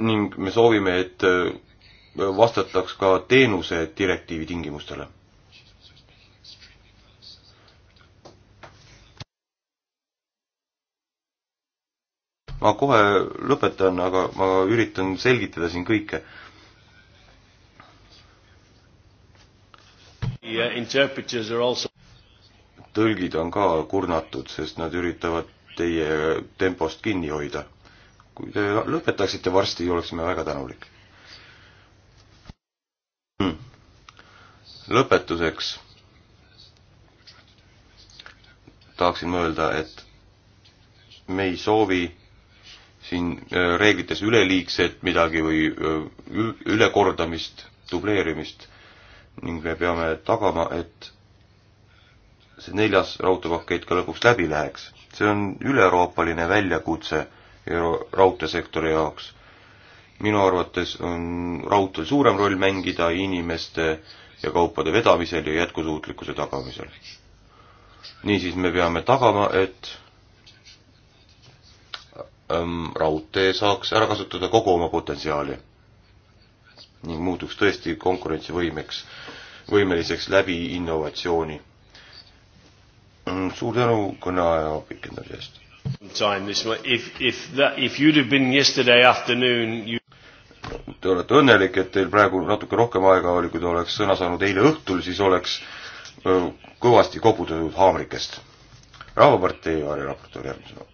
Speaker 1: ning me soovime, et äh, vastataks ka teenuse direktiivi tingimustele. ma kohe lõpetan, aga ma üritan selgitada siin kõike. Uh, tõlgid on ka kurnatud, sest nad üritavad teie tempost kinni hoida kui te lõpetaksite varsti, oleksime väga tänulik hmm.. lõpetuseks tahaksin ma öelda, et me ei soovi siin äh, reeglites üleliigset midagi või äh, ülekordamist, dubleerimist ning me peame tagama, et see neljas raudteepakett ka lõpuks läbi läheks. see on üleeuroopaline väljakutse euro-, raudteesektori jaoks. minu arvates on raudteel suurem roll mängida inimeste ja kaupade vedamisel ja jätkusuutlikkuse tagamisel. niisiis me peame tagama, et ähm, raudtee saaks ära kasutada kogu oma potentsiaali ning muutuks tõesti konkurentsivõimeks, võimeliseks läbi innovatsiooni. suur tänu kõneaja pikendamise eest! Te olete õnnelik, et teil praegu natuke rohkem aega oli, kui te oleks sõna saanud eile õhtul, siis oleks kõvasti koputatud haamrikest. rahvapartei variraportöör järgmisena.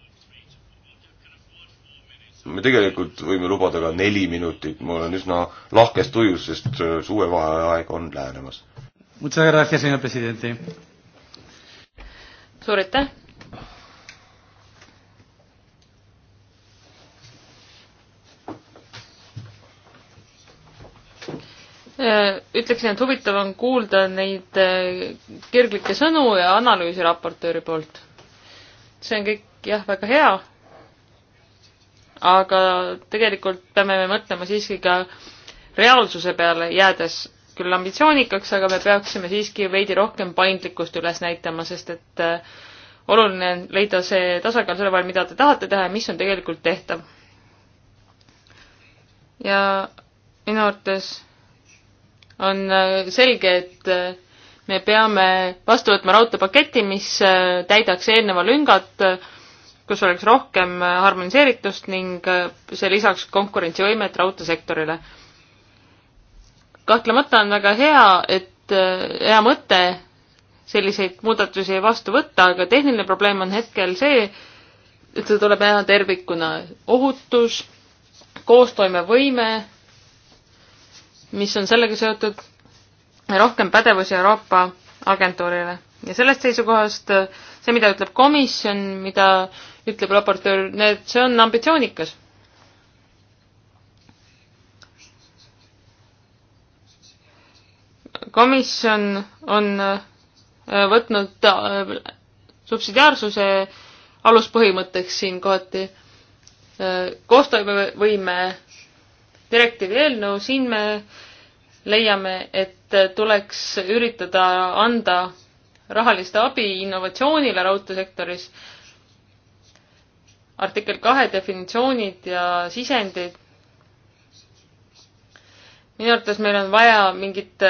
Speaker 1: me tegelikult võime lubada ka neli minutit, ma olen üsna lahkes tujus, sest suvevaheaeg on lähenemas. suur
Speaker 2: aitäh Äh, ütleksin, et huvitav on kuulda neid äh, kirglikke sõnu ja analüüsi raportööri poolt. see on kõik jah, väga hea, aga tegelikult peame me mõtlema siiski ka reaalsuse peale, jäädes küll ambitsioonikaks, aga me peaksime siiski veidi rohkem paindlikkust üles näitama, sest et äh, oluline on leida see tasakaal selle vahel, mida te tahate teha ja mis on tegelikult tehtav. ja minu arvates on äh, selge, et äh, me peame vastu võtma raudteepaketi, mis äh, täidaks eelneva lüngad, kus oleks rohkem harmoniseeritust ning see lisaks konkurentsivõimet raudteesektorile. kahtlemata on väga hea, et hea mõte selliseid muudatusi vastu võtta, aga tehniline probleem on hetkel see, et seda tuleb näha tervikuna. ohutus, koostoimevõime, mis on sellega seotud rohkem pädevusi Euroopa agentuurile. ja sellest seisukohast äh, see, mida ütleb komisjon, mida ütleb raportöör, need, see on ambitsioonikas. komisjon on äh, võtnud äh, subsidiaarsuse aluspõhimõtteks siin kohati koostöövõime direktiivi eelnõu, siin me leiame, et tuleks üritada anda rahalist abi innovatsioonile raudteesektoris. artikkel kahe definitsioonid ja sisendid. minu arvates meil on vaja mingit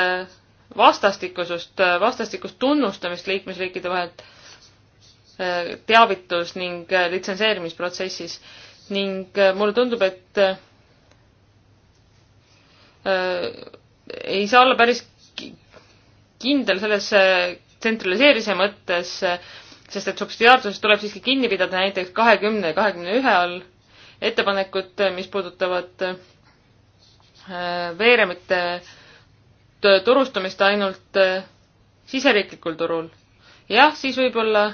Speaker 2: vastastikusust, vastastikust tunnustamist liikmesriikide vahelt teavitus ning litsenseerimisprotsessis ning mulle tundub, et Äh, ei saa olla päris kindel selles äh, tsentraliseerimise mõttes, äh, sest et subsidiaarsusest tuleb siiski kinni pidada näiteks kahekümne ja kahekümne ühe all ettepanekud, mis puudutavad veeremite turustamist ainult siseriiklikul turul. jah, siis võib-olla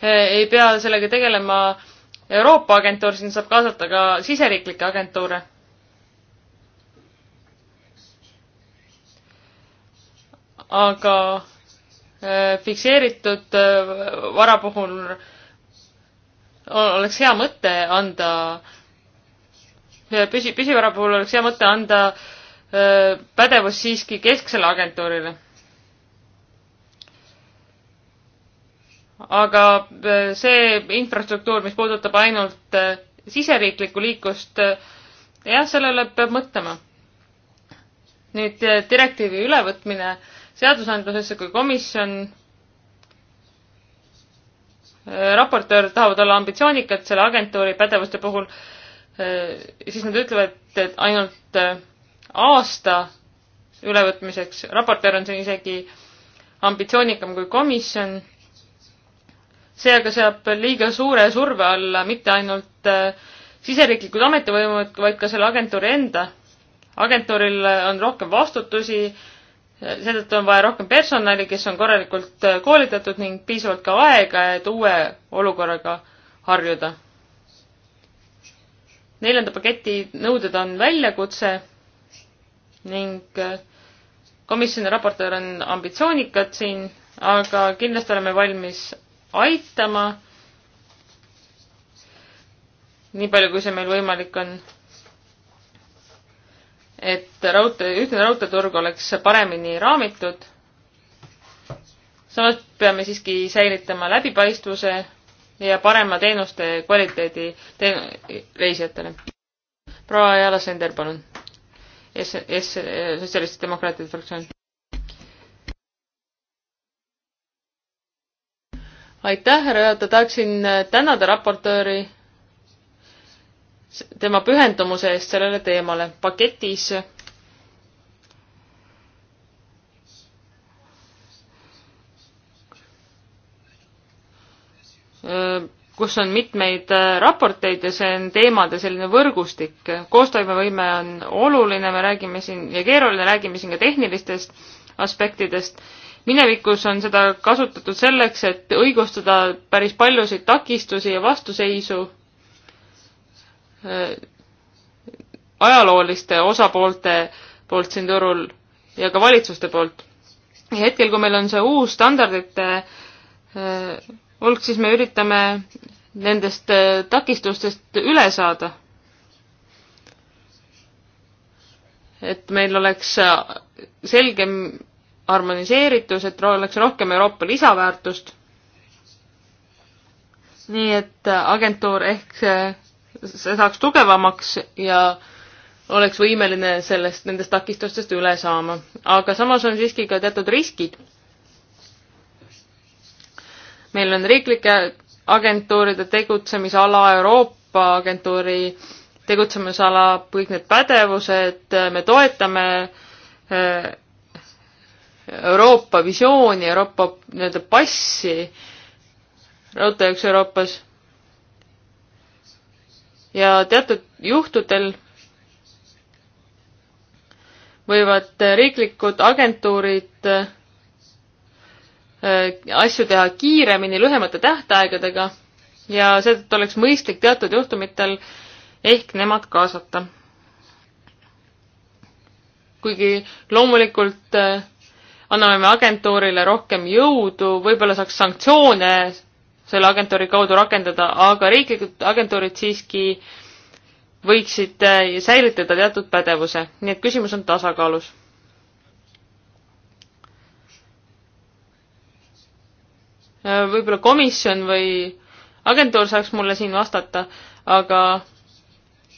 Speaker 2: ei pea sellega tegelema Euroopa agentuur, siin saab kaasata ka siseriiklikke agentuure. aga äh, fikseeritud äh, vara puhul oleks hea mõte anda, äh, püsi, püsivara puhul oleks hea mõte anda pädevus siiski kesksele agentuurile aga äh, see infrastruktuur, mis puudutab ainult äh, siseriiklikku liiklust, äh, jah, sellele peab mõtlema. nüüd direktiivi ülevõtmine seadusandlusesse, kui komisjon raportöör tahavad olla ambitsioonikad selle agentuuri pädevuste puhul, siis nad ütlevad, et ainult aasta ülevõtmiseks, raportöör on siin isegi ambitsioonikam kui komisjon see aga seab liiga suure surve alla mitte ainult äh, siseriiklikud ametivõimud, vaid ka selle agentuuri enda. agentuuril on rohkem vastutusi, seetõttu on vaja rohkem personali, kes on korralikult äh, koolitatud ning piisavalt ka aega, et uue olukorraga harjuda. neljanda paketi nõuded on väljakutse ning äh, komisjoni raportöör on ambitsioonikad siin, aga kindlasti oleme valmis aitama, nii palju, kui see meil võimalik on, et raudtee, ühtne raudteeturg oleks paremini raamitud. samas peame siiski säilitama läbipaistvuse ja parema teenuste kvaliteedi teen-, reisijatele. proua Jala Sender, palun. S-, S-, Sotsialistide Demokraatide fraktsioon. aitäh, härra juhataja, tahaksin äh, tänada raportööri tema pühendumuse eest sellele teemale. paketis äh, kus on mitmeid äh, raporteid ja see on teemade selline võrgustik. koostoimevõime on oluline, me räägime siin, ja keeruline, räägime siin ka tehnilistest aspektidest minevikus on seda kasutatud selleks, et õigustada päris paljusid takistusi ja vastuseisu äh, ajalooliste osapoolte poolt siin turul ja ka valitsuste poolt. ja hetkel, kui meil on see uus standardite äh, hulk, siis me üritame nendest äh, takistustest üle saada. et meil oleks selgem harmoniseeritus, et oleks rohkem Euroopa lisaväärtust. nii et äh, agentuur ehk see, see saaks tugevamaks ja oleks võimeline sellest, nendest takistustest üle saama. aga samas on siiski ka teatud riskid. meil on riiklike agentuuride tegutsemisala, Euroopa agentuuri tegutsemisala, kõik need pädevused, me toetame äh, Euroopa visiooni, Euroopa nii-öelda passi raudteejaoks Euroopas. ja teatud juhtudel võivad riiklikud agentuurid äh, asju teha kiiremini, lühemate tähtaegadega ja seetõttu oleks mõistlik teatud juhtumitel ehk nemad kaasata. kuigi loomulikult äh, anname me agentuurile rohkem jõudu, võib-olla saaks sanktsioone selle agentuuri kaudu rakendada, aga riiklikud agentuurid siiski võiksid eh, säilitada teatud pädevuse, nii et küsimus on tasakaalus. Eh, võib-olla komisjon või agentuur saaks mulle siin vastata, aga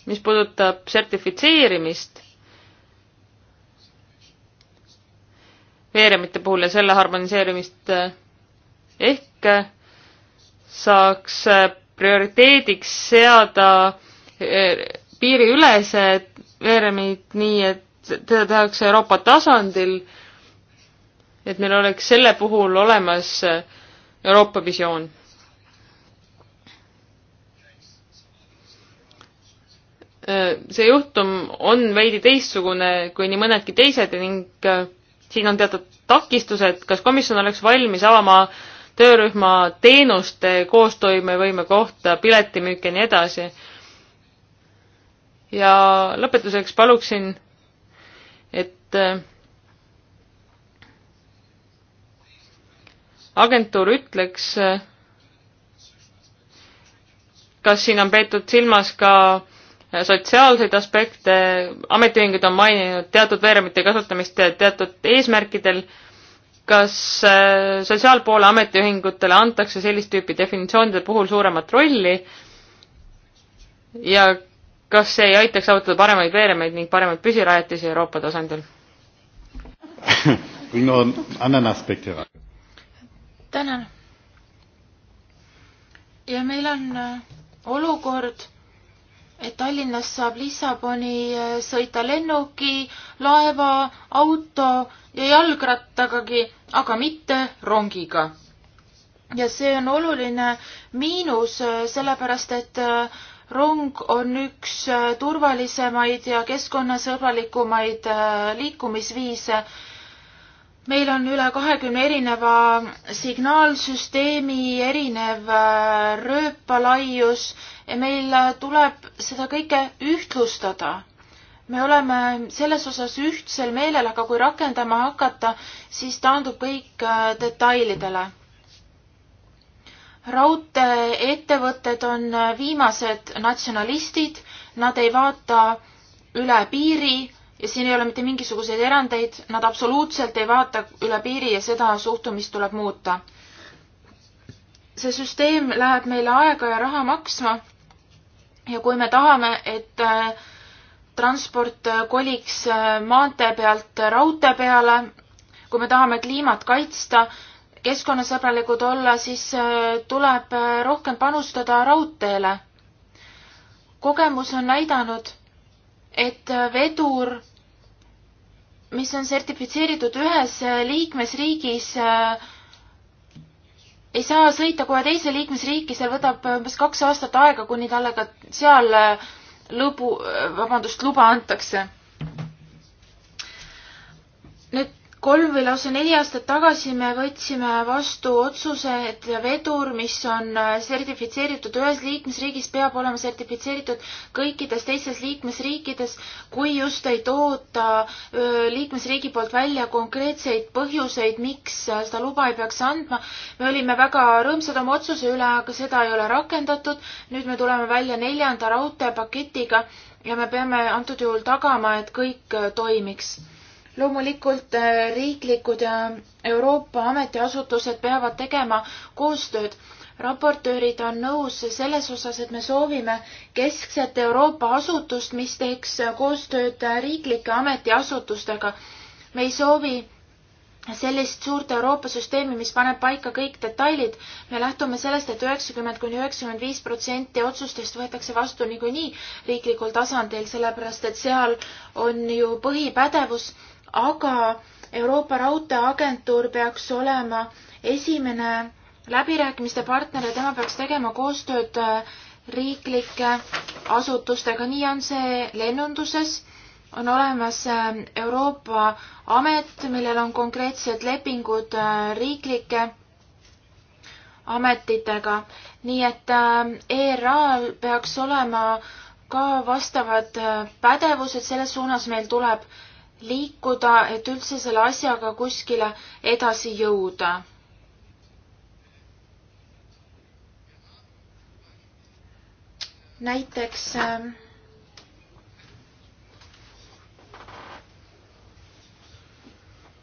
Speaker 2: mis puudutab sertifitseerimist veeremite puhul ja selle harmoniseerimist eh, ehk eh, saaks eh, prioriteediks seada piiriülesed veeremid nii, et teda tehakse Euroopa tasandil, et meil oleks selle puhul olemas Euroopa visioon. see juhtum on veidi teistsugune kui nii mõnedki teised ning siin on teatud takistused, kas komisjon oleks valmis avama töörühma teenuste koostoimevõime kohta, piletimüük ja nii edasi. ja lõpetuseks paluksin, et äh, agentuur ütleks, äh, kas siin on peetud silmas ka sotsiaalseid aspekte, ametiühingud on maininud teatud veeremite kasutamist teatud eesmärkidel. kas äh, sotsiaalpoole ametiühingutele antakse sellist tüüpi definitsioonide puhul suuremat rolli ja kas see ei aitaks saavutada paremaid veeremeid ning paremaid püsirajatisi Euroopa tasandil?
Speaker 1: bringe noch einen anderen Aspekt heran.
Speaker 3: tänan. ja meil on äh, olukord, et Tallinnast saab Lissaboni äh, sõita lennuki, laeva, auto ja jalgrattagagi, aga mitte rongiga. ja see on oluline miinus, äh, sellepärast et äh, rong on üks turvalisemaid ja keskkonnasõbralikumaid liikumisviise meil on üle kahekümne erineva signaalsüsteemi erinev äh, rööpalaius ja meil tuleb seda kõike ühtlustada. me oleme selles osas ühtsel meelel, aga kui rakendama hakata, siis taandub kõik äh, detailidele. raudteeettevõtted on äh, viimased natsionalistid, nad ei vaata üle piiri ja siin ei ole mitte mingisuguseid erandeid, nad absoluutselt ei vaata üle piiri ja seda suhtumist tuleb muuta. see süsteem läheb meile aega ja raha maksma ja kui me tahame, et äh, transport äh, koliks äh, maantee pealt raudtee peale, kui me tahame kliimat kaitsta, keskkonnasõbralikud olla, siis tuleb rohkem panustada raudteele. kogemus on näidanud et vedur, mis on sertifitseeritud ühes liikmesriigis, ei saa sõita kohe teise liikmesriiki, seal võtab umbes kaks aastat aega, kuni talle ka seal lõbu, vabandust, luba antakse. kolm või lausa neli aastat tagasi me võtsime vastu otsuse, et vedur, mis on äh, sertifitseeritud ühes liikmesriigis, peab olema sertifitseeritud kõikides teistes liikmesriikides, kui just ei toota äh, liikmesriigi poolt välja konkreetseid põhjuseid, miks äh, seda luba ei peaks andma. me olime väga rõõmsad oma otsuse üle, aga seda ei ole rakendatud. nüüd me tuleme välja neljanda raudteepaketiga ja me peame antud juhul tagama, et kõik toimiks loomulikult äh, riiklikud ja Euroopa ametiasutused peavad tegema koostööd. raportöörid on nõus selles osas, et me soovime keskset Euroopa asutust, mis teeks koostööd riiklike ametiasutustega. me ei soovi sellist suurt Euroopa süsteemi, mis paneb paika kõik detailid. me lähtume sellest et, et üheksakümmend kuni üheksakümmend viis protsenti otsustest võetakse vastu niikuinii riiklikul tasandil, sellepärast et seal on ju põhipädevus aga Euroopa Raudteeagentuur peaks olema esimene läbirääkimiste partner ja tema peaks tegema koostööd äh, riiklike asutustega, nii on see lennunduses, on olemas äh, Euroopa amet, millel on konkreetsed lepingud äh, riiklike ametitega, nii et ERA-l peaks olema ka vastavad pädevused, selles suunas meil tuleb liikuda, et üldse selle asjaga kuskile edasi jõuda. näiteks äh,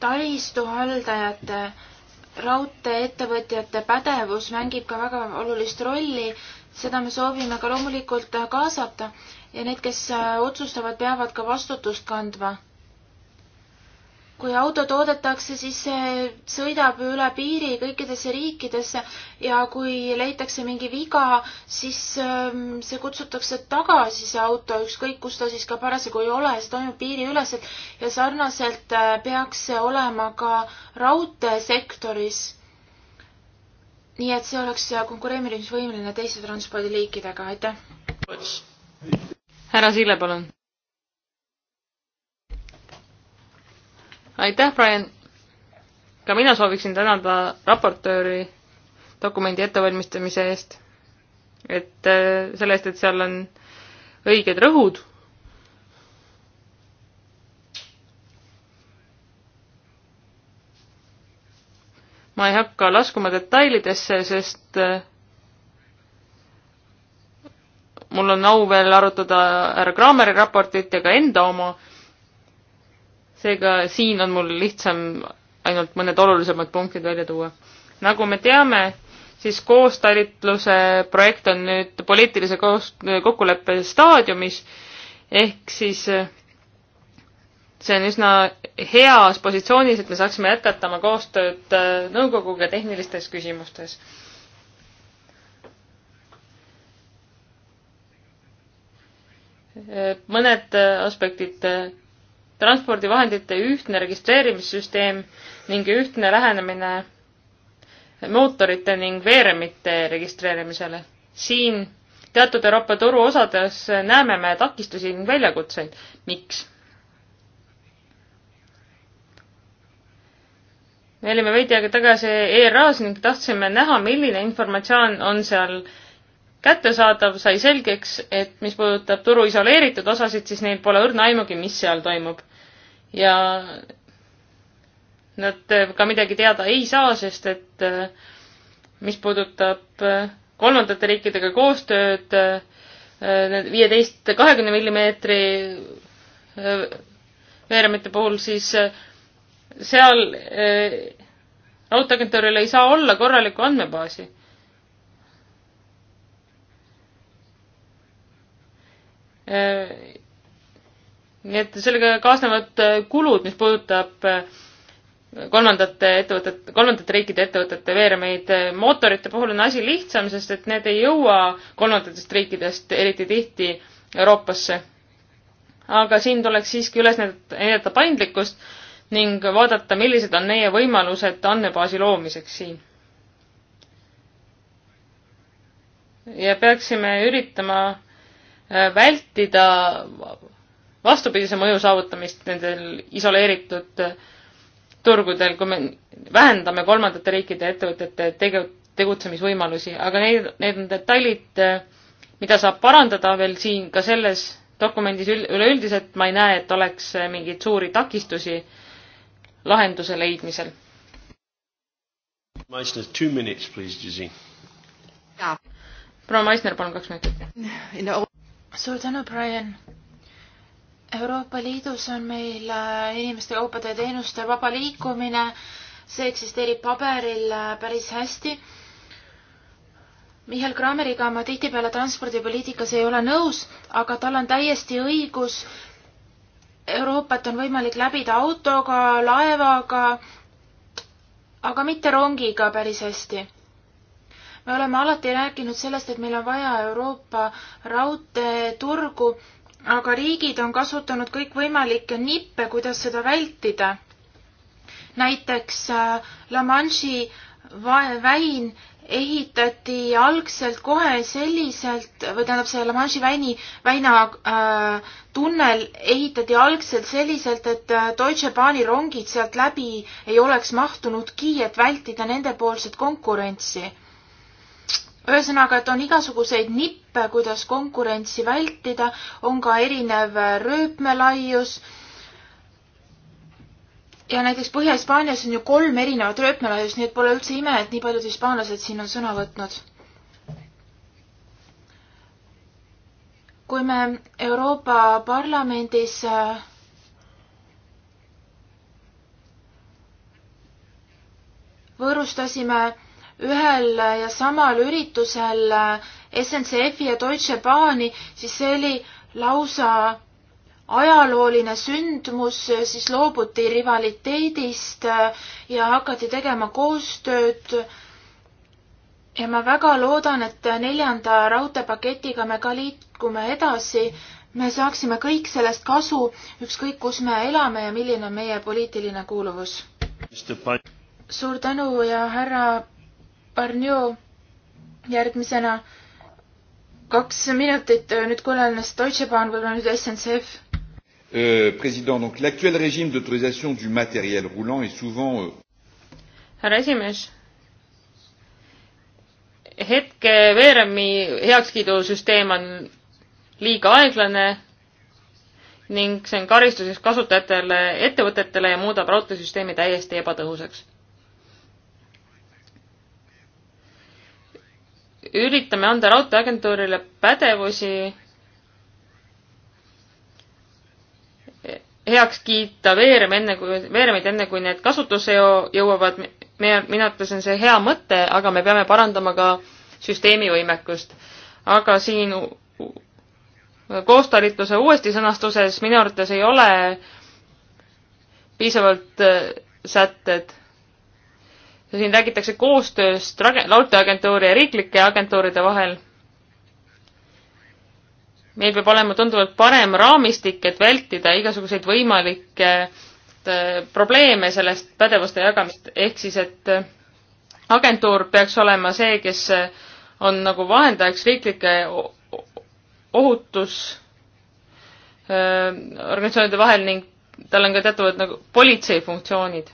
Speaker 3: taristu haldajate, raudteeettevõtjate pädevus mängib ka väga olulist rolli, seda me soovime ka loomulikult kaasata ja need, kes äh, otsustavad, peavad ka vastutust kandma kui auto toodetakse, siis see sõidab üle piiri kõikidesse riikidesse ja kui leitakse mingi viga, siis ähm, see kutsutakse tagasi, see auto, ükskõik kus ta siis ka parasjagu ei ole, see toimub piiriüleselt ja sarnaselt äh, peaks see olema ka raudteesektoris. nii et see oleks konkureerimisvõimeline teiste transpordiliikidega, aitäh.
Speaker 2: härra Sille, palun aitäh, Brian! ka mina sooviksin tänada raportööri dokumendi ettevalmistamise eest. et äh, selle eest, et seal on õiged rõhud. ma ei hakka laskuma detailidesse, sest äh, mul on au veel arutada härra Kraameri raportit ja ka enda oma seega siin on mul lihtsam ainult mõned olulisemad punktid välja tuua. nagu me teame, siis koostalitluse projekt on nüüd poliitilise koos-, kokkuleppe staadiumis, ehk siis äh, see on üsna heas positsioonis, et me saaksime jätkata oma koostööd äh, nõukoguga tehnilistes küsimustes. Äh, mõned aspektid transpordivahendite ühtne registreerimissüsteem ning ühtne lähenemine mootorite ning veeremite registreerimisele. siin teatud Euroopa turu osades näeme me takistusi ning väljakutseid. miks? me olime veidi aega tagasi ERA-s ning tahtsime näha, milline informatsioon on seal kättesaadav, sai selgeks, et mis puudutab turu isoleeritud osasid, siis neil pole õrna aimugi, mis seal toimub ja nad äh, ka midagi teada ei saa, sest et äh, mis puudutab äh, kolmandate riikidega koostööd, need viieteist, kahekümne millimeetri veeremite puhul, siis seal raudteeagentuuril ei saa olla korralikku andmebaasi nii et sellega kaasnevad äh, kulud, mis puudutab äh, kolmandate ettevõtete, kolmandate riikide ettevõtete veeremeid. Äh, mootorite puhul on asi lihtsam, sest et need ei jõua kolmandatest riikidest eriti tihti Euroopasse. aga siin tuleks siiski üles näidata paindlikkust ning vaadata, millised on meie võimalused andmebaasi loomiseks siin. ja peaksime üritama vältida vastupidise mõju saavutamist nendel isoleeritud turgudel, kui me vähendame kolmandate riikide ettevõtete tege-, tegutsemisvõimalusi, aga need, need on detailid, mida saab parandada veel siin ka selles dokumendis üleüldiselt, ma ei näe, et oleks mingeid suuri takistusi lahenduse leidmisel.
Speaker 1: Meissner, two minutes please, Jüzi.
Speaker 2: proua Meissner, palun kaks minutit.
Speaker 3: suur tänu, Brian Euroopa Liidus on meil äh, inimeste, kaupade ja teenuste vaba liikumine, see eksisteerib paberil äh, päris hästi. Mihhail Krammeriga ma tihtipeale transpordipoliitikas ei ole nõus, aga tal on täiesti õigus. Euroopat on võimalik läbida autoga, laevaga, aga mitte rongiga päris hästi. me oleme alati rääkinud sellest, et meil on vaja Euroopa raudteeturgu aga riigid on kasutanud kõikvõimalikke nippe, kuidas seda vältida. näiteks äh, La Manche'i väin ehitati algselt kohe selliselt või tähendab, see La Manche'i väini, väina äh, tunnel ehitati algselt selliselt, et äh, Deutsche Bahni rongid sealt läbi ei oleks mahtunudki, et vältida nendepoolset konkurentsi ühesõnaga, et on igasuguseid nippe, kuidas konkurentsi vältida, on ka erinev rööpmelaius. ja näiteks Põhja-Hispaanias on ju kolm erinevat rööpmelaiust, nii et pole üldse ime, et nii paljud hispaanlased siin on sõna võtnud. kui me Euroopa Parlamendis äh, võõrustasime ühel ja samal üritusel SNCF-i ja Deutsche Bahni, siis see oli lausa ajalooline sündmus, siis loobuti rivaliteedist ja hakati tegema koostööd. ja ma väga loodan, et neljanda raudteepaketiga me ka liikume edasi, me saaksime kõik sellest kasu, ükskõik kus me elame ja milline on meie poliitiline kuuluvus. suur tänu ja härra Arnio järgmisena kaks minutit, äh, nüüd kuulenes Deutsche Bahn, võib-olla nüüd SNCF.
Speaker 1: Äh, président, donc l'actuel régime d'autorisation du matériel roulant est souvent euh,
Speaker 3: härra esimees,
Speaker 2: hetke veeremi heakskiidusüsteem on liiga aeglane ning see on karistuseks kasutajatele, ettevõtetele ja muudab raudteesüsteemi täiesti ebatõhusaks üritame anda raudteeagentuurile pädevusi heaks kiita veerem enne kui, veeremeid enne kui need kasutusse jõuavad. meie, minu arvates on see hea mõte, aga me peame parandama ka süsteemi võimekust. aga siin koostalitluse uuesti sõnastuses minu arvates ei ole piisavalt äh, sätted siin räägitakse koostööst raudteeagentuuri ja riiklike agentuuride vahel. meil peab olema tunduvalt parem raamistik, et vältida igasuguseid võimalikke äh, probleeme sellest pädevuste jagamist, ehk siis, et äh, agentuur peaks olema see, kes äh, on nagu vahendajaks riiklike ohutus öö, organisatsioonide vahel ning tal on ka teatavad nagu politseifunktsioonid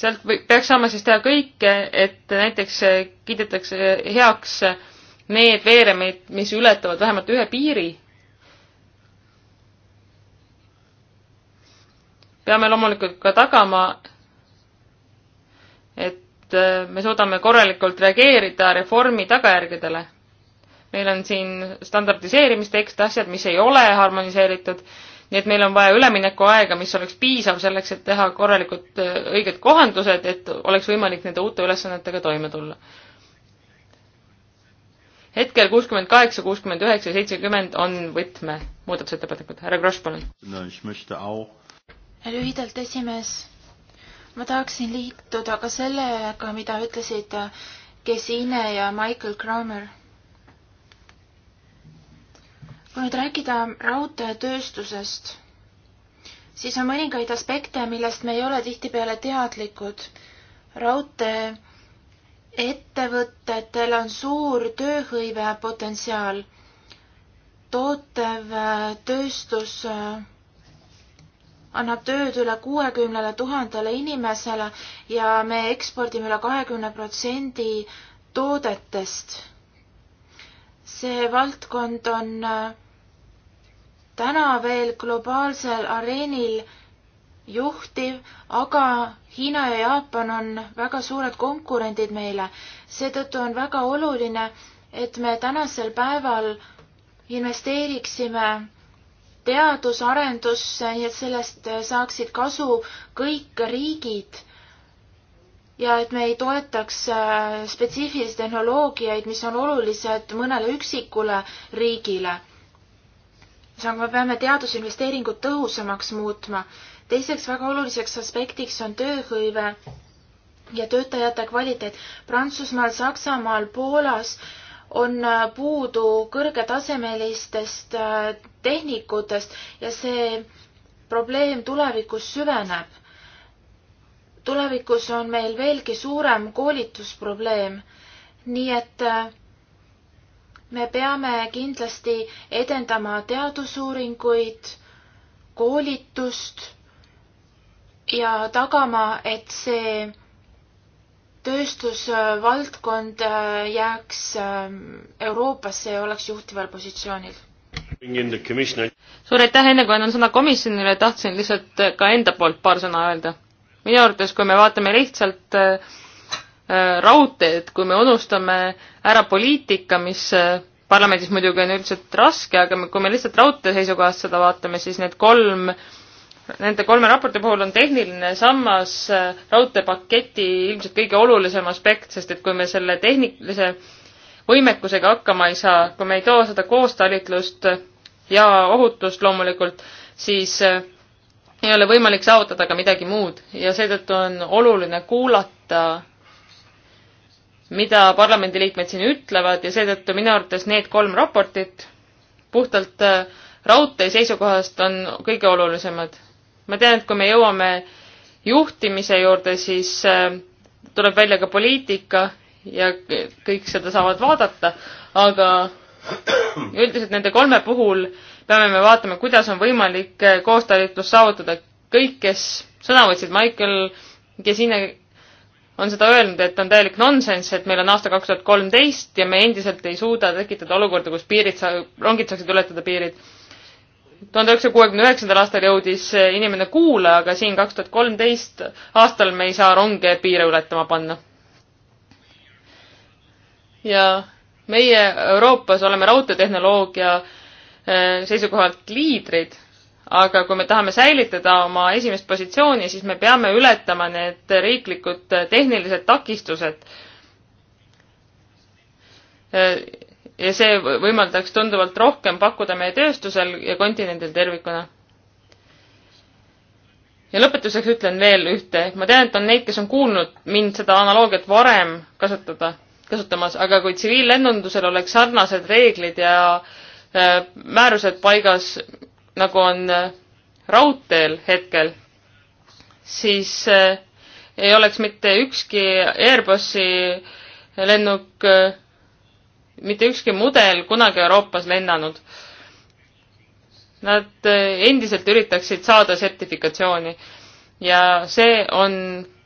Speaker 2: sealt või peaks saama siis teha kõike, et näiteks kiidetakse heaks need veeremeid, mis ületavad vähemalt ühe piiri. peame loomulikult ka tagama, et me suudame korralikult reageerida reformi tagajärgedele. meil on siin standardiseerimistekst, asjad, mis ei ole harmoniseeritud nii et meil on vaja üleminekuaega, mis oleks piisav selleks, et teha korralikud äh, õiged kohandused, et oleks võimalik nende uute ülesannetega toime tulla. hetkel kuuskümmend kaheksa, kuuskümmend üheksa ja seitsekümmend on võtme muudatusettepanekud. härra Kross, palun.
Speaker 3: lühidalt, esimees. ma tahaksin liituda ka sellega, mida ütlesid äh, Gesine ja Michael Kramer kui nüüd rääkida raudteetööstusest, siis on mõningaid aspekte, millest me ei ole tihtipeale teadlikud. raudteeettevõtetel on suur tööhõive potentsiaal. tootev äh, tööstus äh, annab tööd üle kuuekümnele tuhandele inimesele ja me ekspordime üle kahekümne protsendi toodetest. see valdkond on äh, täna veel globaalsel areenil juhtiv, aga Hiina ja Jaapan on väga suured konkurendid meile. seetõttu on väga oluline, et me tänasel päeval investeeriksime teadusarendusse, nii et sellest saaksid kasu kõik riigid. ja et me ei toetaks äh, spetsiifilisi tehnoloogiaid, mis on olulised mõnele üksikule riigile samuti me peame teadusinvesteeringud tõhusamaks muutma. teiseks väga oluliseks aspektiks on tööhõive ja töötajate kvaliteet. Prantsusmaal, Saksamaal, Poolas on äh, puudu kõrgetasemelistest äh, tehnikutest ja see probleem tulevikus süveneb. tulevikus on meil veelgi suurem koolitusprobleem, nii et äh, me peame kindlasti edendama teadusuuringuid, koolitust ja tagama, et see tööstusvaldkond äh, jääks ähm, Euroopasse ja oleks juhtival positsioonil.
Speaker 2: suur aitäh, enne kui annan sõna komisjonile, tahtsin lihtsalt ka enda poolt paar sõna öelda. minu arvates, kui me vaatame lihtsalt äh, Äh, raudteed, kui me unustame ära poliitika, mis äh, parlamendis muidugi on üldiselt raske, aga kui me lihtsalt raudtee seisukohast seda vaatame, siis need kolm, nende kolme raporti puhul on tehniline sammas äh, raudteepaketi ilmselt kõige olulisem aspekt, sest et kui me selle tehnilise võimekusega hakkama ei saa, kui me ei too seda koostalitlust ja ohutust loomulikult, siis ei ole võimalik saavutada ka midagi muud ja seetõttu on oluline kuulata mida parlamendiliikmed siin ütlevad ja seetõttu minu arvates need kolm raportit puhtalt äh, raudtee seisukohast on kõige olulisemad. ma tean, et kui me jõuame juhtimise juurde, siis äh, tuleb välja ka poliitika ja kõik seda saavad vaadata, aga üldiselt nende kolme puhul peame me vaatama, kuidas on võimalik äh, koostalitlus saavutada. kõik, kes sõna võtsid, Michael, Gesine on seda öelnud, et on täielik nonsenss, et meil on aasta kaks tuhat kolmteist ja me endiselt ei suuda tekitada olukorda, kus piirid sa-, rongid saaksid ületada piirid. tuhande üheksasaja kuuekümne üheksandal aastal jõudis inimene kuule, aga siin kaks tuhat kolmteist aastal me ei saa ronge piire ületama panna. ja meie Euroopas oleme raudteetehnoloogia äh, seisukohalt liidrid aga kui me tahame säilitada oma esimest positsiooni, siis me peame ületama need riiklikud äh, tehnilised takistused. Äh, ja see võimaldaks tunduvalt rohkem pakkuda meie tööstusel ja kontinendil tervikuna. ja lõpetuseks ütlen veel ühte, ma tean, et on neid, kes on kuulnud mind seda analoogiat varem kasutada, kasutamas, aga kui tsiviillennundusel oleks sarnased reeglid ja äh, määrused paigas, nagu on äh, raudteel hetkel, siis äh, ei oleks mitte ükski Airbusi lennuk, äh, mitte ükski mudel kunagi Euroopas lennanud. Nad endiselt üritaksid saada sertifikatsiooni ja see on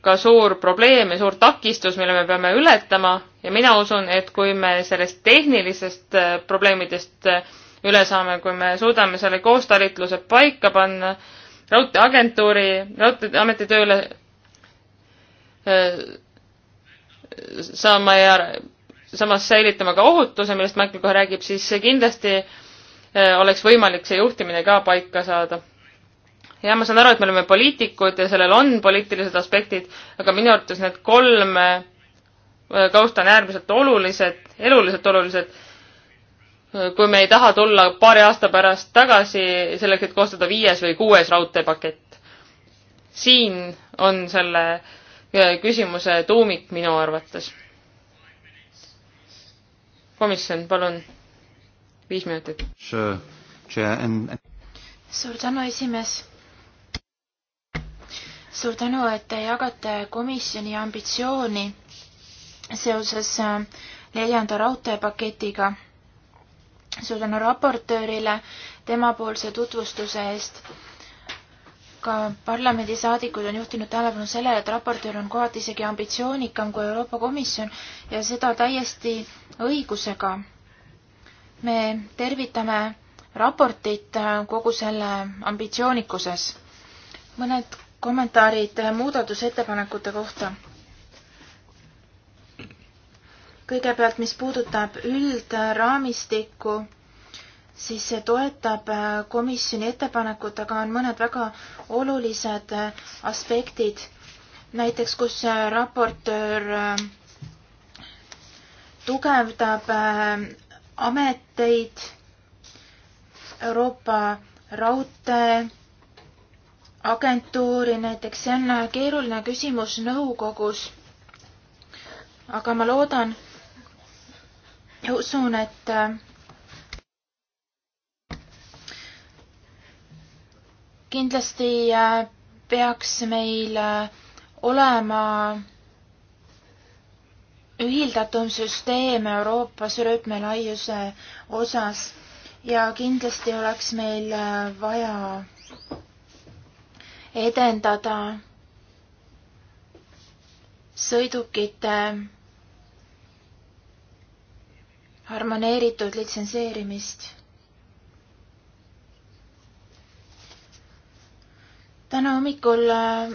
Speaker 2: ka suur probleem ja suur takistus, mille me peame ületama ja mina usun, et kui me sellest tehnilisest probleemidest üle saame, kui me suudame selle koostalitluse paika panna, raudteeagentuuri, raudteeameti tööle äh, saama ja samas säilitama ka ohutuse, millest Michael kohe räägib, siis kindlasti äh, oleks võimalik see juhtimine ka paika saada. ja ma saan aru, et me oleme poliitikud ja sellel on poliitilised aspektid, aga minu arvates need kolm äh, kausta on äärmiselt olulised, eluliselt olulised kui me ei taha tulla paari aasta pärast tagasi selleks, et koostada viies või kuues raudteepakett. siin on selle äh, küsimuse tuumik minu arvates. komisjon, palun, viis minutit.
Speaker 3: suur tänu, esimees. suur tänu, et te jagate komisjoni ambitsiooni seoses äh, neljanda raudteepaketiga suur tänu raportöörile temapoolse tutvustuse eest. ka parlamendisaadikud on juhtinud tähelepanu sellele, et raportöör on kohati isegi ambitsioonikam kui Euroopa Komisjon ja seda täiesti õigusega. me tervitame raportit kogu selle ambitsioonikuses. mõned kommentaarid muudatusettepanekute kohta kõigepealt, mis puudutab üldraamistikku, siis see toetab äh, komisjoni ettepanekut, aga on mõned väga olulised äh, aspektid. näiteks, kus äh, raportöör tugevdab ameteid, Euroopa raudteeagentuuri näiteks, see on keeruline küsimus nõukogus. aga ma loodan, usun, et äh, kindlasti äh, peaks meil äh, olema ühildatum süsteem Euroopas rööpmelaiuse osas ja kindlasti oleks meil vaja edendada sõidukite harmoneeritud litsenseerimist. täna hommikul äh,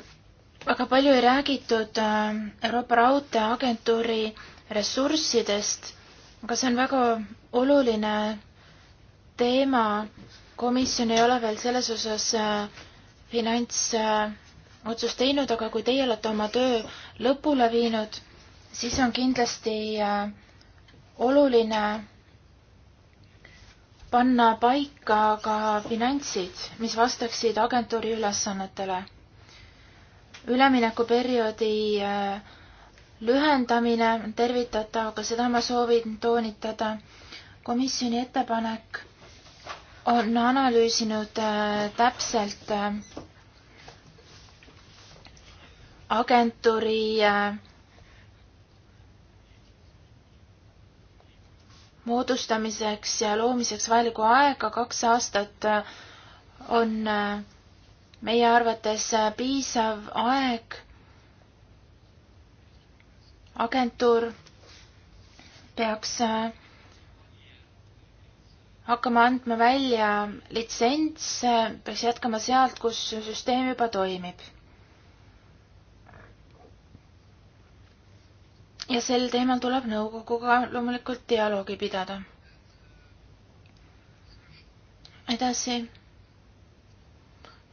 Speaker 3: väga palju ei räägitud äh, Euroopa Raudteeagentuuri ressurssidest, aga see on väga oluline teema. komisjon ei ole veel selles osas äh, finantsotsust teinud, aga kui teie olete oma töö lõpule viinud, siis on kindlasti oluline panna paika ka finantsid, mis vastaksid agentuuri ülesannetele. üleminekuperioodi äh, lühendamine on tervitatav, aga seda ma soovin toonitada. komisjoni ettepanek on analüüsinud äh, täpselt äh, agentuuri äh, moodustamiseks ja loomiseks vajalikku aega, kaks aastat on äh, meie arvates äh, piisav aeg. agentuur peaks äh, hakkama andma välja litsentse, peaks jätkama sealt, kus süsteem juba toimib ja sel teemal tuleb nõukoguga loomulikult dialoogi pidada. edasi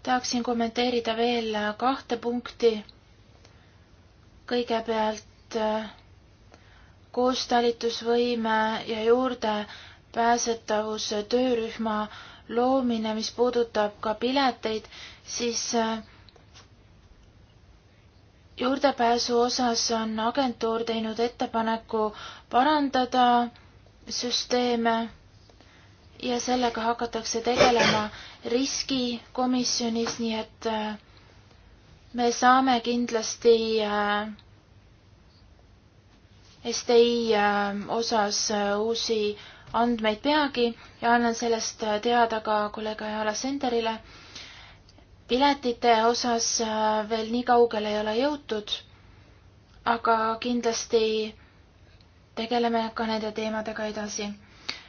Speaker 3: tahaksin kommenteerida veel kahte punkti. kõigepealt äh, koostalitusvõime ja juurdepääsetavuse töörühma loomine, mis puudutab ka pileteid, siis äh, juurdepääsu osas on agentuur teinud ettepaneku parandada süsteeme ja sellega hakatakse tegelema riskikomisjonis, nii et äh, me saame kindlasti äh, STI äh, osas uusi andmeid peagi ja annan sellest teada ka kolleeg Ajala Senderile piletite osas äh, veel nii kaugele ei ole jõutud, aga kindlasti tegeleme ka nende teemadega edasi.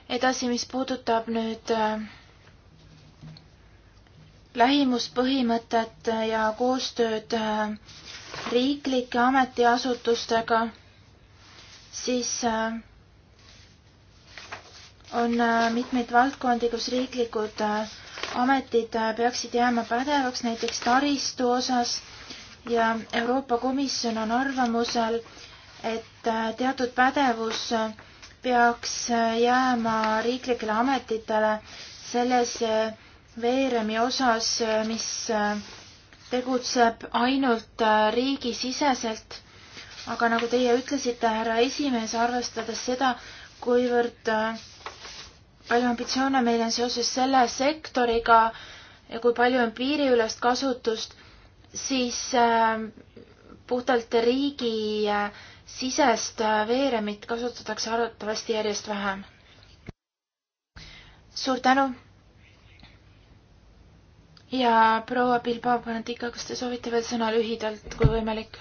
Speaker 3: edasi, mis puudutab nüüd äh, lähimuspõhimõtet ja koostööd äh, riiklike ametiasutustega, siis on mitmeid valdkondi, kus riiklikud äh, ametid äh, peaksid jääma pädevaks näiteks taristu osas ja Euroopa Komisjon on arvamusel, et äh, teatud pädevus äh, peaks jääma riiklikele ametitele selles veeremi osas, mis tegutseb ainult riigisiseselt. aga nagu teie ütlesite, härra esimees, arvestades seda, kuivõrd äh, palju ambitsioone meil on seoses selle sektoriga ja kui palju on piiriülest kasutust, siis ähm, puhtalt riigi äh, sisest äh, veeremit kasutatakse arvatavasti järjest vähem. suur tänu! ja proua Bilbao Panantika, kas te soovite veel sõna lühidalt, kui võimalik?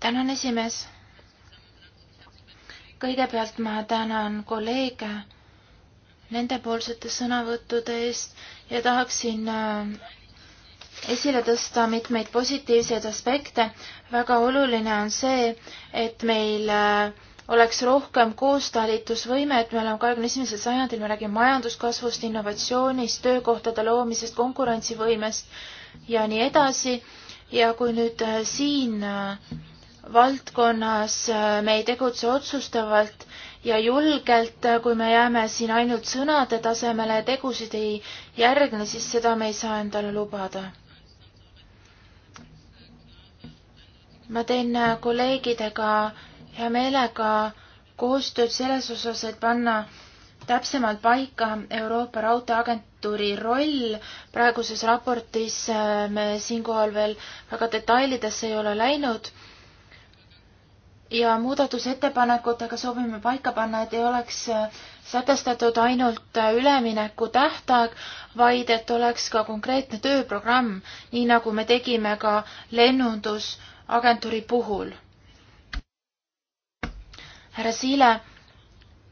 Speaker 3: tänan, esimees kõigepealt ma tänan kolleege nendepoolsete sõnavõttude eest ja tahaksin äh, esile tõsta mitmeid positiivseid aspekte. väga oluline on see, et meil äh, oleks rohkem koostalitusvõimet, me oleme kahekümne esimesel sajandil, me räägime majanduskasvust, innovatsioonist, töökohtade loomisest, konkurentsivõimest ja nii edasi. ja kui nüüd äh, siin äh, valdkonnas äh, me ei tegutse otsustavalt ja julgelt, äh, kui me jääme siin ainult sõnade tasemele ja tegusid ei järgne, siis seda me ei saa endale lubada. ma teen äh, kolleegidega hea meelega koostööd selles osas, et panna täpsemalt paika Euroopa Raudteeagentuuri roll. praeguses raportis me siinkohal veel väga detailidesse ei ole läinud ja muudatusettepanekutega soovime paika panna, et ei oleks äh, sätestatud ainult äh, ülemineku tähtaeg, vaid et oleks ka konkreetne tööprogramm, nii nagu me tegime ka lennundusagentuuri puhul. härra Siile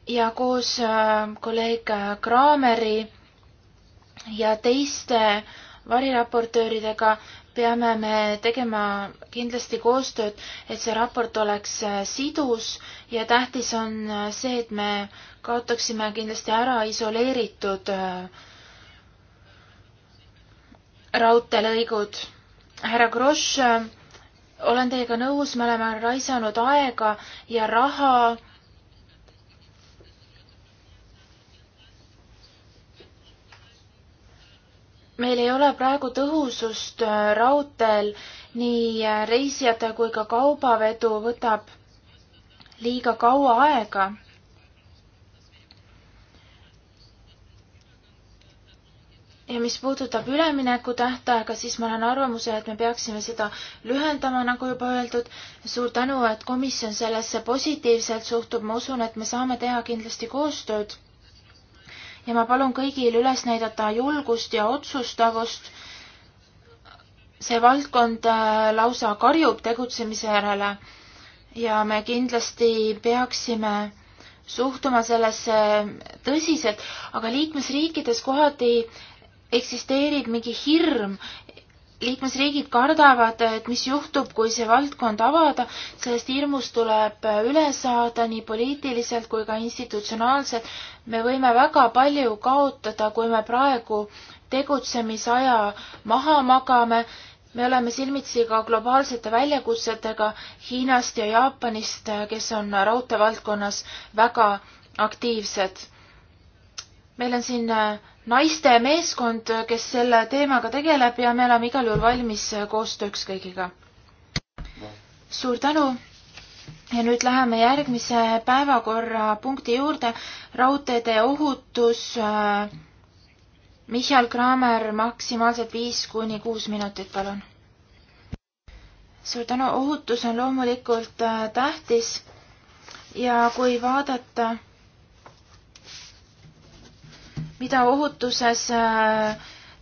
Speaker 3: ja koos äh, kolleeg Kraameri ja teiste variraportööridega peame me tegema kindlasti koostööd, et see raport oleks äh, sidus ja tähtis on äh, see, et me kaotaksime kindlasti ära isoleeritud äh, raudteelõigud. härra Grosch, olen teiega nõus, me oleme raisanud aega ja raha meil ei ole praegu tõhusust äh, raudteel, nii äh, reisijate kui ka kaubavedu võtab liiga kaua aega. ja mis puudutab ülemineku tähtaega, siis ma olen arvamusel, et me peaksime seda lühendama, nagu juba öeldud. suur tänu, et komisjon sellesse positiivselt suhtub, ma usun, et me saame teha kindlasti koostööd ja ma palun kõigil üles näidata julgust ja otsustavust. see valdkond äh, lausa karjub tegutsemise järele ja me kindlasti peaksime suhtuma sellesse tõsiselt, aga liikmesriikides kohati eksisteerib mingi hirm, liikmesriigid kardavad, et mis juhtub, kui see valdkond avada, sellest hirmust tuleb äh, üle saada nii poliitiliselt kui ka institutsionaalselt. me võime väga palju kaotada, kui me praegu tegutsemisaja maha magame. me oleme silmitsi ka globaalsete väljakutsetega Hiinast ja Jaapanist, äh, kes on raudteevaldkonnas väga aktiivsed. meil on siin äh, naiste meeskond, kes selle teemaga tegeleb ja me oleme igal juhul valmis koostööks kõigiga. suur tänu ja nüüd läheme järgmise päevakorrapunkti juurde, raudteede ohutus. Äh, Michal Kramer, maksimaalselt viis kuni kuus minutit, palun. suur tänu, ohutus on loomulikult äh, tähtis ja kui vaadata mida ohutuses äh,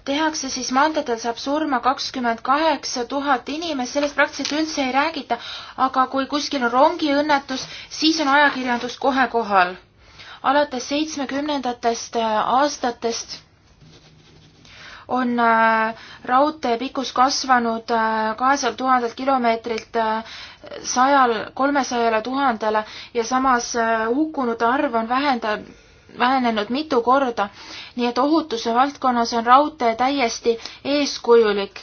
Speaker 3: tehakse, siis maanteedel saab surma kakskümmend kaheksa tuhat inimest, sellest praktiliselt üldse ei räägita, aga kui kuskil on rongiõnnetus, siis on ajakirjandus kohe kohal. alates seitsmekümnendatest äh, aastatest on äh, raudtee pikkus kasvanud kahesajalt tuhandelt kilomeetrilt sajal, kolmesajale tuhandele ja samas hukkunute arv on vähendanud vähenenud mitu korda, nii et ohutuse valdkonnas on raudtee täiesti eeskujulik.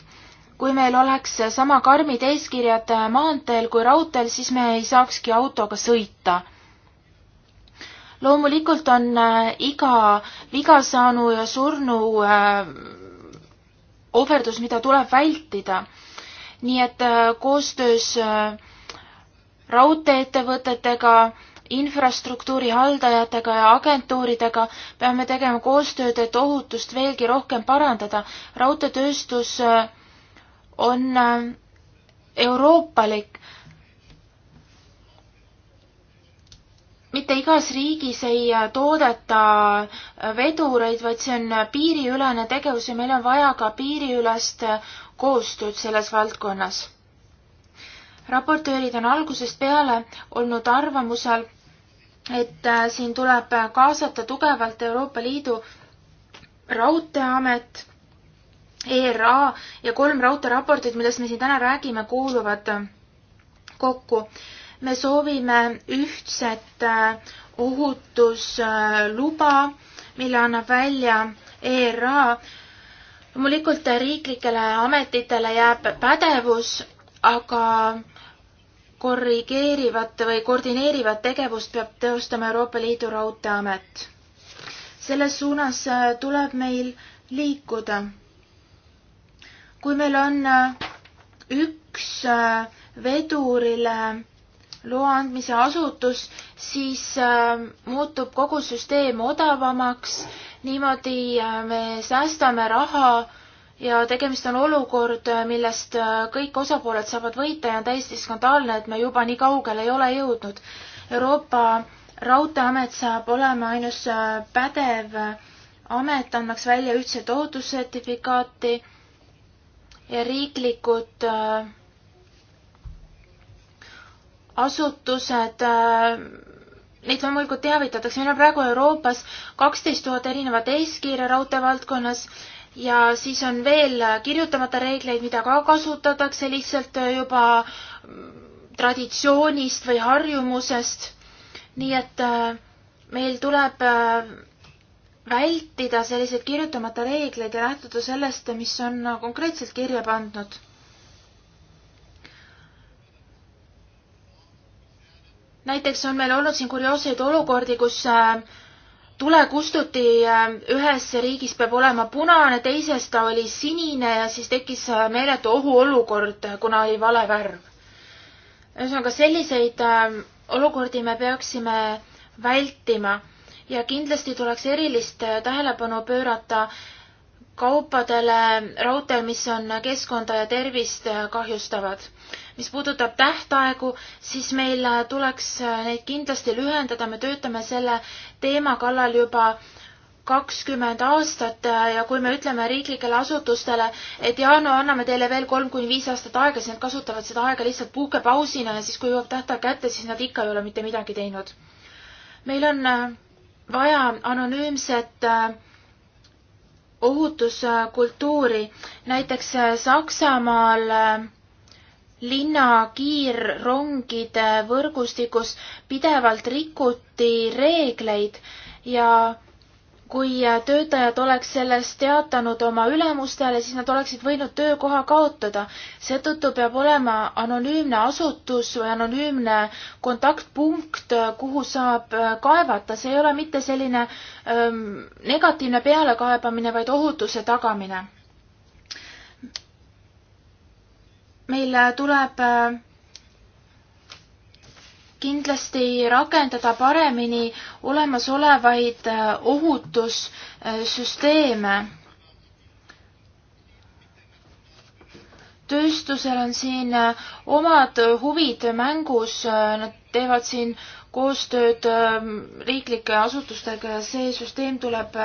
Speaker 3: kui meil oleks sama karmid eeskirjad maanteel kui raudteel, siis me ei saakski autoga sõita loomulikult on äh, iga viga saanu ja surnu äh, ohverdus, mida tuleb vältida. nii et äh, koostöös raudteeettevõtetega infrastruktuuri haldajatega ja agentuuridega peame tegema koostööd, et ohutust veelgi rohkem parandada. raudteetööstus äh, on äh, euroopalik. mitte igas riigis ei äh, toodeta vedureid, vaid see on piiriülene tegevus ja meil on vaja ka piiriülest koostööd selles valdkonnas raportöörid on algusest peale olnud arvamusel, et äh, siin tuleb kaasata tugevalt Euroopa Liidu raudteeamet, ERA ja kolm raudteeraportit, millest me siin täna räägime, kuuluvad äh, kokku. me soovime ühtset äh, ohutusluba, mille annab välja ERA. loomulikult riiklikele ametitele jääb pädevus, aga korrigeerivat või koordineerivat tegevust peab teostama Euroopa Liidu Raudteeamet. selles suunas äh, tuleb meil liikuda. kui meil on äh, üks äh, vedurile loa andmise asutus, siis muutub kogu süsteem odavamaks, niimoodi me säästame raha ja tegemist on olukord, millest äh, kõik osapooled saavad võita ja on täiesti skandaalne, et me juba nii kaugele ei ole jõudnud. Euroopa Raudteeamet saab olema ainus äh, pädev äh, amet, andmaks välja ühtset ohutussertifikaati ja riiklikud asutused neid loomulikult teavitatakse, meil on praegu Euroopas kaksteist tuhat erinevat eeskirja raudtee valdkonnas ja siis on veel kirjutamata reegleid, mida ka kasutatakse lihtsalt äh, juba mm, traditsioonist või harjumusest. nii et äh, meil tuleb äh, vältida selliseid kirjutamata reegleid ja lähtuda sellest, mis on konkreetselt kirja pandud. näiteks on meil olnud siin kurioosseid olukordi, kus äh, tulekustuti äh, ühes riigis peab olema punane, teises ta oli sinine ja siis tekkis äh, meeletu ohuolukord, äh, kuna oli vale värv. ühesõnaga selliseid olukordi me peaksime vältima ja kindlasti tuleks erilist tähelepanu pöörata kaupadele raudteel, mis on keskkonda ja tervist kahjustavad. mis puudutab tähtaegu, siis meil tuleks neid kindlasti lühendada, me töötame selle teema kallal juba kakskümmend aastat ja kui me ütleme riiklikele asutustele, et jaa, no anname teile veel kolm kuni viis aastat aega, siis nad kasutavad seda aega lihtsalt puhkepausina ja siis, kui jõuab tähtaeg kätte, siis nad ikka ei ole mitte midagi teinud. meil on vaja anonüümset äh, ohutuskultuuri. näiteks äh, Saksamaal äh, linna kiirrongide võrgustikus pidevalt rikuti reegleid ja kui äh, töötajad oleks sellest teatanud oma ülemustele, siis nad oleksid võinud töökoha kaotada. seetõttu peab olema anonüümne asutus või anonüümne kontaktpunkt, äh, kuhu saab äh, kaevata, see ei ole mitte selline ähm, negatiivne pealekaebamine, vaid ohutuse tagamine. meil tuleb äh, kindlasti rakendada paremini olemasolevaid äh, ohutussüsteeme. tööstusel on siin äh, omad huvid mängus, äh, nad teevad siin koostööd ähm, riiklike asutustega ja see süsteem tuleb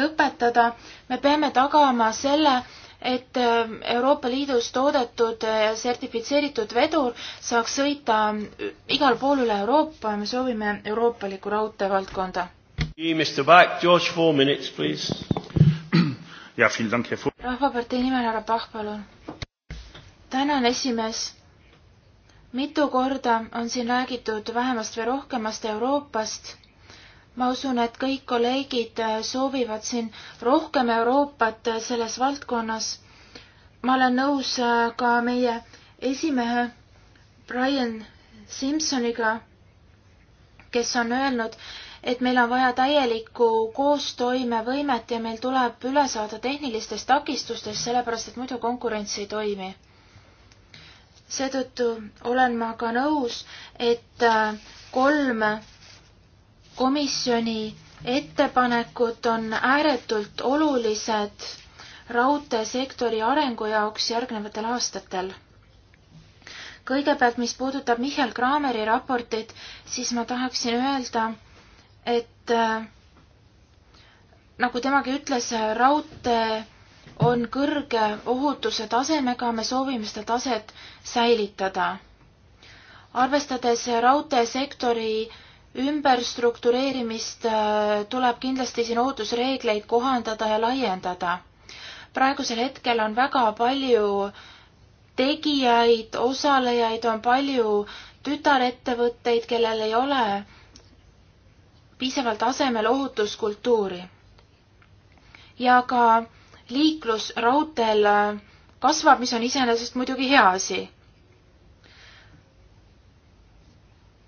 Speaker 3: lõpetada. me peame tagama selle, et ähm, Euroopa Liidus toodetud ja sertifitseeritud vedur saaks sõita äh, igal pool üle Euroopa ja me soovime euroopalikku raudteevaldkonda. rahvapartei nimel härra Pahv, palun. tänan, esimees mitu korda on siin räägitud vähemast või rohkemast Euroopast ma usun, et kõik kolleegid äh, soovivad siin rohkem Euroopat äh, selles valdkonnas. ma olen nõus äh, ka meie esimehe Brian Simsoniga, kes on öelnud, et meil on vaja täielikku koostoimevõimet ja meil tuleb üle saada tehnilistest takistustest, sellepärast et muidu konkurents ei toimi. seetõttu olen ma ka nõus, et kolm komisjoni ettepanekud on ääretult olulised raudteesektori arengu jaoks järgnevatel aastatel. kõigepealt, mis puudutab Mihhail Kraameri raportit, siis ma tahaksin öelda, et äh, nagu temagi ütles, raudtee on kõrge ohutuse tasemega, me soovime seda taset säilitada. arvestades raudteesektori ümberstruktureerimist äh, tuleb kindlasti siin ootusreegleid kohandada ja laiendada. praegusel hetkel on väga palju tegijaid, osalejaid, on palju tütarettevõtteid, kellel ei ole piisavalt asemel ohutuskultuuri. ja ka liiklus raudteel äh, kasvab, mis on iseenesest muidugi hea asi.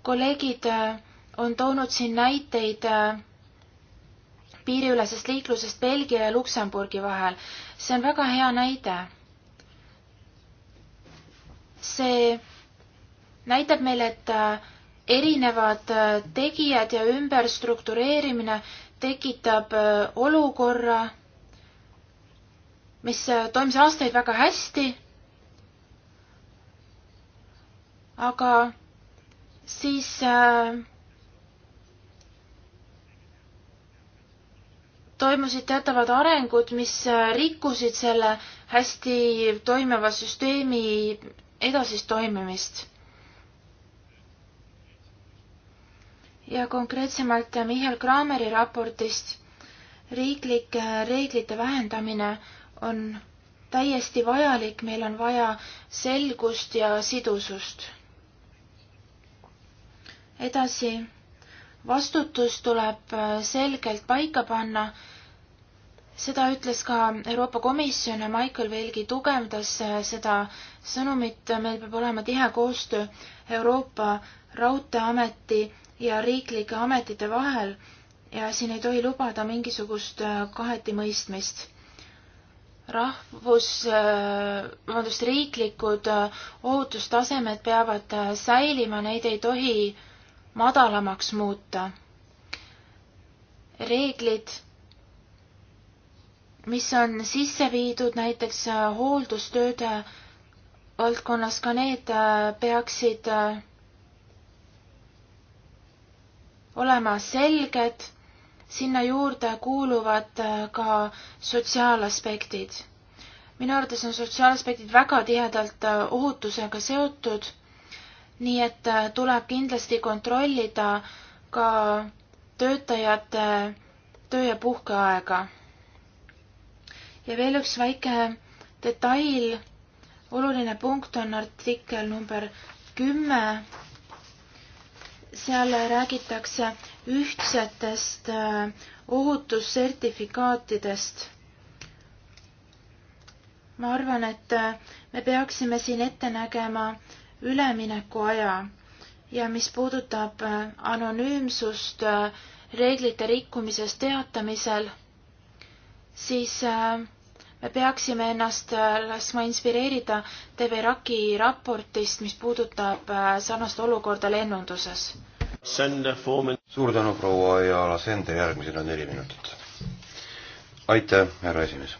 Speaker 3: kolleegid äh, on toonud siin näiteid äh, piiriülesest liiklusest Belgia ja Luksemburgi vahel. see on väga hea näide. see näitab meile, et äh, erinevad äh, tegijad ja ümberstruktureerimine tekitab olukorra, mis toimis aastaid väga hästi, aga siis äh, toimusid teatavad arengud, mis äh, rikkusid selle hästi toimiva süsteemi edasist toimimist. ja konkreetsemalt Mihhail Krahmeri raportist riiklike äh, reeglite vähendamine on täiesti vajalik, meil on vaja selgust ja sidusust. edasi vastutus tuleb äh, selgelt paika panna. seda ütles ka Euroopa Komisjon ja Michael veelgi tugevdas äh, seda sõnumit, meil peab olema tihe koostöö Euroopa Raudteeameti ja riiklike ametite vahel ja siin ei tohi lubada mingisugust äh, kahetimõistmist rahvus, vabandust, riiklikud ohutustasemed peavad säilima, neid ei tohi äh, madalamaks muuta. reeglid, mis on sisse viidud näiteks äh, hooldustööde valdkonnas, ka need äh, peaksid äh, olema selged, sinna juurde kuuluvad ka sotsiaalaspektid. minu arvates on sotsiaalaspektid väga tihedalt ohutusega seotud nii et äh, tuleb kindlasti kontrollida ka töötajate töö- ja puhkeaega. ja veel üks väike detail, oluline punkt on artikkel number kümme. seal räägitakse ühtsetest äh, ohutussertifikaatidest. ma arvan, et äh, me peaksime siin ette nägema äh, üleminekuaja ja mis puudutab äh, anonüümsust äh, reeglite rikkumisest teatamisel, siis äh, me peaksime ennast laskma inspireerida TV Raki raportist, mis puudutab sarnast olukorda lennunduses.
Speaker 1: suur tänu, proua Jaala Sender, järgmisena neli minutit. aitäh, härra esimees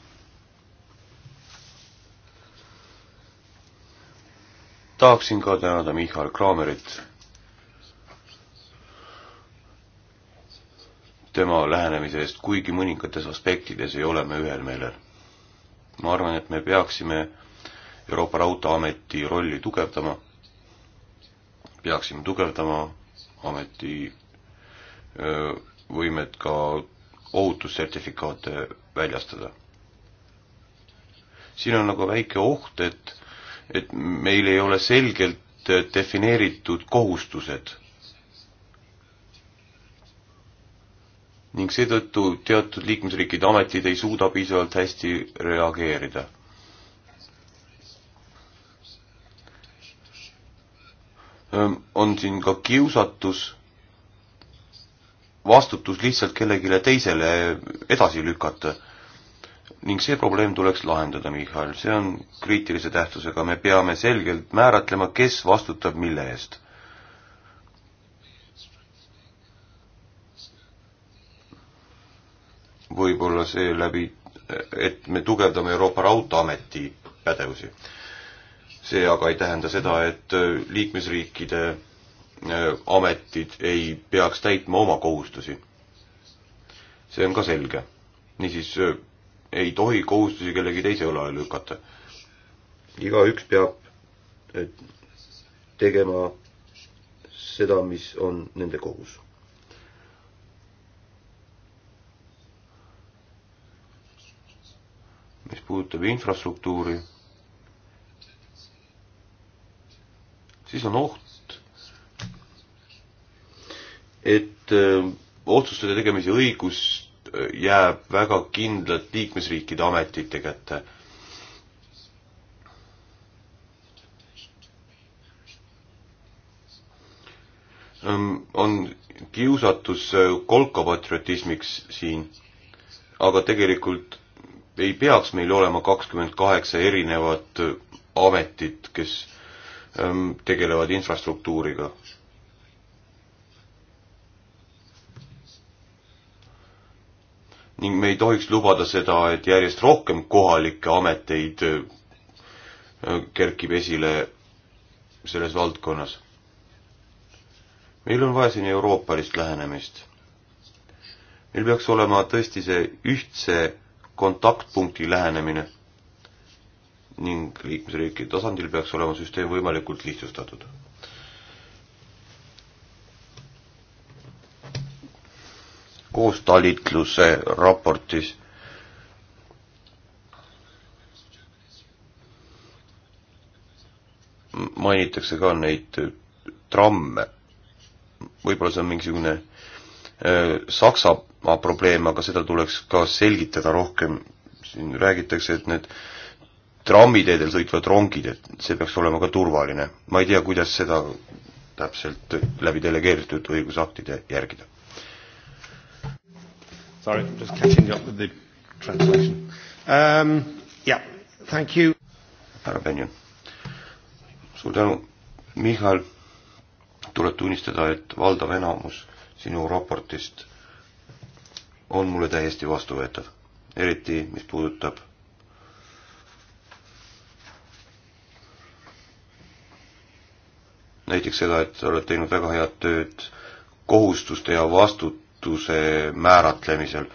Speaker 1: tahaksin ka tänada Michal Kraamerit tema lähenemise eest, kuigi mõningates aspektides ei ole me ühel meelel. ma arvan, et me peaksime Euroopa Raudteeameti rolli tugevdama, peaksime tugevdama ameti võimet ka ohutussertifikaate väljastada. siin on nagu väike oht, et et meil ei ole selgelt äh, defineeritud kohustused. ning seetõttu teatud liikmesriikide ametid ei suuda piisavalt hästi reageerida. on siin ka kiusatus vastutus lihtsalt kellelegi teisele edasi lükata ning see probleem tuleks lahendada, Mihhail, see on kriitilise tähtsusega, me peame selgelt määratlema, kes vastutab mille eest. võib-olla seeläbi, et me tugevdame Euroopa Raudteeameti pädevusi. see aga ei tähenda seda, et liikmesriikide äh, ametid ei peaks täitma oma kohustusi. see on ka selge. niisiis äh, ei tohi kohustusi kellegi teise õlale lükata. igaüks peab tegema seda, mis on nende kohus. mis puudutab infrastruktuuri, siis on oht, et öö, äh, otsuste tegemise õigus jääb väga kindlalt liikmesriikide ametite kätte. Ehm, on kiusatus äh, kolkapatriotismiks siin, aga tegelikult ei peaks meil olema kakskümmend kaheksa erinevat äh, ametit, kes ehm, tegelevad infrastruktuuriga ning me ei tohiks lubada seda, et järjest rohkem kohalikke ameteid äh, kerkib esile selles valdkonnas. meil on vaja siin euroopalist lähenemist. meil peaks olema tõesti see ühtse kontaktpunkti lähenemine ning liikmesriikide tasandil peaks olema süsteem võimalikult lihtsustatud koostalitluse raportis. mainitakse ka neid äh, tramme. võib-olla see on mingisugune äh, Saksamaa probleem, aga seda tuleks ka selgitada rohkem. siin räägitakse, et need trammiteedel sõitvad rongid, et see peaks olema ka turvaline. ma ei tea, kuidas seda täpselt läbi delegeeritud õigusaktide järgida. Sorry, I'm just catching up with the translation. Um, yeah, thank you. härra Benjon. suur tänu. Michal, tuleb tunnistada, et valdav enamus sinu raportist on mulle täiesti vastuvõetav, eriti mis puudutab näiteks seda, et sa oled teinud väga head tööd kohustuste ja vastu-, vastutuse määratlemisel.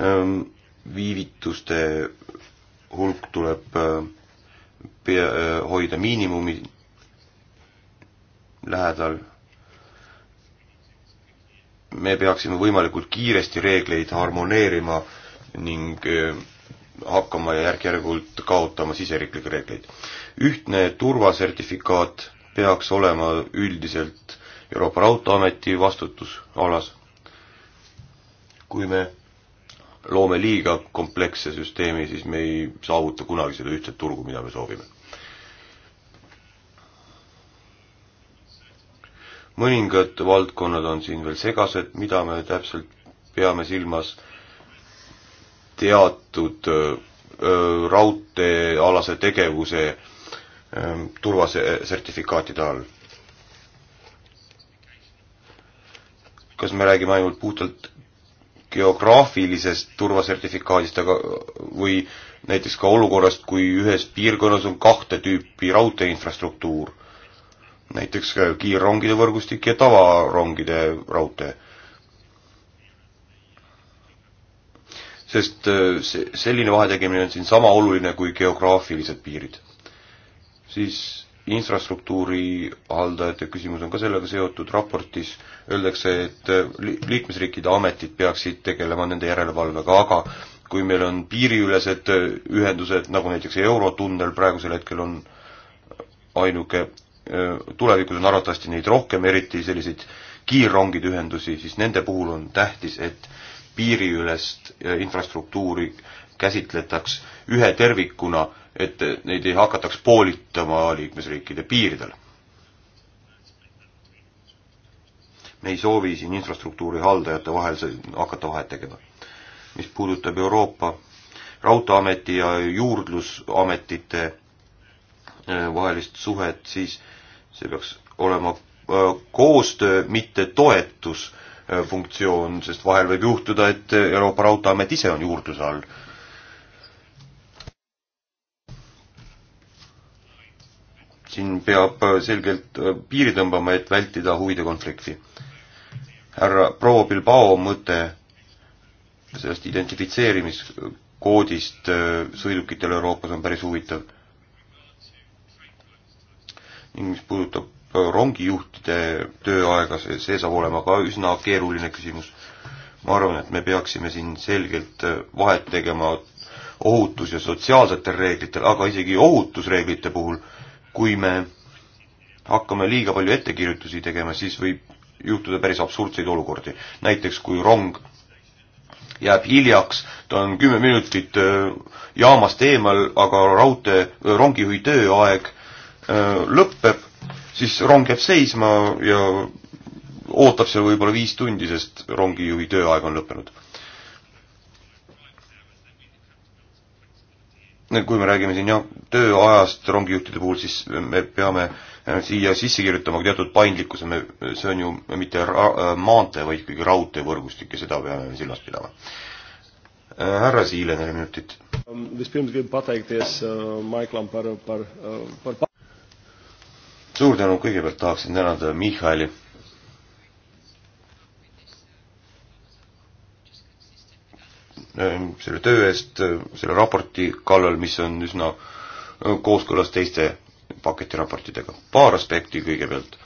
Speaker 1: Ehm, viivituste hulk tuleb eh, pea, eh, hoida miinimumi lähedal. me peaksime võimalikult kiiresti reegleid harmoneerima ning eh, hakkama järk-järgult kaotama siseriiklikke reegleid. ühtne turvasertifikaat peaks olema üldiselt Euroopa Raudteeameti vastutusalas. kui me loome liiga kompleksse süsteemi, siis me ei saavuta kunagi seda ühtset turgu, mida me soovime. mõningad valdkonnad on siin veel segased, mida me täpselt peame silmas teatud raudteealase tegevuse öö, Ähm, turvasertifikaatide all. kas me räägime ainult puhtalt geograafilisest turvasertifikaadist, aga või näiteks ka olukorrast, kui ühes piirkonnas on kahte tüüpi raudteeinfrastruktuur, näiteks kiirrongide võrgustik ja tavarongide raudtee. sest äh, see, selline vahetegemine on siin sama oluline kui geograafilised piirid siis infrastruktuuri haldajate küsimus on ka sellega seotud, raportis öeldakse, et liikmesriikide ametid peaksid tegelema nende järelevalvega, aga kui meil on piiriülesed ühendused, nagu näiteks Eurotunnel praegusel hetkel on ainuke, tulevikus on arvatavasti neid rohkem, eriti selliseid kiirrongide ühendusi, siis nende puhul on tähtis, et piiriülest eh, infrastruktuuri käsitletaks ühe tervikuna et neid ei hakataks poolitama liikmesriikide piiridel. me ei soovi siin infrastruktuuri haldajate vahel hakata vahet tegema. mis puudutab Euroopa Raudteeameti ja Juurdlusametite äh, vahelist suhet, siis see peaks olema äh, koostöö, mitte toetusfunktsioon, sest vahel võib juhtuda, et Euroopa Raudteeamet ise on juurdluse all siin peab äh, selgelt äh, piiri tõmbama, et vältida huvide konflikti. härra proua Bilbao mõte sellest identifitseerimiskoodist äh, sõidukitele Euroopas on päris huvitav. ning mis puudutab rongijuhtide tööaega, see, see saab olema ka üsna keeruline küsimus. ma arvan, et me peaksime siin selgelt vahet tegema ohutus- ja sotsiaalsetel reeglitel, aga isegi ohutusreeglite puhul äh, kui me hakkame liiga palju ettekirjutusi tegema, siis võib juhtuda päris absurdseid olukordi. näiteks kui rong jääb hiljaks, ta on kümme minutit äh, jaamast eemal, aga raudtee, äh, rongijuhi tööaeg äh, lõpeb, siis rong jääb seisma ja ootab seal võib-olla viis tundi, sest rongijuhi tööaeg on lõppenud kui me räägime siin jah, tööajast rongijuhtide puhul, siis me peame äh, siia sisse kirjutama teatud paindlikkuse, me, see on ju mitte ra-, äh, maantee, vaid ikkagi raudteevõrgustik ja seda peame silmas pidama. Äh, härra Siile, neli minutit. Um, uh, uh, suur tänu, kõigepealt tahaksin tänada Michali Äh, selle töö eest, äh, selle raporti kallal, mis on üsna äh, kooskõlas teiste paketiraportidega. paar aspekti kõigepealt.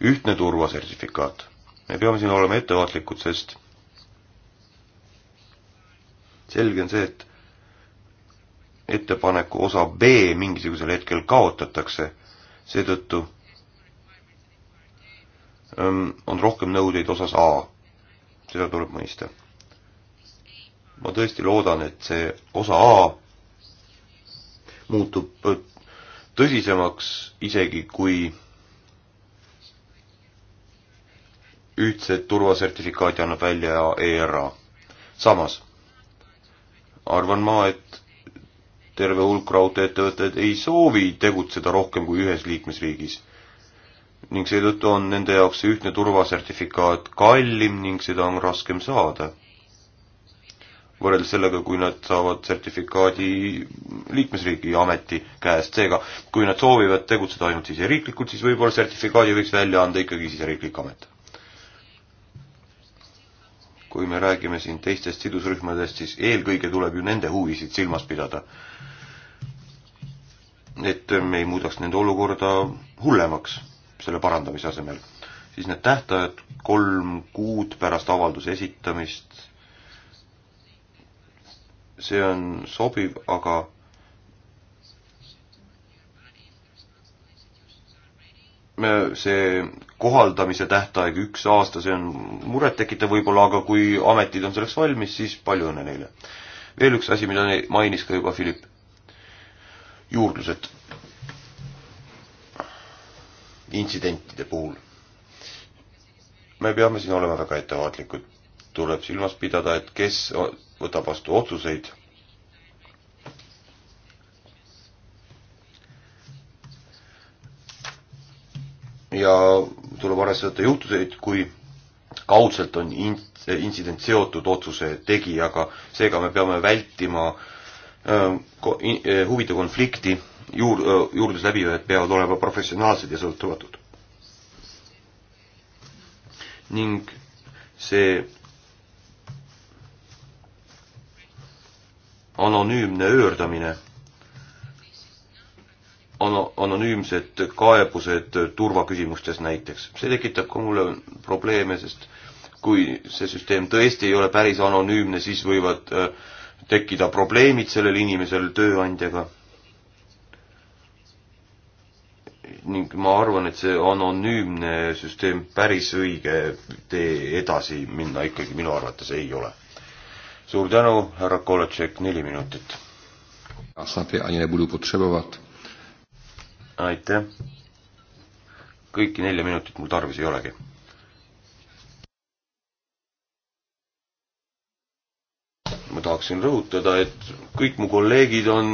Speaker 1: ühtne turvasertifikaat. me peame siin olema ettevaatlikud, sest selge on see, et ettepaneku osa B mingisugusel hetkel kaotatakse, seetõttu ähm, on rohkem nõudeid osas A. seda tuleb mõista ma tõesti loodan, et see osa A muutub tõsisemaks, isegi kui ühtse turvasertifikaadi annab välja ERA. E samas arvan ma, et terve hulk raudtee-ettevõtteid ei soovi tegutseda rohkem kui ühes liikmesriigis ning seetõttu on nende jaoks see ühtne turvasertifikaat kallim ning seda on raskem saada võrreldes sellega, kui nad saavad sertifikaadi liikmesriigi ameti käest, seega kui nad soovivad tegutseda ainult siseriiklikult, siis võib-olla sertifikaadi võiks välja anda ikkagi siseriiklik amet. kui me räägime siin teistest sidusrühmadest, siis eelkõige tuleb ju nende huvisid silmas pidada. et me ei muudaks nende olukorda hullemaks selle parandamise asemel. siis need tähtajad, kolm kuud pärast avalduse esitamist see on sobiv, aga see kohaldamise tähtaeg üks aasta, see on murettekitav võib-olla, aga kui ametid on selleks valmis, siis palju õnne neile. veel üks asi, mida mainis ka juba Philipp. juurdlused intsidentide puhul. me peame siin olema väga ettevaatlikud tuleb silmas pidada, et kes võtab vastu otsuseid. ja tuleb arvestada juhtuseid, kui kaudselt on in-, intsident seotud otsuse tegijaga, seega me peame vältima ähm, äh, huvide konflikti, juur-, äh, juurdlusläbivajad peavad olema professionaalsed ja sõltumatud. ning see anonüümne öördamine ano-, anonüümsed kaebused turvaküsimustes näiteks. see tekitab ka mulle probleeme, sest kui see süsteem tõesti ei ole päris anonüümne, siis võivad äh, tekkida probleemid sellel inimesel tööandjaga. ning ma arvan, et see anonüümne süsteem päris õige tee edasi minna ikkagi minu arvates ei ole suur tänu, härra Kolatšek, neli minutit. aitäh. kõiki nelja minutit mul tarvis ei olegi ma tahaksin rõhutada, et kõik mu kolleegid on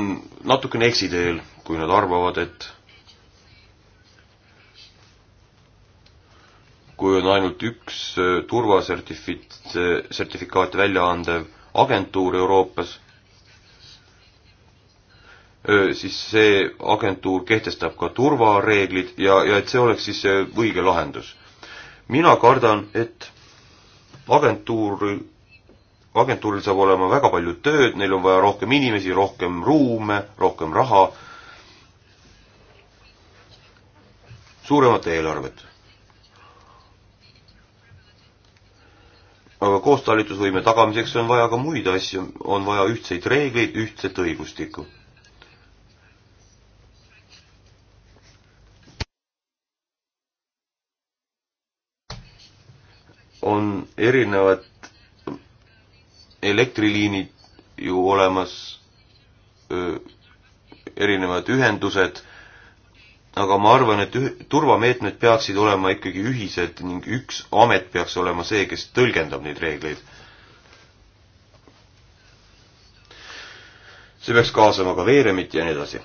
Speaker 1: natukene eksiteel, kui nad arvavad, et kui on ainult üks äh, turvasertifit-, sertifikaat välja andev agentuur Euroopas, siis see agentuur kehtestab ka turvareeglid ja, ja et see oleks siis see äh, õige lahendus. mina kardan, et agentuur, agentuuril saab olema väga palju tööd, neil on vaja rohkem inimesi, rohkem ruume, rohkem raha, suuremat eelarvet aga koostalitusvõime tagamiseks on vaja ka muid asju, on vaja ühtseid reegleid, ühtset õigustikku. on erinevad elektriliinid ju olemas, erinevad ühendused aga ma arvan, et üh-, turvameetmed peaksid olema ikkagi ühised ning üks amet peaks olema see, kes tõlgendab neid reegleid. see peaks kaasama ka veeremit ja nii edasi.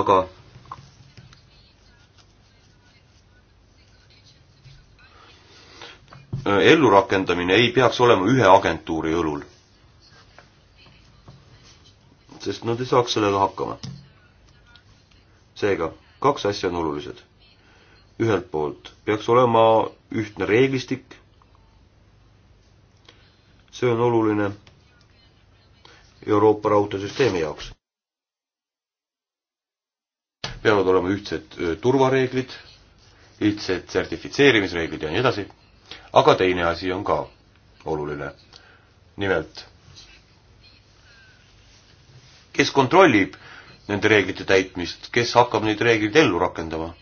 Speaker 1: aga äh, ellurakendamine ei peaks olema ühe agentuuri õlul. sest nad ei saaks sellega hakkama seega kaks asja on olulised. ühelt poolt peaks olema ühtne reeglistik, see on oluline Euroopa raudteesüsteemi jaoks. peavad olema ühtsed turvareeglid, ühtsed sertifitseerimisreeglid ja nii edasi, aga teine asi on ka oluline. nimelt, kes kontrollib nende reeglite täitmist, kes hakkab neid reegleid ellu rakendama?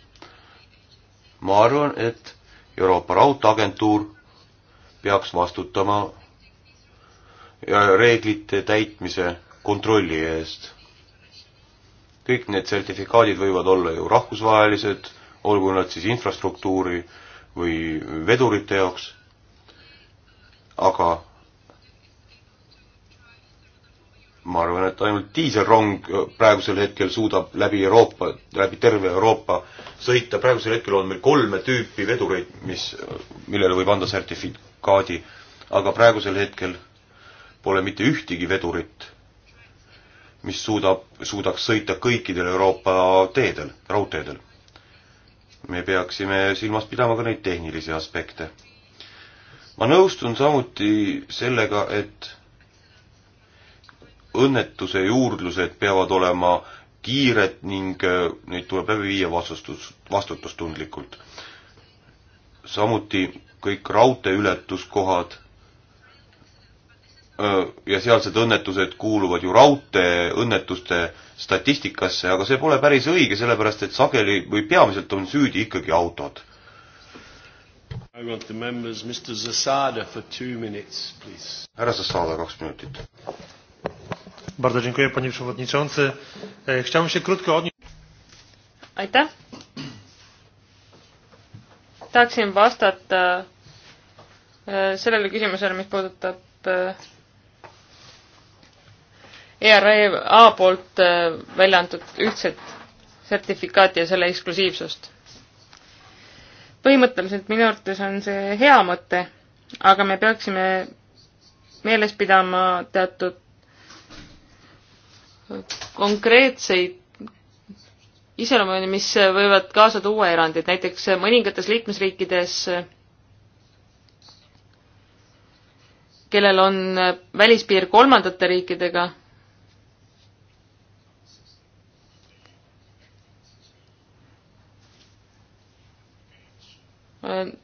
Speaker 1: ma arvan, et Euroopa Raudteeagentuur peaks vastutama reeglite täitmise kontrolli eest. kõik need sertifikaadid võivad olla ju rahvusvahelised, olgu nad siis infrastruktuuri või vedurite jaoks, aga ma arvan, et ainult diiselrong äh, praegusel hetkel suudab läbi Euroopa, läbi terve Euroopa sõita, praegusel hetkel on meil kolme tüüpi vedureid, mis, äh, millele võib anda sertifikaadi, aga praegusel hetkel pole mitte ühtegi vedurit, mis suudab, suudaks sõita kõikidel Euroopa teedel, raudteedel. me peaksime silmas pidama ka neid tehnilisi aspekte. ma nõustun samuti sellega, et õnnetuse juurdlused peavad olema kiired ning äh, neid tuleb läbi viia vastustus, vastutustundlikult. samuti kõik raudteeületuskohad äh, ja sealsed õnnetused kuuluvad ju raudteeõnnetuste statistikasse, aga see pole päris õige, sellepärast et sageli või peamiselt on süüdi ikkagi autod. härra Zasada, kaks minutit. Bardzo dziękuję, panie przewodniczący. E, Chciałem się krótko odnieść.
Speaker 2: Aitäh. Tahaksin vastata e, sellele küsimusele, mis puudutab ERA e poolt välja antud ühtset sertifikaati ja selle eksklusiivsust. põhimõtteliselt minu arvates on see hea mõte, aga me peaksime meeles pidama teatud konkreetseid iseloomujooni, mis võivad kaasa tuua erandeid, näiteks mõningates liikmesriikides, kellel on välispiir kolmandate riikidega,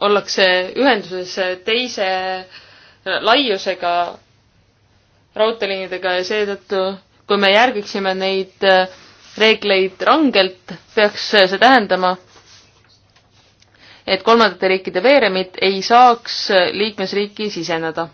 Speaker 2: ollakse ühenduses teise laiusega raudteeliinidega ja seetõttu kui me järgiksime neid äh, reegleid rangelt, peaks äh, see tähendama, et kolmandate riikide veeremid ei saaks äh, liikmesriiki siseneda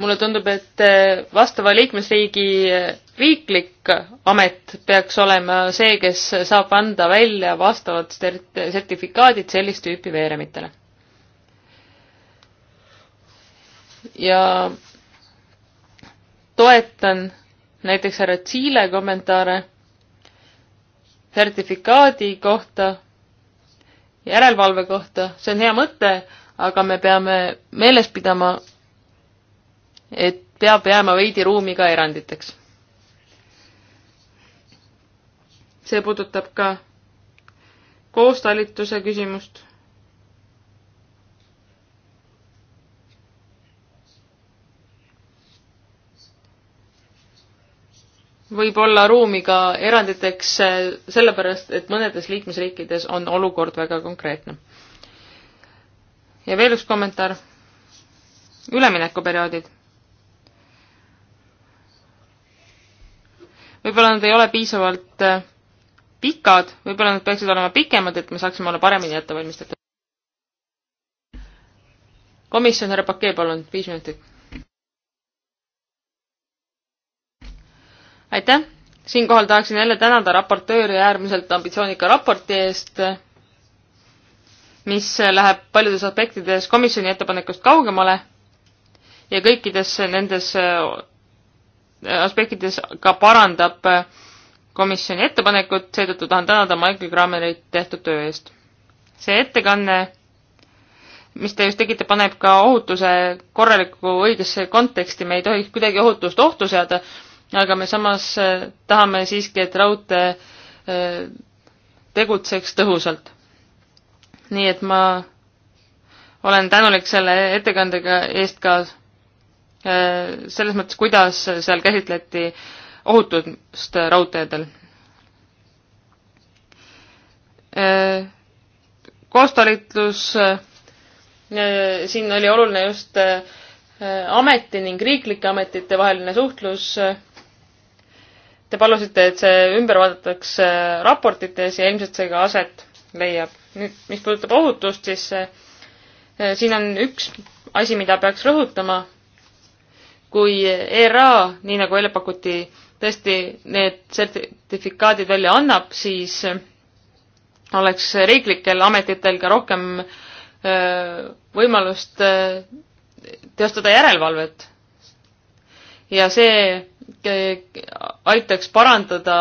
Speaker 2: mulle tundub, et eh, vastava liikmesriigi eh, riiklik amet peaks olema see, kes saab anda välja vastavad sertifikaadid sellist tüüpi veeremitele. ja toetan näiteks härra Tsiile kommentaare sertifikaadi kohta, järelevalve kohta, see on hea mõte, aga me peame meeles pidama, et peab jääma veidi ruumi ka eranditeks. see puudutab ka koostalituse küsimust. võib olla ruumi ka eranditeks eh, sellepärast, et mõnedes liikmesriikides on olukord väga konkreetne. ja veel üks kommentaar. üleminekuperioodid võib-olla nad ei ole piisavalt äh, pikad, võib-olla nad peaksid olema pikemad, et me saaksime olla paremini ette valmistatud. komisjon, härra Pakee, palun, viis minutit. aitäh, siinkohal tahaksin jälle tänada raportööri äärmiselt ambitsioonika raporti eest, mis läheb paljudes aspektides komisjoni ettepanekust kaugemale ja kõikides nendes aspektides ka parandab äh, komisjoni ettepanekut, seetõttu tahan tänada Michael Grammerit tehtud töö eest. see ettekanne, mis te just tegite, paneb ka ohutuse korralikku õigesse konteksti, me ei tohiks kuidagi ohutust ohtu seada, aga me samas äh, tahame siiski, et raudtee äh, tegutseks tõhusalt. nii et ma olen tänulik selle ettekandega eest ka Äh, selles mõttes, kuidas seal käsitleti ohutust raudteedel. Äh, koostalitlus, äh, siin oli oluline just ameti ning riiklike ametite vaheline suhtlus. Te palusite, et see ümber vaadatakse raportites ja ilmselt see ka aset leiab. nüüd, mis puudutab ohutust, siis siin on üks asi, mida peaks rõhutama kui ERA, nii nagu välja pakuti, tõesti need sertifikaadid välja annab, siis oleks riiklikel ametitel ka rohkem võimalust teostada järelevalvet. ja see aitaks parandada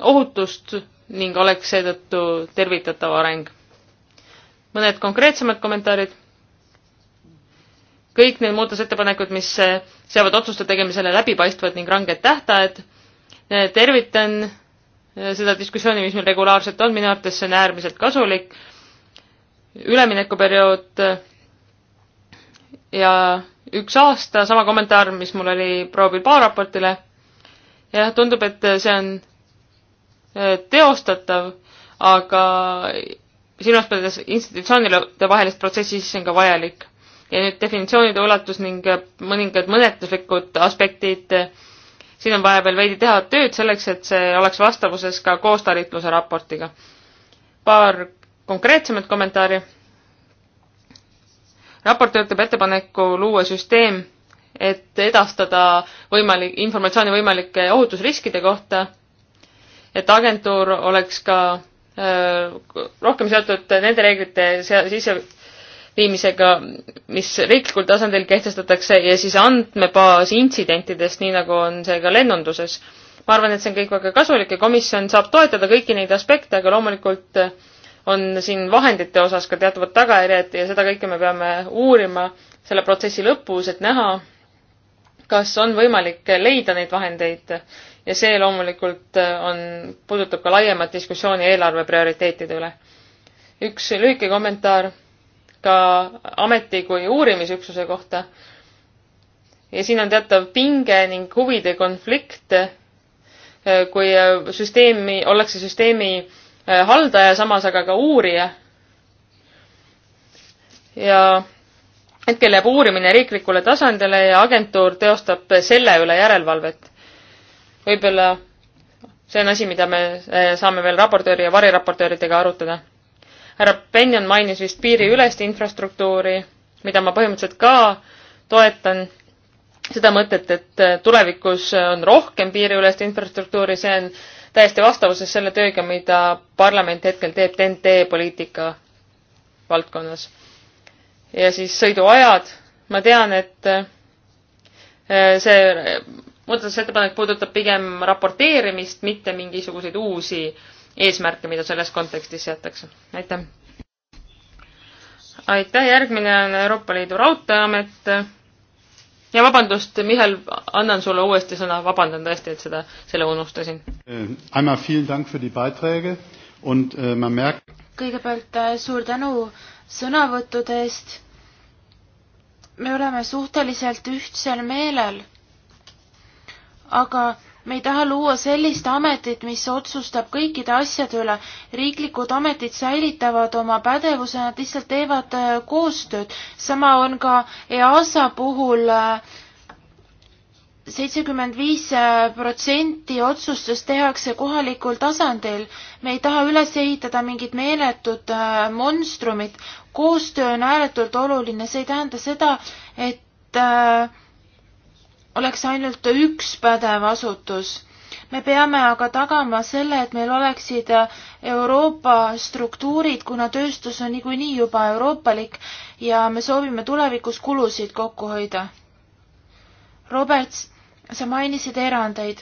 Speaker 2: ohutust ning oleks seetõttu tervitatav areng. mõned konkreetsemad kommentaarid kõik need muudatusettepanekud, mis seavad otsuste tegemisele läbipaistvad ning ranged tähtajad. tervitan seda diskussiooni, mis meil regulaarselt on, minu arvates see on äärmiselt kasulik. üleminekuperiood ja üks aasta, sama kommentaar, mis mul oli proua Bilbao raportile. jah, tundub, et see on äh, teostatav, aga silmas pidades institutsioonide vahelist protsessi, siis see on ka vajalik ja nüüd definitsioonide ulatus ning mõningad mõnetuslikud aspektid. siin on vaja veel veidi teha tööd selleks, et see oleks vastavuses ka koostalitluse raportiga. paar konkreetsemat kommentaari. raportöör teeb ettepaneku luua süsteem, et edastada võimalik, informatsiooni võimalike ohutusriskide kohta, et agentuur oleks ka öö, äh, rohkem seotud nende reeglite sisse viimisega, mis riiklikul tasandil kehtestatakse ja siis andmebaas intsidentidest, nii nagu on see ka lennunduses. ma arvan, et see on kõik väga kasulik ja komisjon saab toetada kõiki neid aspekte, aga loomulikult on siin vahendite osas ka teatavad tagajärjed ja seda kõike me peame uurima selle protsessi lõpus, et näha, kas on võimalik leida neid vahendeid ja see loomulikult on, puudutab ka laiemat diskussiooni eelarve prioriteetide üle. üks lühike kommentaar ka ameti kui uurimisüksuse kohta. ja siin on teatav pinge ning huvide konflikt, eh, kui eh, süsteemi, ollakse süsteemi eh, haldaja, samas aga ka uurija. ja hetkel jääb uurimine riiklikule tasandile ja agentuur teostab selle üle järelevalvet. võib-olla see on asi, mida me saame veel raportööri ja variraportööridega arutada härra Benjon mainis vist piiriülest infrastruktuuri, mida ma põhimõtteliselt ka toetan, seda mõtet, et tulevikus on rohkem piiriülest infrastruktuuri, see on täiesti vastavuses selle tööga, mida parlament hetkel teeb TNT poliitika valdkonnas. ja siis sõiduajad, ma tean, et eh, see muudatusettepanek puudutab pigem raporteerimist, mitte mingisuguseid uusi äh, eesmärke, mida selles kontekstis seatakse. aitäh! aitäh, järgmine on Euroopa Liidu Raudteeamet. ja vabandust, Mihhail, annan sulle uuesti sõna, vabandan tõesti, et seda, selle unustasin.
Speaker 3: Äh,
Speaker 1: äh,
Speaker 3: kõigepealt äh, suur tänu sõnavõttude eest. me oleme suhteliselt ühtsel meelel. aga me ei taha luua sellist ametit, mis otsustab kõikide asjade üle. riiklikud ametid säilitavad oma pädevuse, nad lihtsalt teevad äh, koostööd. sama on ka EASA puhul äh, seitsekümmend viis äh, protsenti otsustust tehakse kohalikul tasandil. me ei taha üles ehitada mingit meeletut monstrumit. koostöö on ääretult oluline, see ei tähenda seda, et äh, oleks ainult üks pädev asutus. me peame aga tagama selle, et meil oleksid Euroopa struktuurid, kuna tööstus on niikuinii juba euroopalik ja me soovime tulevikus kulusid kokku hoida. Robert, sa mainisid erandeid.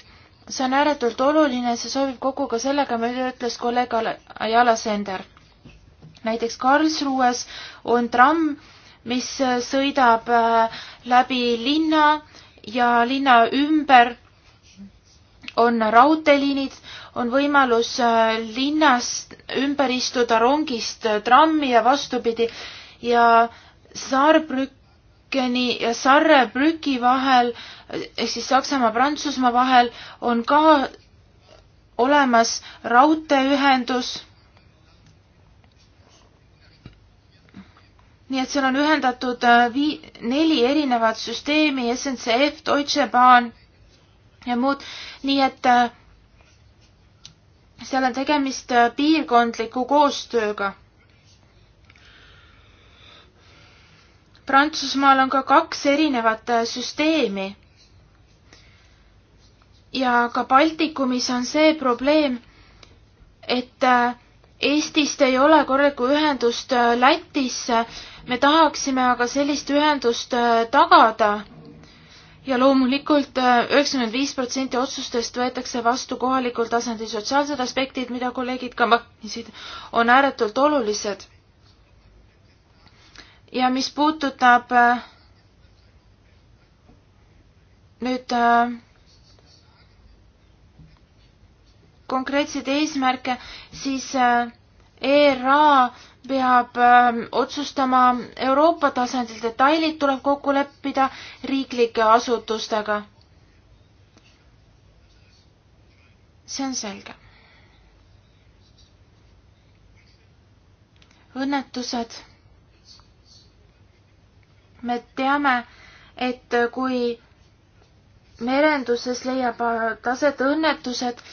Speaker 3: see on ääretult oluline, see sobib kokku ka sellega, mida ütles kolleeg Ajala Sender. näiteks Karlsruhes on tramm, mis sõidab äh, läbi linna ja linna ümber on raudteeliinid, on võimalus äh, linnast ümber istuda rongist äh, trammi ja vastupidi ja Saarbrückeni ja Sarrebrüki vahel äh, ehk siis Saksamaa-Prantsusmaa vahel on ka olemas raudteeühendus nii et seal on ühendatud äh, vii-, neli erinevat süsteemi, SNCF, Deutsche Bahn ja muud, nii et äh, seal on tegemist äh, piirkondliku koostööga. Prantsusmaal on ka kaks erinevat süsteemi. ja ka Baltikumis on see probleem, et äh, Eestist ei ole korralikku ühendust äh, Lätisse, me tahaksime aga sellist ühendust äh, tagada. ja loomulikult äh, üheksakümmend viis protsenti otsustest võetakse vastu kohalikul tasandil, sotsiaalsed aspektid, mida kolleegid ka mainisid, on ääretult olulised. ja mis puudutab nüüd äh, konkreetseid eesmärke, siis äh, ERA peab ähm, otsustama Euroopa tasandil, detailid tuleb kokku leppida riiklike asutustega. see on selge. õnnetused. me teame, et kui merenduses leiab aset õnnetused,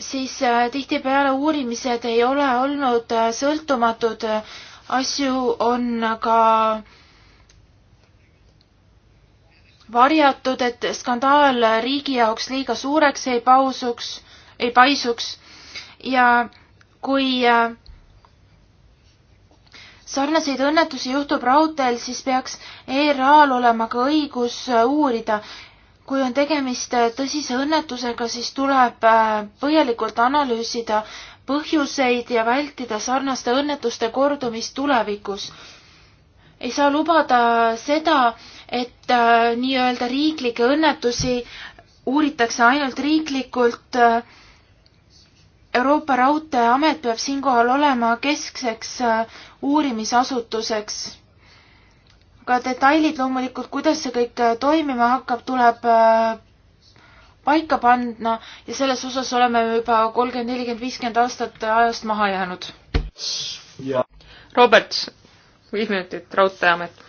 Speaker 3: siis äh, tihtipeale uurimised ei ole olnud äh, sõltumatud, asju on ka varjatud, et skandaal riigi jaoks liiga suureks ei pausuks, ei paisuks ja kui äh, sarnaseid õnnetusi juhtub raudteel, siis peaks ERA-l olema ka õigus uurida, kui on tegemist äh, tõsise õnnetusega, siis tuleb äh, põhjalikult analüüsida põhjuseid ja vältida sarnaste õnnetuste kordumist tulevikus. ei saa lubada seda, et äh, nii-öelda riiklikke õnnetusi uuritakse ainult riiklikult äh,. Euroopa Raudteeamet peab siinkohal olema keskseks äh, uurimisasutuseks ka detailid loomulikult, kuidas see kõik äh, toimima hakkab, tuleb äh, paika panna ja selles osas oleme juba kolmkümmend, nelikümmend, viiskümmend aastat ajast maha jäänud.
Speaker 2: Robert, viis minutit, Raudteeamet.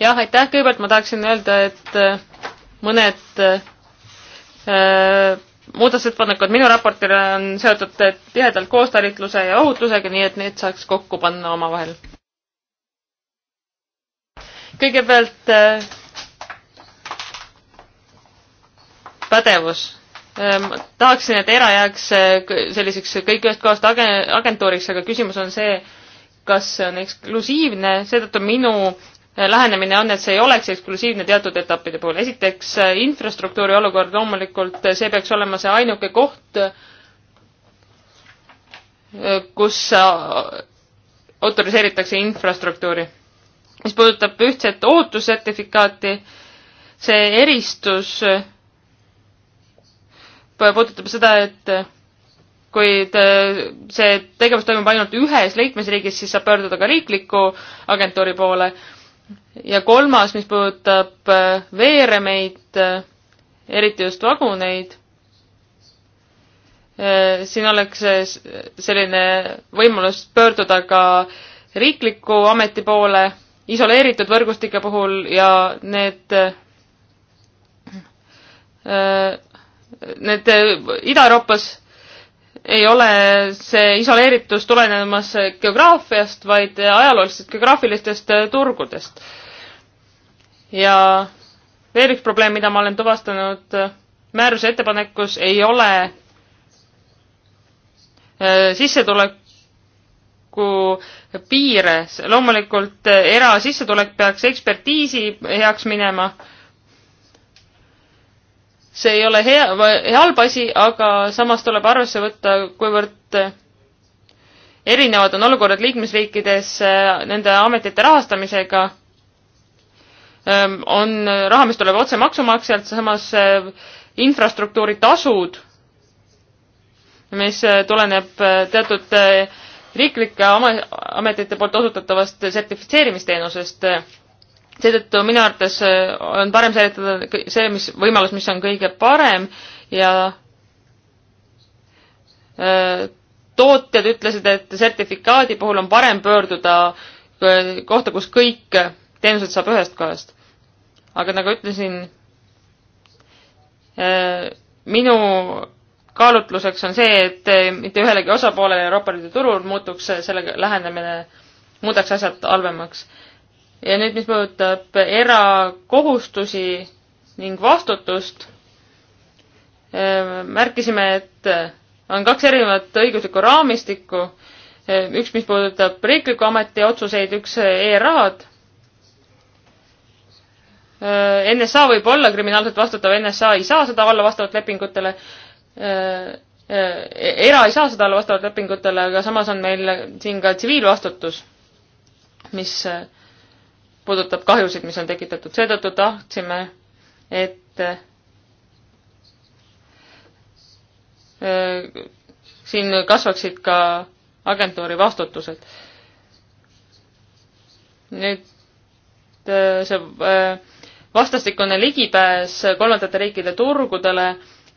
Speaker 3: jah, aitäh, kõigepealt ma tahaksin
Speaker 2: öelda, et äh, mõned äh, muudatusettepanekud minu raportile on seotud tihedalt koostalitluse ja ohutusega, nii et need saaks kokku panna omavahel kõigepealt äh, pädevus. Äh, tahaksin, et ERA jääks äh, selliseks kõik ühest kohast agentuuriks, aga küsimus on see, kas see on eksklusiivne, seetõttu minu lähenemine on, et see ei oleks eksklusiivne teatud etappide puhul. esiteks infrastruktuuri olukord loomulikult, see peaks olema see ainuke koht, kus autoriseeritakse infrastruktuuri mis puudutab ühtset ootussertifikaati, see eristus puudutab seda, et kui te, see tegevus toimub ainult ühes liikmesriigis, siis saab pöörduda ka riikliku agentuuri poole. ja kolmas, mis puudutab veeremeid, eriti just vaguneid, siin oleks selline võimalus pöörduda ka riikliku ameti poole isoleeritud võrgustike puhul ja need äh, Need äh, Ida-Euroopas ei ole see isoleeritus tulenemas geograafiast, vaid ajaloolistest geograafilistest äh, turgudest. ja veel üks probleem, mida ma olen tuvastanud määruse ettepanekus, ei ole sissetulek tuleviku piire. loomulikult eh, erasissetulek peaks ekspertiisi heaks minema. see ei ole hea, halb asi, aga samas tuleb arvesse võtta, kuivõrd erinevad on olukorrad liikmesriikides eh, nende ametite rahastamisega. Ehm, on raha, mis tuleb otse maksumaksjalt, samas eh, infrastruktuuri tasud mis tuleneb teatud riiklike ametite poolt osutatavast sertifitseerimisteenusest. seetõttu minu arvates äh, on parem seletada see, mis, võimalus, mis on kõige parem ja äh, tootjad ütlesid, et sertifikaadi puhul on parem pöörduda äh, kohta, kus kõik teenused saab ühest kohast. aga nagu ütlesin, minu kaalutluseks on see, et eh, mitte ühelegi osapoolele Euroopa Liidu turul muutuks selle lähenemine, muudaks asjad halvemaks. ja nüüd, mis puudutab erakohustusi ning vastutust, eh, märkisime, et on kaks erinevat õiguslikku raamistikku, eh, üks, mis puudutab riikliku ameti otsuseid, üks ERA-d NSA võib olla kriminaalselt vastutav, NSA ei saa seda olla vastavalt lepingutele, Äh, äh, era ei saa seda olla vastavalt lepingutele, aga samas on meil siin ka tsiviilvastutus, mis äh, puudutab kahjusid, mis on tekitatud. seetõttu tahtsime, et siin kasvaksid ka agentuuri vastutused. nüüd see vastastikune ligipääs kolmandate riikide turgudele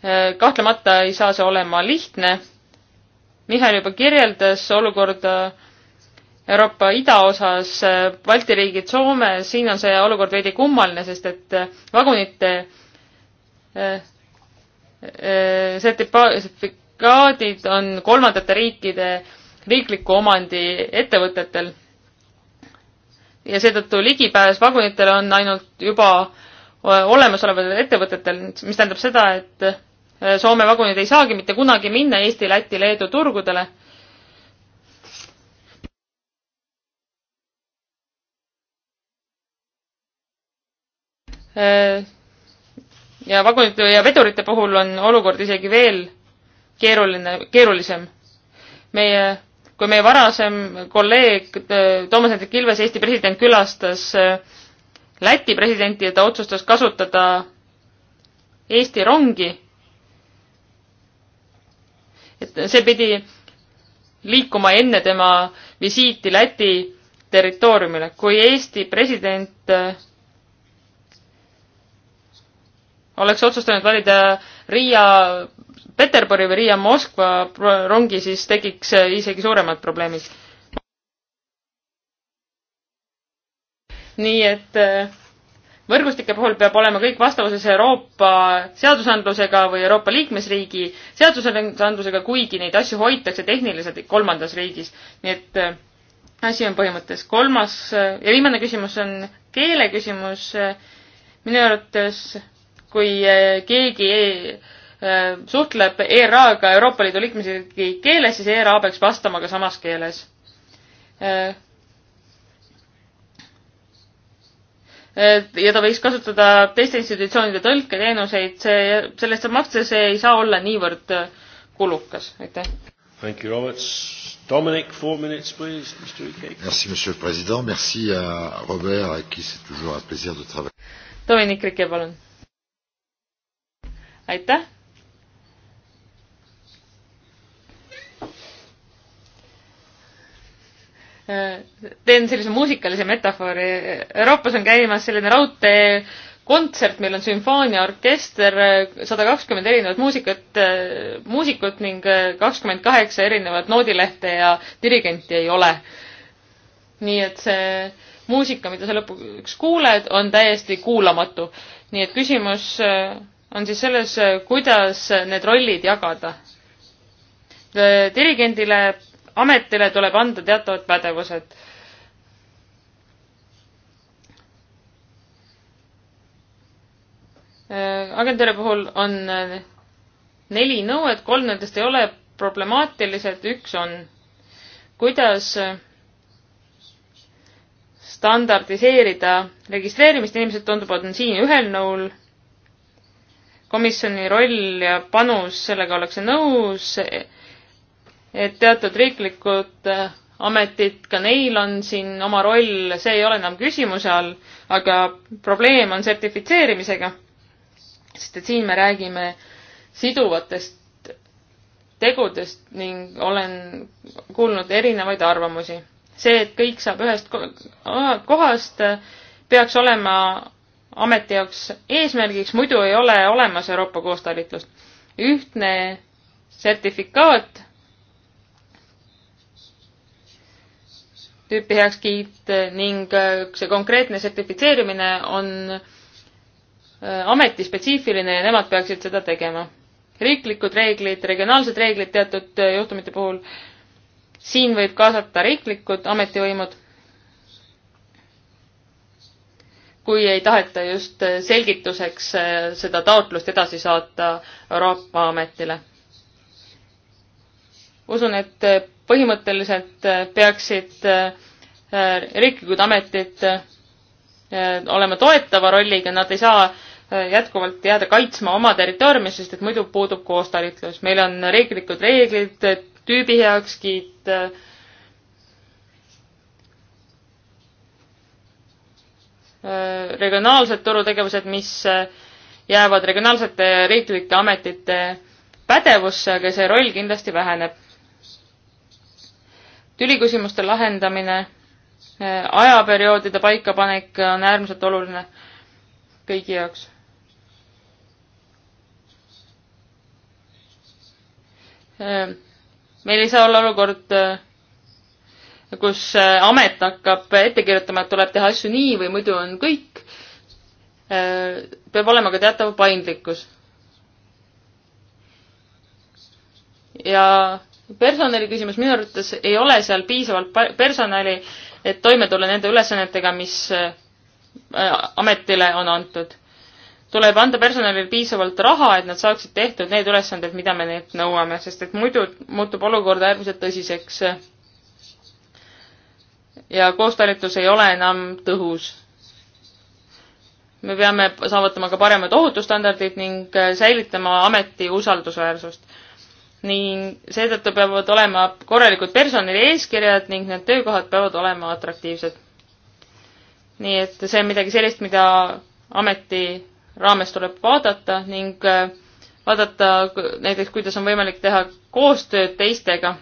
Speaker 2: Äh, kahtlemata ei saa see olema lihtne. Mihhail juba kirjeldas olukorda Euroopa idaosas, Balti riigid, Soome, siin on see olukord veidi kummaline, sest et äh, vagunite äh, sertifikaadid on kolmandate riikide riikliku omandi ettevõtetel. ja seetõttu ligipääs vagunitele on ainult juba olemasolevatel ettevõtetel, mis tähendab seda, et Äh, Soome vagunid ei saagi mitte kunagi minna Eesti, Läti, Leedu turgudele. Äh, ja vagunite ja vedurite puhul on olukord isegi veel keeruline, keerulisem. meie, kui meie varasem kolleeg äh, Toomas Hendrik Ilves, Eesti president, külastas Läti presidenti ja ta otsustas kasutada Eesti rongi et see pidi liikuma enne tema visiiti Läti territooriumile. kui Eesti president äh, oleks otsustanud valida Riia Peterburi või Riia Moskva rongi, siis tekiks äh, isegi suuremad probleemid. nii et äh, võrgustike puhul peab olema kõik vastavuses Euroopa seadusandlusega või Euroopa liikmesriigi seadusandlusega, kuigi neid asju hoitakse tehniliselt kolmandas riigis. nii et äh, asi on põhimõttes kolmas äh, ja viimane küsimus on keele küsimus. Äh, minu arvates, kui keegi ei, suhtleb ERA-ga Euroopa Liidu liikmesriigi keeles, siis ERA peaks vastama ka samas keeles ja ta võiks kasutada teiste institutsioonide tõlketeenuseid, see, selle eest saab maksta, see ei saa olla niivõrd äh, kulukas, aitäh.
Speaker 1: Thank you, Roberts. Dominic, four minutes, please, Mr Ikei. E merci, Monsieur le Président, merci à Robert, avec qui c'est toujours un plaisir de travailler.
Speaker 2: Dominic Riquet, palun. aitäh teen sellise muusikalise metafoori. Euroopas on käimas selline raudtee kontsert, meil on sümfooniaorkester, sada kakskümmend erinevat muusikat, muusikut ning kakskümmend kaheksa erinevat noodilehte ja dirigenti ei ole. nii et see muusika, mida sa lõpuks kuuled, on täiesti kuulamatu. nii et küsimus äh, on siis selles, äh, kuidas need rollid jagada. Äh, dirigendile ametile tuleb anda teatavad pädevused. Äh, agentuuri puhul on äh, neli nõuet, kolm nendest ei ole problemaatilised, üks on, kuidas äh, standardiseerida registreerimist, inimesed tunduvad, on siin ühel nõul, komisjoni roll ja panus, sellega ollakse nõus, et teatud riiklikud äh, ametid, ka neil on siin oma roll, see ei ole enam küsimuse all, aga probleem on sertifitseerimisega. sest et siin me räägime siduvatest tegudest ning olen kuulnud erinevaid arvamusi. see, et kõik saab ühest kohast, peaks olema ameti jaoks eesmärgiks, muidu ei ole olemas Euroopa koostalitlust. ühtne sertifikaat tüüpi heakskiit ning äh, see konkreetne sertifitseerimine on äh, ametispetsiifiline ja nemad peaksid seda tegema. riiklikud reeglid, regionaalsed reeglid teatud äh, juhtumite puhul, siin võib kaasata riiklikud ametivõimud, kui ei taheta just selgituseks seda taotlust edasi saata Euroopa Ametile. usun, et põhimõtteliselt äh, peaksid äh, äh, riiklikud ametid olema toetava rolliga, nad ei saa jätkuvalt jääda kaitsma oma territooriumi, sest et muidu puudub koostalitlus. meil on riiklikud reeglid, tüübi heakskiit, regionaalsed turutegevused, mis jäävad regionaalsete riiklike ametite pädevusse, aga see roll kindlasti väheneb tüliküsimuste lahendamine, äh, ajaperioodide paikapanek on äärmiselt oluline kõigi jaoks. Äh, meil ei saa olla olukord, äh, kus amet hakkab ette kirjutama, et tuleb teha asju nii või muidu on kõik. peab olema ka teatav paindlikkus. ja personali küsimus, minu arvates ei ole seal piisavalt personali, et toime tulla nende ülesannetega, mis äh, ametile on antud. tuleb anda personalile piisavalt raha, et nad saaksid tehtud need ülesanded, mida me neilt nõuame, sest et muidu muutub olukord äärmiselt tõsiseks. ja koostalitus ei ole enam tõhus. me peame saavutama ka paremad ohutusstandardid ning äh, säilitama ameti usaldusväärsust ning seetõttu peavad olema korralikud personalieeskirjad ning need töökohad peavad olema atraktiivsed. nii et see on midagi sellist, mida ameti raames tuleb vaadata ning äh, vaadata näiteks, kuidas on võimalik teha koostööd teistega.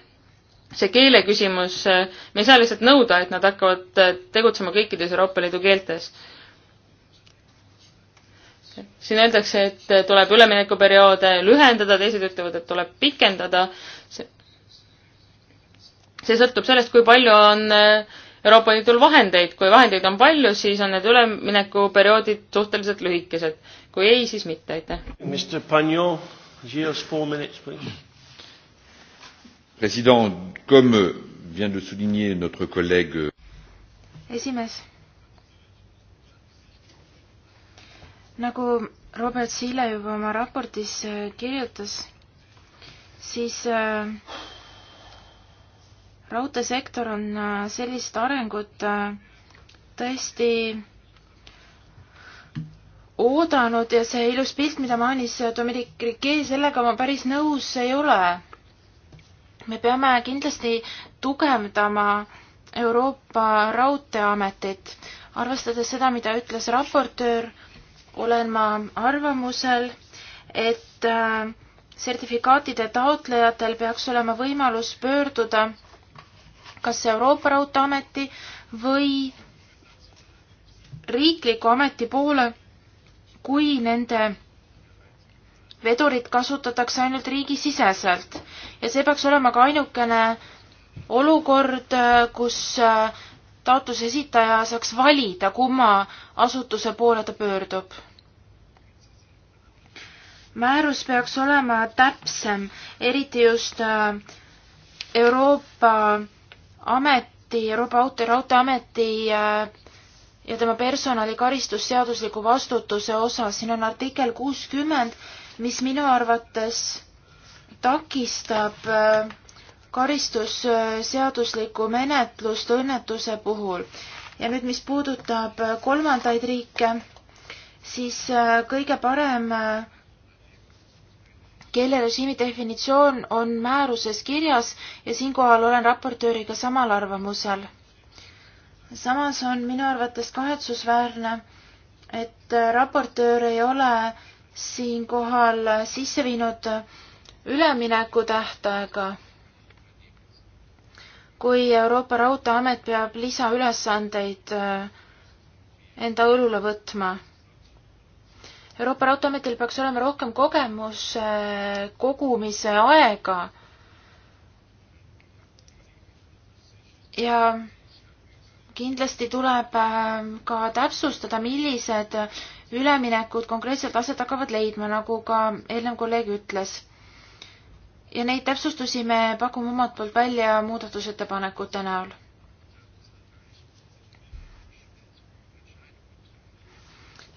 Speaker 2: see keele küsimus, äh, me ei saa lihtsalt nõuda, et nad hakkavad äh, tegutsema kõikides Euroopa Liidu keeltes siin öeldakse, et tuleb üleminekuperioode lühendada, teised ütlevad, et tuleb pikendada. see sõltub sellest, kui palju on äh, Euroopa Liidul vahendeid, kui vahendeid on palju, siis on need üleminekuperioodid suhteliselt lühikesed. kui ei, siis mitte, aitäh.
Speaker 1: Mr Pagno, yours four minutes please. President, comme vient de souligner notre collègue
Speaker 3: esimees nagu Robert Siile juba oma raportis äh, kirjutas, siis äh, raudteesektor on äh, sellist arengut tõesti oodanud ja see ilus pilt, mida mainis Dominic Riquet, sellega ma päris nõus ei ole. me peame kindlasti tugevdama Euroopa Raudteeametit, arvestades seda, mida ütles raportöör olen ma arvamusel, et äh, sertifikaatide taotlejatel peaks olema võimalus pöörduda kas Euroopa Raudteeameti või riikliku ameti poole, kui nende vedurit kasutatakse ainult riigisiseselt ja see peaks olema ka ainukene olukord, kus äh, taotluse esitaja saaks valida, kumma asutuse poole ta pöördub. määrus peaks olema täpsem, eriti just äh, Euroopa Ameti, Euroopa Auto- ja Raudteeameti äh, ja tema personali karistusseadusliku vastutuse osas, siin on artikkel kuuskümmend, mis minu arvates takistab äh, karistusseaduslikku menetlust õnnetuse puhul. ja nüüd, mis puudutab kolmandaid riike, siis äh, kõige parem äh, keelerežiimi definitsioon on määruses kirjas ja siinkohal olen raportööriga samal arvamusel. samas on minu arvates kahetsusväärne, et äh, raportöör ei ole siinkohal sisse viinud ülemineku tähtaega kui Euroopa Raudteeamet peab lisaülesandeid äh, enda õlule võtma. Euroopa Raudteeametil peaks olema rohkem kogemuse äh, kogumise aega. ja kindlasti tuleb äh, ka täpsustada, millised üleminekud konkreetselt aset hakkavad leidma, nagu ka eelnev kolleeg ütles ja neid täpsustusi me pakume omalt poolt välja muudatusettepanekute näol.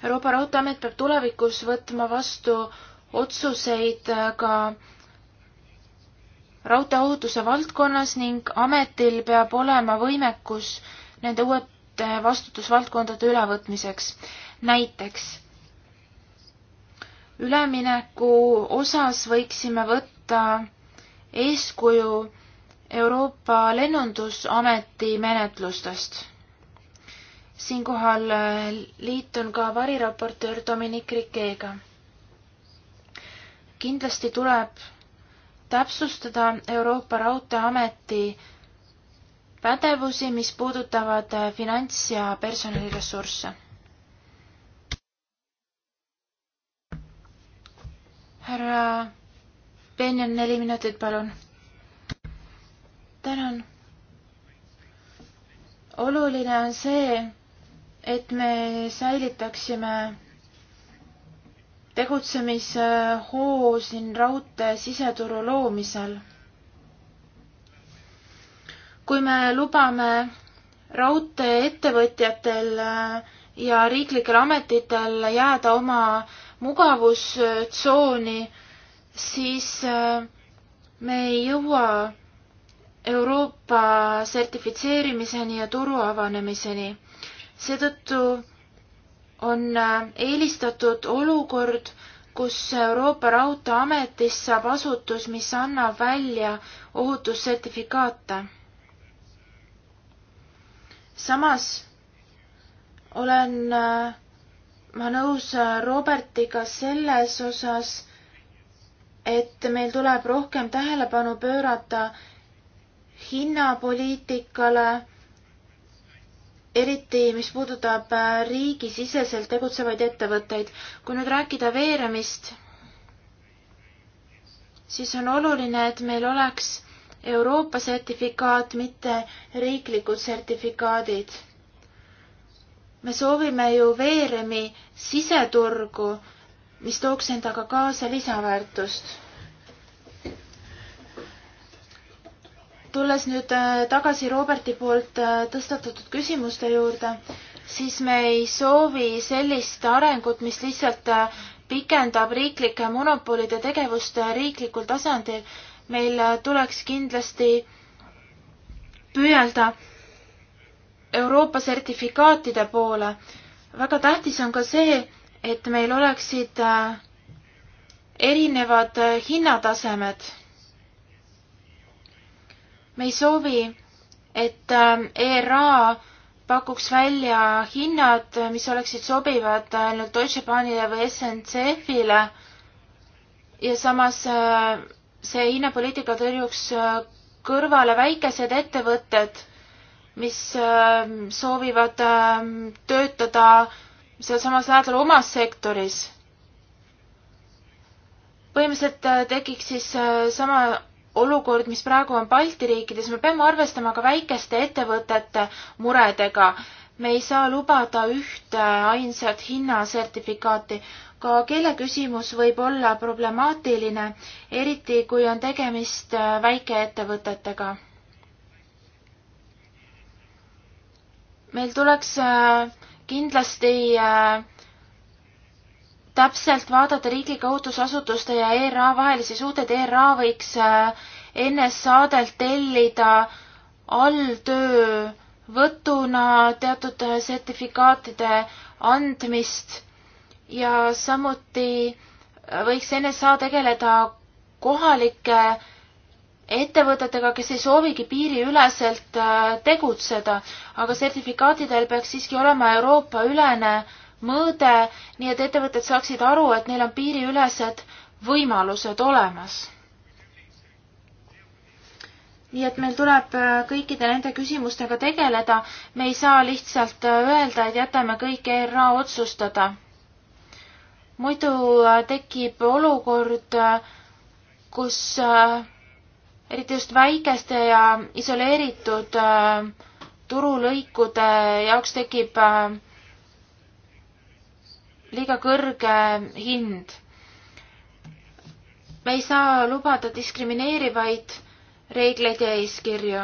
Speaker 3: Euroopa Raudteeamet peab tulevikus võtma vastu otsuseid ka raudteeohutuse valdkonnas ning ametil peab olema võimekus nende uute vastutusvaldkondade ülevõtmiseks. näiteks ülemineku osas võiksime võtta võtta eeskuju Euroopa Lennundusameti menetlustest. siinkohal äh, liitun ka variraportöör Dominic Riquega. kindlasti tuleb täpsustada Euroopa Raudteeameti pädevusi, mis puudutavad äh, finants- ja personaliressursse. härra Benjan, neli minutit, palun. tänan. oluline on see, et me säilitaksime tegutsemishoo siin raudtee siseturu loomisel. kui me lubame raudteeettevõtjatel ja riiklikel ametitel jääda oma mugavustsooni, siis äh, me ei jõua Euroopa sertifitseerimiseni ja turu avanemiseni. seetõttu on äh, eelistatud olukord, kus Euroopa Raudteeametis saab asutus, mis annab välja ohutussertifikaate. samas olen äh, ma nõus Robertiga selles osas, et meil tuleb rohkem tähelepanu pöörata hinnapoliitikale, eriti mis puudutab äh, riigisiseselt tegutsevaid ettevõtteid. kui nüüd rääkida veeremist, siis on oluline, et meil oleks Euroopa sertifikaat, mitte riiklikud sertifikaadid. me soovime ju veeremi siseturgu mis tooks endaga kaasa lisaväärtust. tulles nüüd äh, tagasi Roberti poolt äh, tõstatatud küsimuste juurde, siis me ei soovi sellist arengut, mis lihtsalt äh, pikendab riiklike monopolide tegevust riiklikul tasandil. meil tuleks kindlasti püüelda Euroopa sertifikaatide poole. väga tähtis on ka see, et meil oleksid äh, erinevad äh, hinnatasemed. me ei soovi, et äh, ERA pakuks välja hinnad, mis oleksid sobivad ainult Deutsche Bahnile või SNCF-ile ja samas see hinnapoliitika tõrjuks kõrvale väikesed ettevõtted, mis soovivad töötada sealsamas lähedal omas sektoris. põhimõtteliselt äh, tekiks siis äh, sama olukord, mis praegu on Balti riikides, me peame arvestama ka väikeste ettevõtete muredega. me ei saa lubada ühte äh, ainsat hinnasertifikaati. ka keeleküsimus võib olla problemaatiline, eriti kui on tegemist väikeettevõtetega. meil tuleks äh, kindlasti äh, täpselt vaadata riiklike ohutusasutuste ja ERA vahelisi suhteid. ERA võiks äh, NSA-delt tellida alltöövõtuna teatud äh, sertifikaatide andmist ja samuti võiks NSA tegeleda kohalike ettevõtetega, kes ei soovigi piiriüleselt äh, tegutseda, aga sertifikaatidel peaks siiski olema Euroopa ülene mõõde, nii et ettevõtted saaksid aru, et neil on piiriülesed võimalused olemas. nii et meil tuleb äh, kõikide nende küsimustega tegeleda, me ei saa lihtsalt äh, öelda, et jätame kõik ERA otsustada. muidu tekib olukord, kus äh, eriti just väikeste ja isoleeritud äh, turulõikude jaoks tekib äh, liiga kõrge hind. me ei saa lubada diskrimineerivaid reegleid ja eeskirju.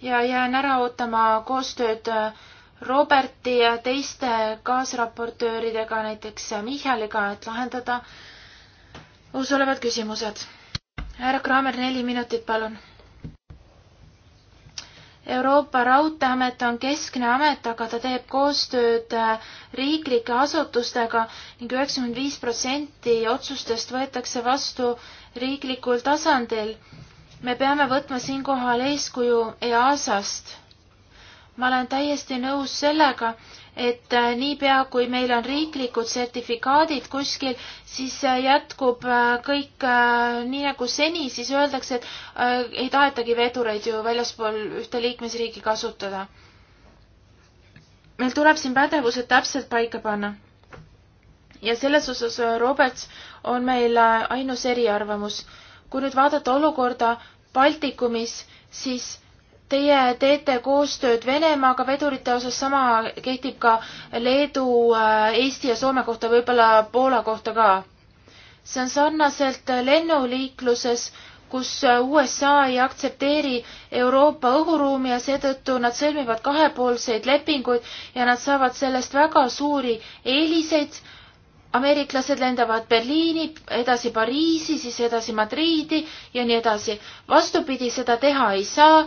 Speaker 3: ja jään ära ootama koostööd äh, Roberti ja teiste kaasraportööridega, näiteks Michaliga, et lahendada õhus olevad küsimused. härra Kraamer, neli minutit, palun. Euroopa Raudteeamet on keskne amet, aga ta teeb koostööd äh, riiklike asutustega ning üheksakümmend viis protsenti otsustest võetakse vastu riiklikul tasandil. me peame võtma siinkohal eeskuju EASA-st. ma olen täiesti nõus sellega, et äh, niipea, kui meil on riiklikud sertifikaadid kuskil, siis äh, jätkub äh, kõik nii nagu seni, siis öeldakse, et ei tahetagi vedureid ju väljaspool ühte liikmesriiki kasutada. meil tuleb siin pädevused täpselt paika panna. ja selles osas Roberts on meil ainus eriarvamus. kui nüüd vaadata olukorda Baltikumis, siis Teie teete koostööd Venemaaga vedurite osas, sama kehtib ka Leedu, äh, Eesti ja Soome kohta, võib-olla Poola kohta ka. see on sarnaselt lennuliikluses, kus äh, USA ei aktsepteeri Euroopa õhuruumi ja seetõttu nad sõlmivad kahepoolseid lepinguid ja nad saavad sellest väga suuri eeliseid. ameeriklased lendavad Berliini, edasi Pariisi, siis edasi Madriidi ja nii edasi. vastupidi, seda teha ei saa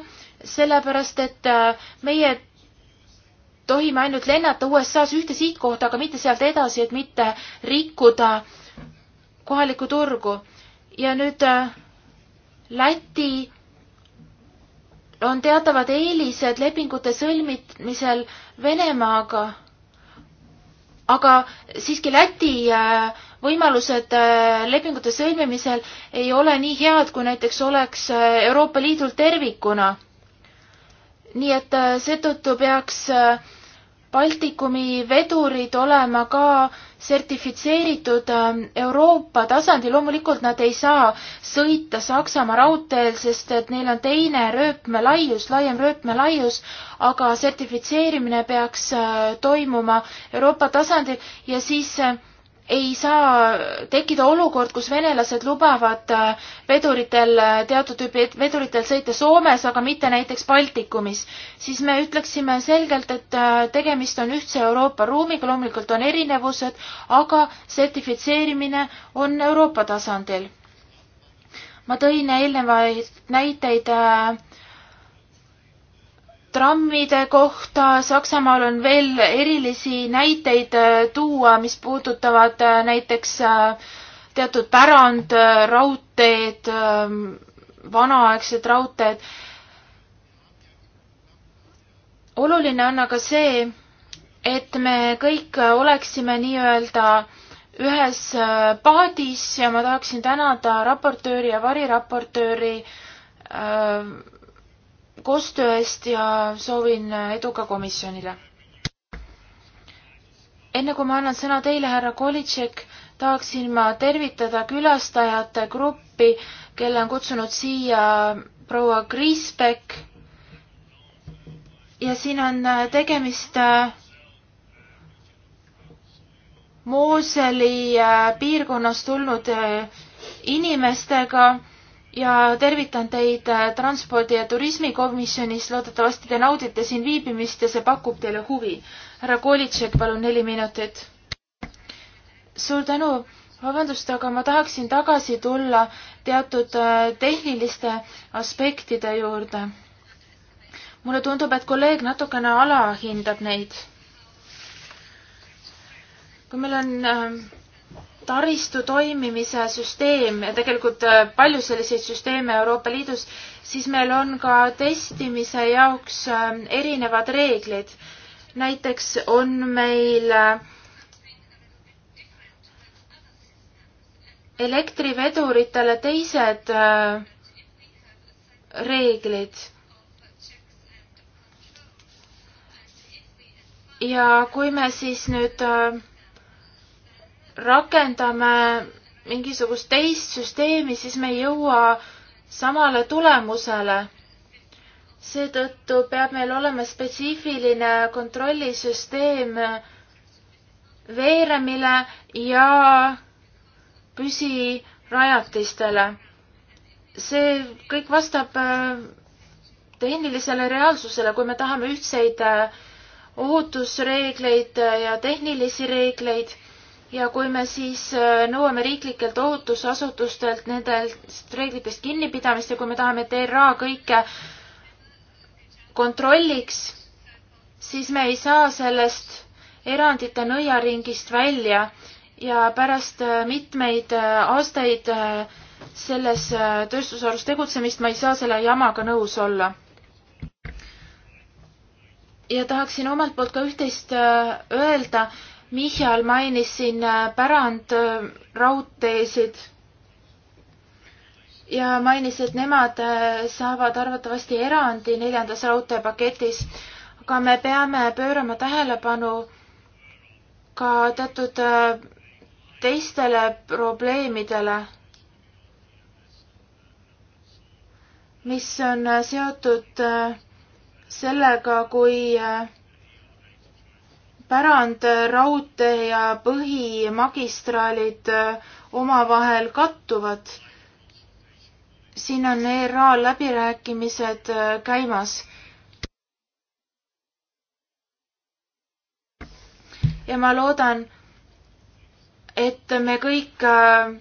Speaker 3: sellepärast et äh, meie tohime ainult lennata USA-s ühte sihtkohta, aga mitte sealt edasi, et mitte rikkuda kohalikku turgu. ja nüüd äh, Läti on teatavad eelised lepingute sõlmimisel Venemaaga, aga siiski Läti äh, võimalused lepingute sõlmimisel ei ole nii head, kui näiteks oleks Euroopa Liidul tervikuna nii et äh, seetõttu peaks äh, Baltikumi vedurid olema ka sertifitseeritud äh, Euroopa tasandil, loomulikult nad ei saa sõita Saksamaa raudteel, sest et neil on teine rööpmelaius, laiem rööpmelaius, aga sertifitseerimine peaks toimuma Euroopa tasandil ja siis ei saa tekkida olukord, kus venelased lubavad äh, veduritel, äh, teatud tüüpi veduritel sõita Soomes, aga mitte näiteks Baltikumis, siis me ütleksime selgelt, et äh, tegemist on ühtse Euroopa ruumiga, loomulikult on erinevused, aga sertifitseerimine on Euroopa tasandil. ma tõin eelnevaid näiteid äh, trammide kohta Saksamaal on veel erilisi näiteid äh, tuua, mis puudutavad äh, näiteks äh, teatud pärand, raudteed, ähm, vanaaegsed raudteed. oluline on aga see, et me kõik oleksime nii-öelda ühes paadis ja ma tahaksin tänada raportööri ja variraportööri äh, koostöö eest ja soovin edu ka komisjonile. enne kui ma annan sõna teile, härra Kolitšek, tahaksin ma tervitada külastajate gruppi, kelle on kutsunud siia proua Kriisbeck. ja siin on tegemist äh, Mooseli äh, piirkonnast tulnud äh, inimestega ja tervitan teid äh, Transpordi- ja Turismikomisjonis, loodetavasti te naudite siin viibimist ja see pakub teile huvi. härra Kolitšek, palun neli minutit. suur tänu, vabandust, aga ma tahaksin tagasi tulla teatud äh, tehniliste aspektide juurde. mulle tundub, et kolleeg natukene alahindab neid. kui meil on äh, taristu toimimise süsteem ja tegelikult äh, palju selliseid süsteeme Euroopa Liidus, siis meil on ka testimise jaoks äh, erinevad reeglid. näiteks on meil äh, elektriveduritele teised reeglid ja kui me siis nüüd äh, rakendame mingisugust teist süsteemi, siis me ei jõua samale tulemusele. seetõttu peab meil olema spetsiifiline kontrollisüsteem veeremile ja püsirajatistele. see kõik vastab äh, tehnilisele reaalsusele, kui me tahame ühtseid äh, ohutusreegleid äh, ja tehnilisi reegleid ja kui me siis äh, nõuame riiklikelt ohutusasutustelt nendest reeglitest kinnipidamist ja kui me tahame, et ERA kõike kontrolliks, siis me ei saa sellest erandite nõiaringist välja ja pärast äh, mitmeid äh, aastaid selles tööstusharus tegutsemist ma ei saa selle jamaga nõus olla. ja tahaksin omalt poolt ka üht-teist öelda Michal mainis siin äh, pärandraudteesid äh, ja mainis, et nemad äh, saavad arvatavasti erandi neljandas raudteepaketis, aga me peame pöörama tähelepanu ka teatud teistele probleemidele, mis on seotud sellega, kui äh, pärandraudtee ja põhimagistraalid äh, omavahel kattuvad. siin on ERA-l läbirääkimised äh, käimas. ja ma loodan, et me kõik äh,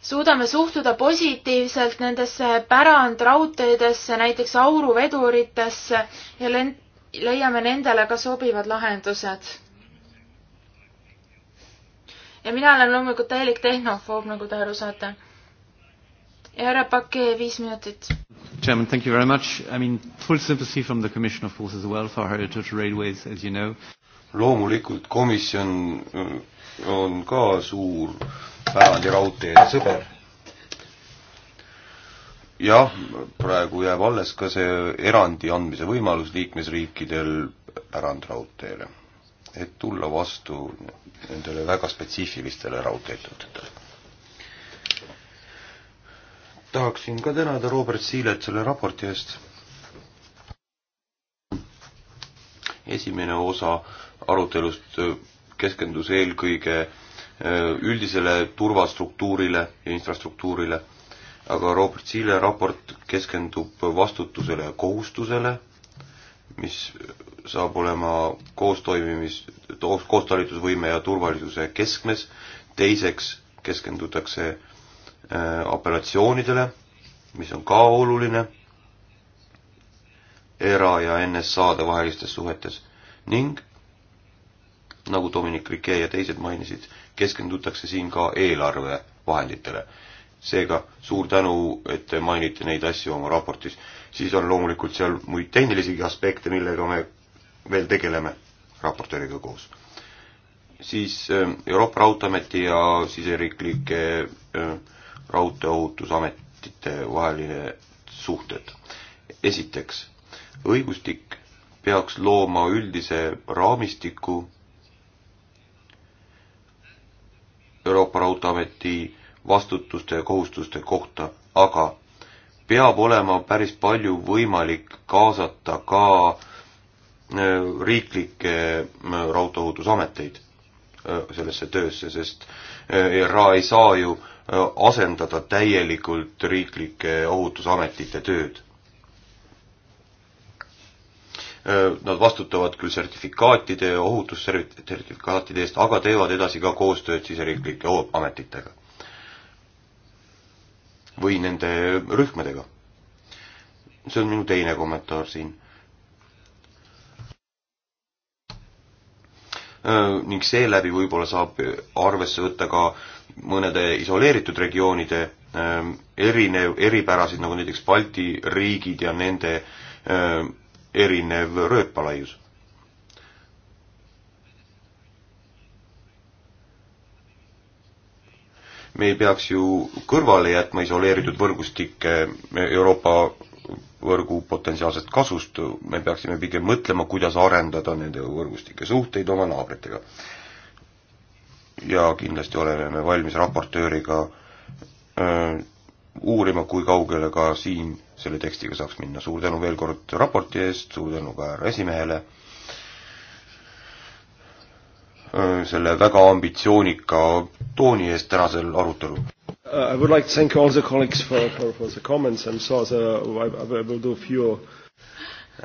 Speaker 3: suudame suhtuda positiivselt nendesse pärandraudteedesse, näiteks auruveduritesse ja lent-, leiame nendele ka sobivad lahendused. ja mina olen loomulikult täielik tehnofoob, nagu te aru saate. ja härra Pakee, viis minutit.
Speaker 1: Chairman, thank you very much. I mean, full sympathy from the Commission, of course, as well for heritage railways, as you know. loomulikult komisjon äh, on ka suur pärandiraudteede sõber jah, praegu jääb alles ka see erandi andmise võimalus liikmesriikidel pärandraudteele, et tulla vastu nendele väga spetsiifilistele raudteeettevõtetele. tahaksin ka tänada Robert Siilet selle raporti eest. esimene osa arutelust keskendus eelkõige üldisele turvastruktuurile ja infrastruktuurile aga Robert Siile raport keskendub vastutusele ja kohustusele, mis saab olema koostoimimis, koostalitusvõime ja turvalisuse keskmes, teiseks keskendutakse äh, apellatsioonidele, mis on ka oluline era- ja NSA-de vahelistes suhetes ning nagu Dominic Riquet ja teised mainisid, keskendutakse siin ka eelarvevahenditele seega suur tänu, et te mainite neid asju oma raportis. siis on loomulikult seal muid tehnilisigi aspekte, millega me veel tegeleme raportööriga koos. siis ähm, Euroopa Raudteeameti ja siseriiklike ähm, raudteeohutusametite vaheline suhted. esiteks, õigustik peaks looma üldise raamistiku Euroopa Raudteeameti vastutuste ja kohustuste kohta, aga peab olema päris palju võimalik kaasata ka äh, riiklikke äh, raudteohutusameteid äh, sellesse töösse, sest ERA ei saa ju asendada täielikult riiklike ohutusametite tööd. Nad vastutavad küll sertifikaatide, ohutussertifikaatide eest, aga teevad edasi ka koostööd siseriiklike ametitega või nende rühmadega. see on minu teine kommentaar siin. Äh, ning seeläbi võib-olla saab arvesse võtta ka mõnede isoleeritud regioonide äh, erinev, eripärasid, nagu näiteks Balti riigid ja nende äh, erinev rööpalaius me ei peaks ju kõrvale jätma isoleeritud võrgustikke Euroopa võrgu potentsiaalsest kasust, me peaksime pigem mõtlema, kuidas arendada nende võrgustike suhteid oma naabritega. ja kindlasti oleme me valmis raportööriga öö, uurima, kui kaugele ka siin selle tekstiga saaks minna. suur tänu veel kord raporti eest, suur tänu ka härra esimehele Äh, selle väga ambitsioonika tooni eest tänasel arutelul. Uh, I would like to thank all the colleagues for, for, for the comments and so the, I, I will do few.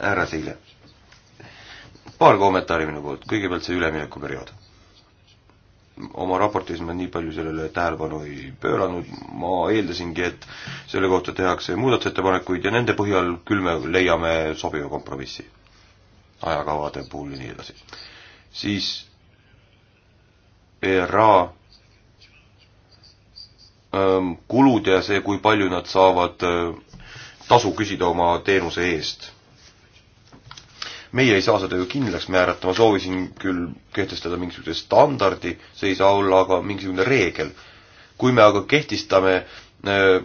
Speaker 1: härra Siile, paar kommentaari minu poolt, kõigepealt see üleminekuperiood. oma raportis ma nii palju sellele tähelepanu ei pööranud, ma eeldasingi, et selle kohta tehakse muudatusettepanekuid ja nende põhjal küll me leiame sobiva kompromissi ajakavade puhul ja nii edasi. siis ERA ähm, kulud ja see, kui palju nad saavad äh, tasu küsida oma teenuse eest. meie ei saa seda ju kindlaks määrata, ma soovisin küll kehtestada mingisuguse standardi, see ei saa olla aga mingisugune reegel. kui me aga kehtistame äh,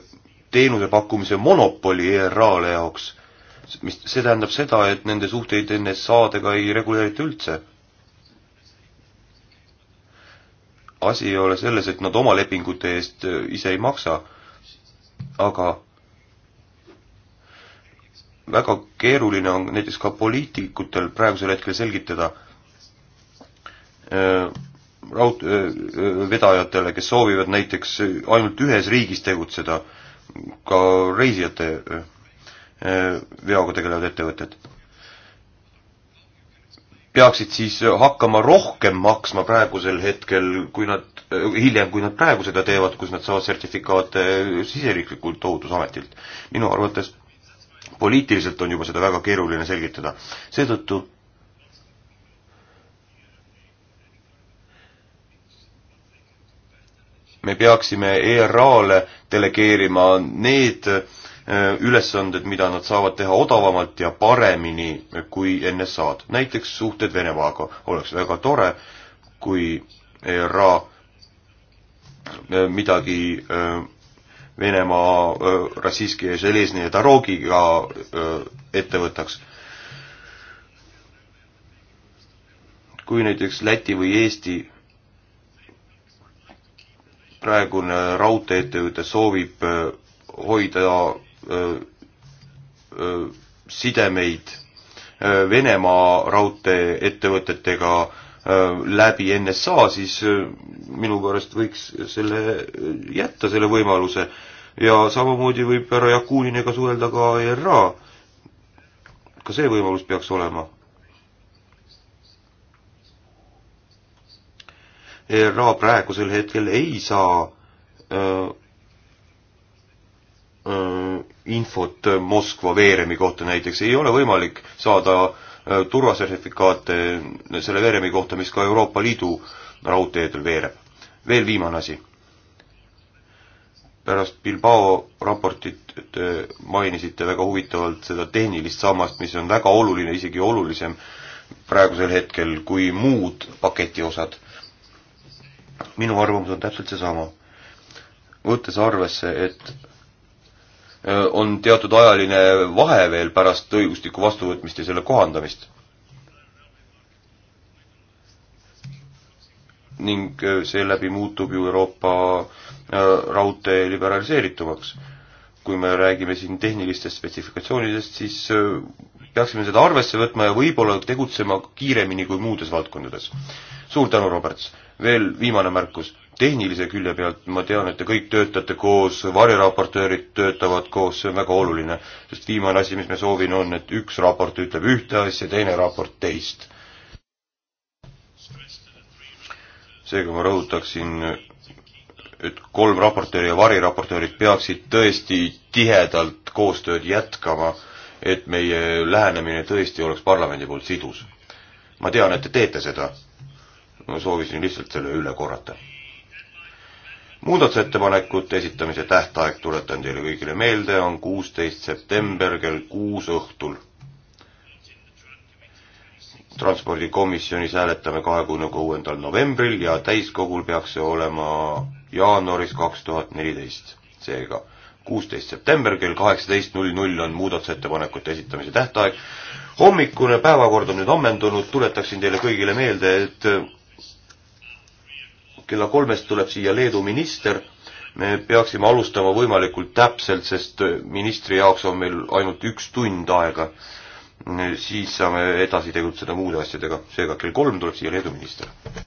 Speaker 1: teenuse pakkumise monopoli ERA-le jaoks, mis, see tähendab seda, et nende suhteid NSA-dega ei reguleerita üldse asi ei ole selles, et nad oma lepingute eest äh, ise ei maksa, aga väga keeruline on näiteks ka poliitikutel praegusel hetkel selgitada äh, raud- äh,, äh vedajatele, kes soovivad näiteks ainult ühes riigis tegutseda, ka reisijate äh, äh veoga tegelevad ettevõtted peaksid siis hakkama rohkem maksma praegusel hetkel, kui nad, hiljem, kui nad praegu seda teevad, kus nad saavad sertifikaate siseriiklikult Ohutusametilt. minu arvates poliitiliselt on juba seda väga keeruline selgitada. seetõttu me peaksime ERA-le delegeerima need äh, Äh, ülesanded, mida nad saavad teha odavamalt ja paremini kui NSA-d. näiteks suhted Venemaaga oleks väga tore, kui ERA äh, midagi äh, Venemaa rassiski ja Železni ja Tarogiga ette võtaks. kui näiteks Läti või Eesti praegune raudteeettevõte soovib hoida sidemeid Venemaa raudteeettevõtetega läbi NSA, siis minu pärast võiks selle, jätta selle võimaluse. ja samamoodi võib härra Jakuninega suhelda ka ERA. ka see võimalus peaks olema. ERA praegusel hetkel ei saa öö, öö, infot äh, Moskva veeremi kohta näiteks, ei ole võimalik saada äh, turvasertifikaate selle veeremi kohta, mis ka Euroopa Liidu raudteedel veereb. veel viimane asi. pärast Bilbao raportit te äh, mainisite väga huvitavalt seda tehnilist sammast, mis on väga oluline, isegi olulisem praegusel hetkel kui muud paketi osad. minu arvamus on täpselt seesama. võttes arvesse, et Äh, on teatud ajaline vahe veel pärast õigustiku vastuvõtmist ja selle kohandamist. ning äh, seeläbi muutub ju Euroopa äh, raudtee liberaliseeritumaks. kui me räägime siin tehnilistest spetsifikatsioonidest, siis peaksime seda arvesse võtma ja võib-olla tegutsema kiiremini kui muudes valdkondades. suur tänu, Roberts! veel viimane märkus tehnilise külje pealt ma tean, et te kõik töötate koos, variraportöörid töötavad koos, see on väga oluline, sest viimane asi, mis me soovime, on, et üks raport ütleb ühte asja, teine raport teist. seega ma rõhutaksin, et kolm raportööri ja variraportöörid peaksid tõesti tihedalt koostööd jätkama, et meie lähenemine tõesti oleks parlamendi poolt sidus. ma tean, et te teete seda. ma soovisin lihtsalt selle üle korrata muudatusettepanekute esitamise tähtaeg, tuletan teile kõigile meelde, on kuusteist september kell kuus õhtul. transpordikomisjonis hääletame kahekümne kuuendal novembril ja täiskogul peaks see olema jaanuaris kaks tuhat neliteist. seega kuusteist september kell kaheksateist null null on muudatusettepanekute esitamise tähtaeg. hommikune päevakord on nüüd ammendunud, tuletaksin teile kõigile meelde, et kella kolmest tuleb siia Leedu minister, me peaksime alustama võimalikult täpselt, sest ministri jaoks on meil ainult üks tund aega. siis saame edasi tegutseda muude asjadega, seega kell kolm tuleb siia Leedu minister.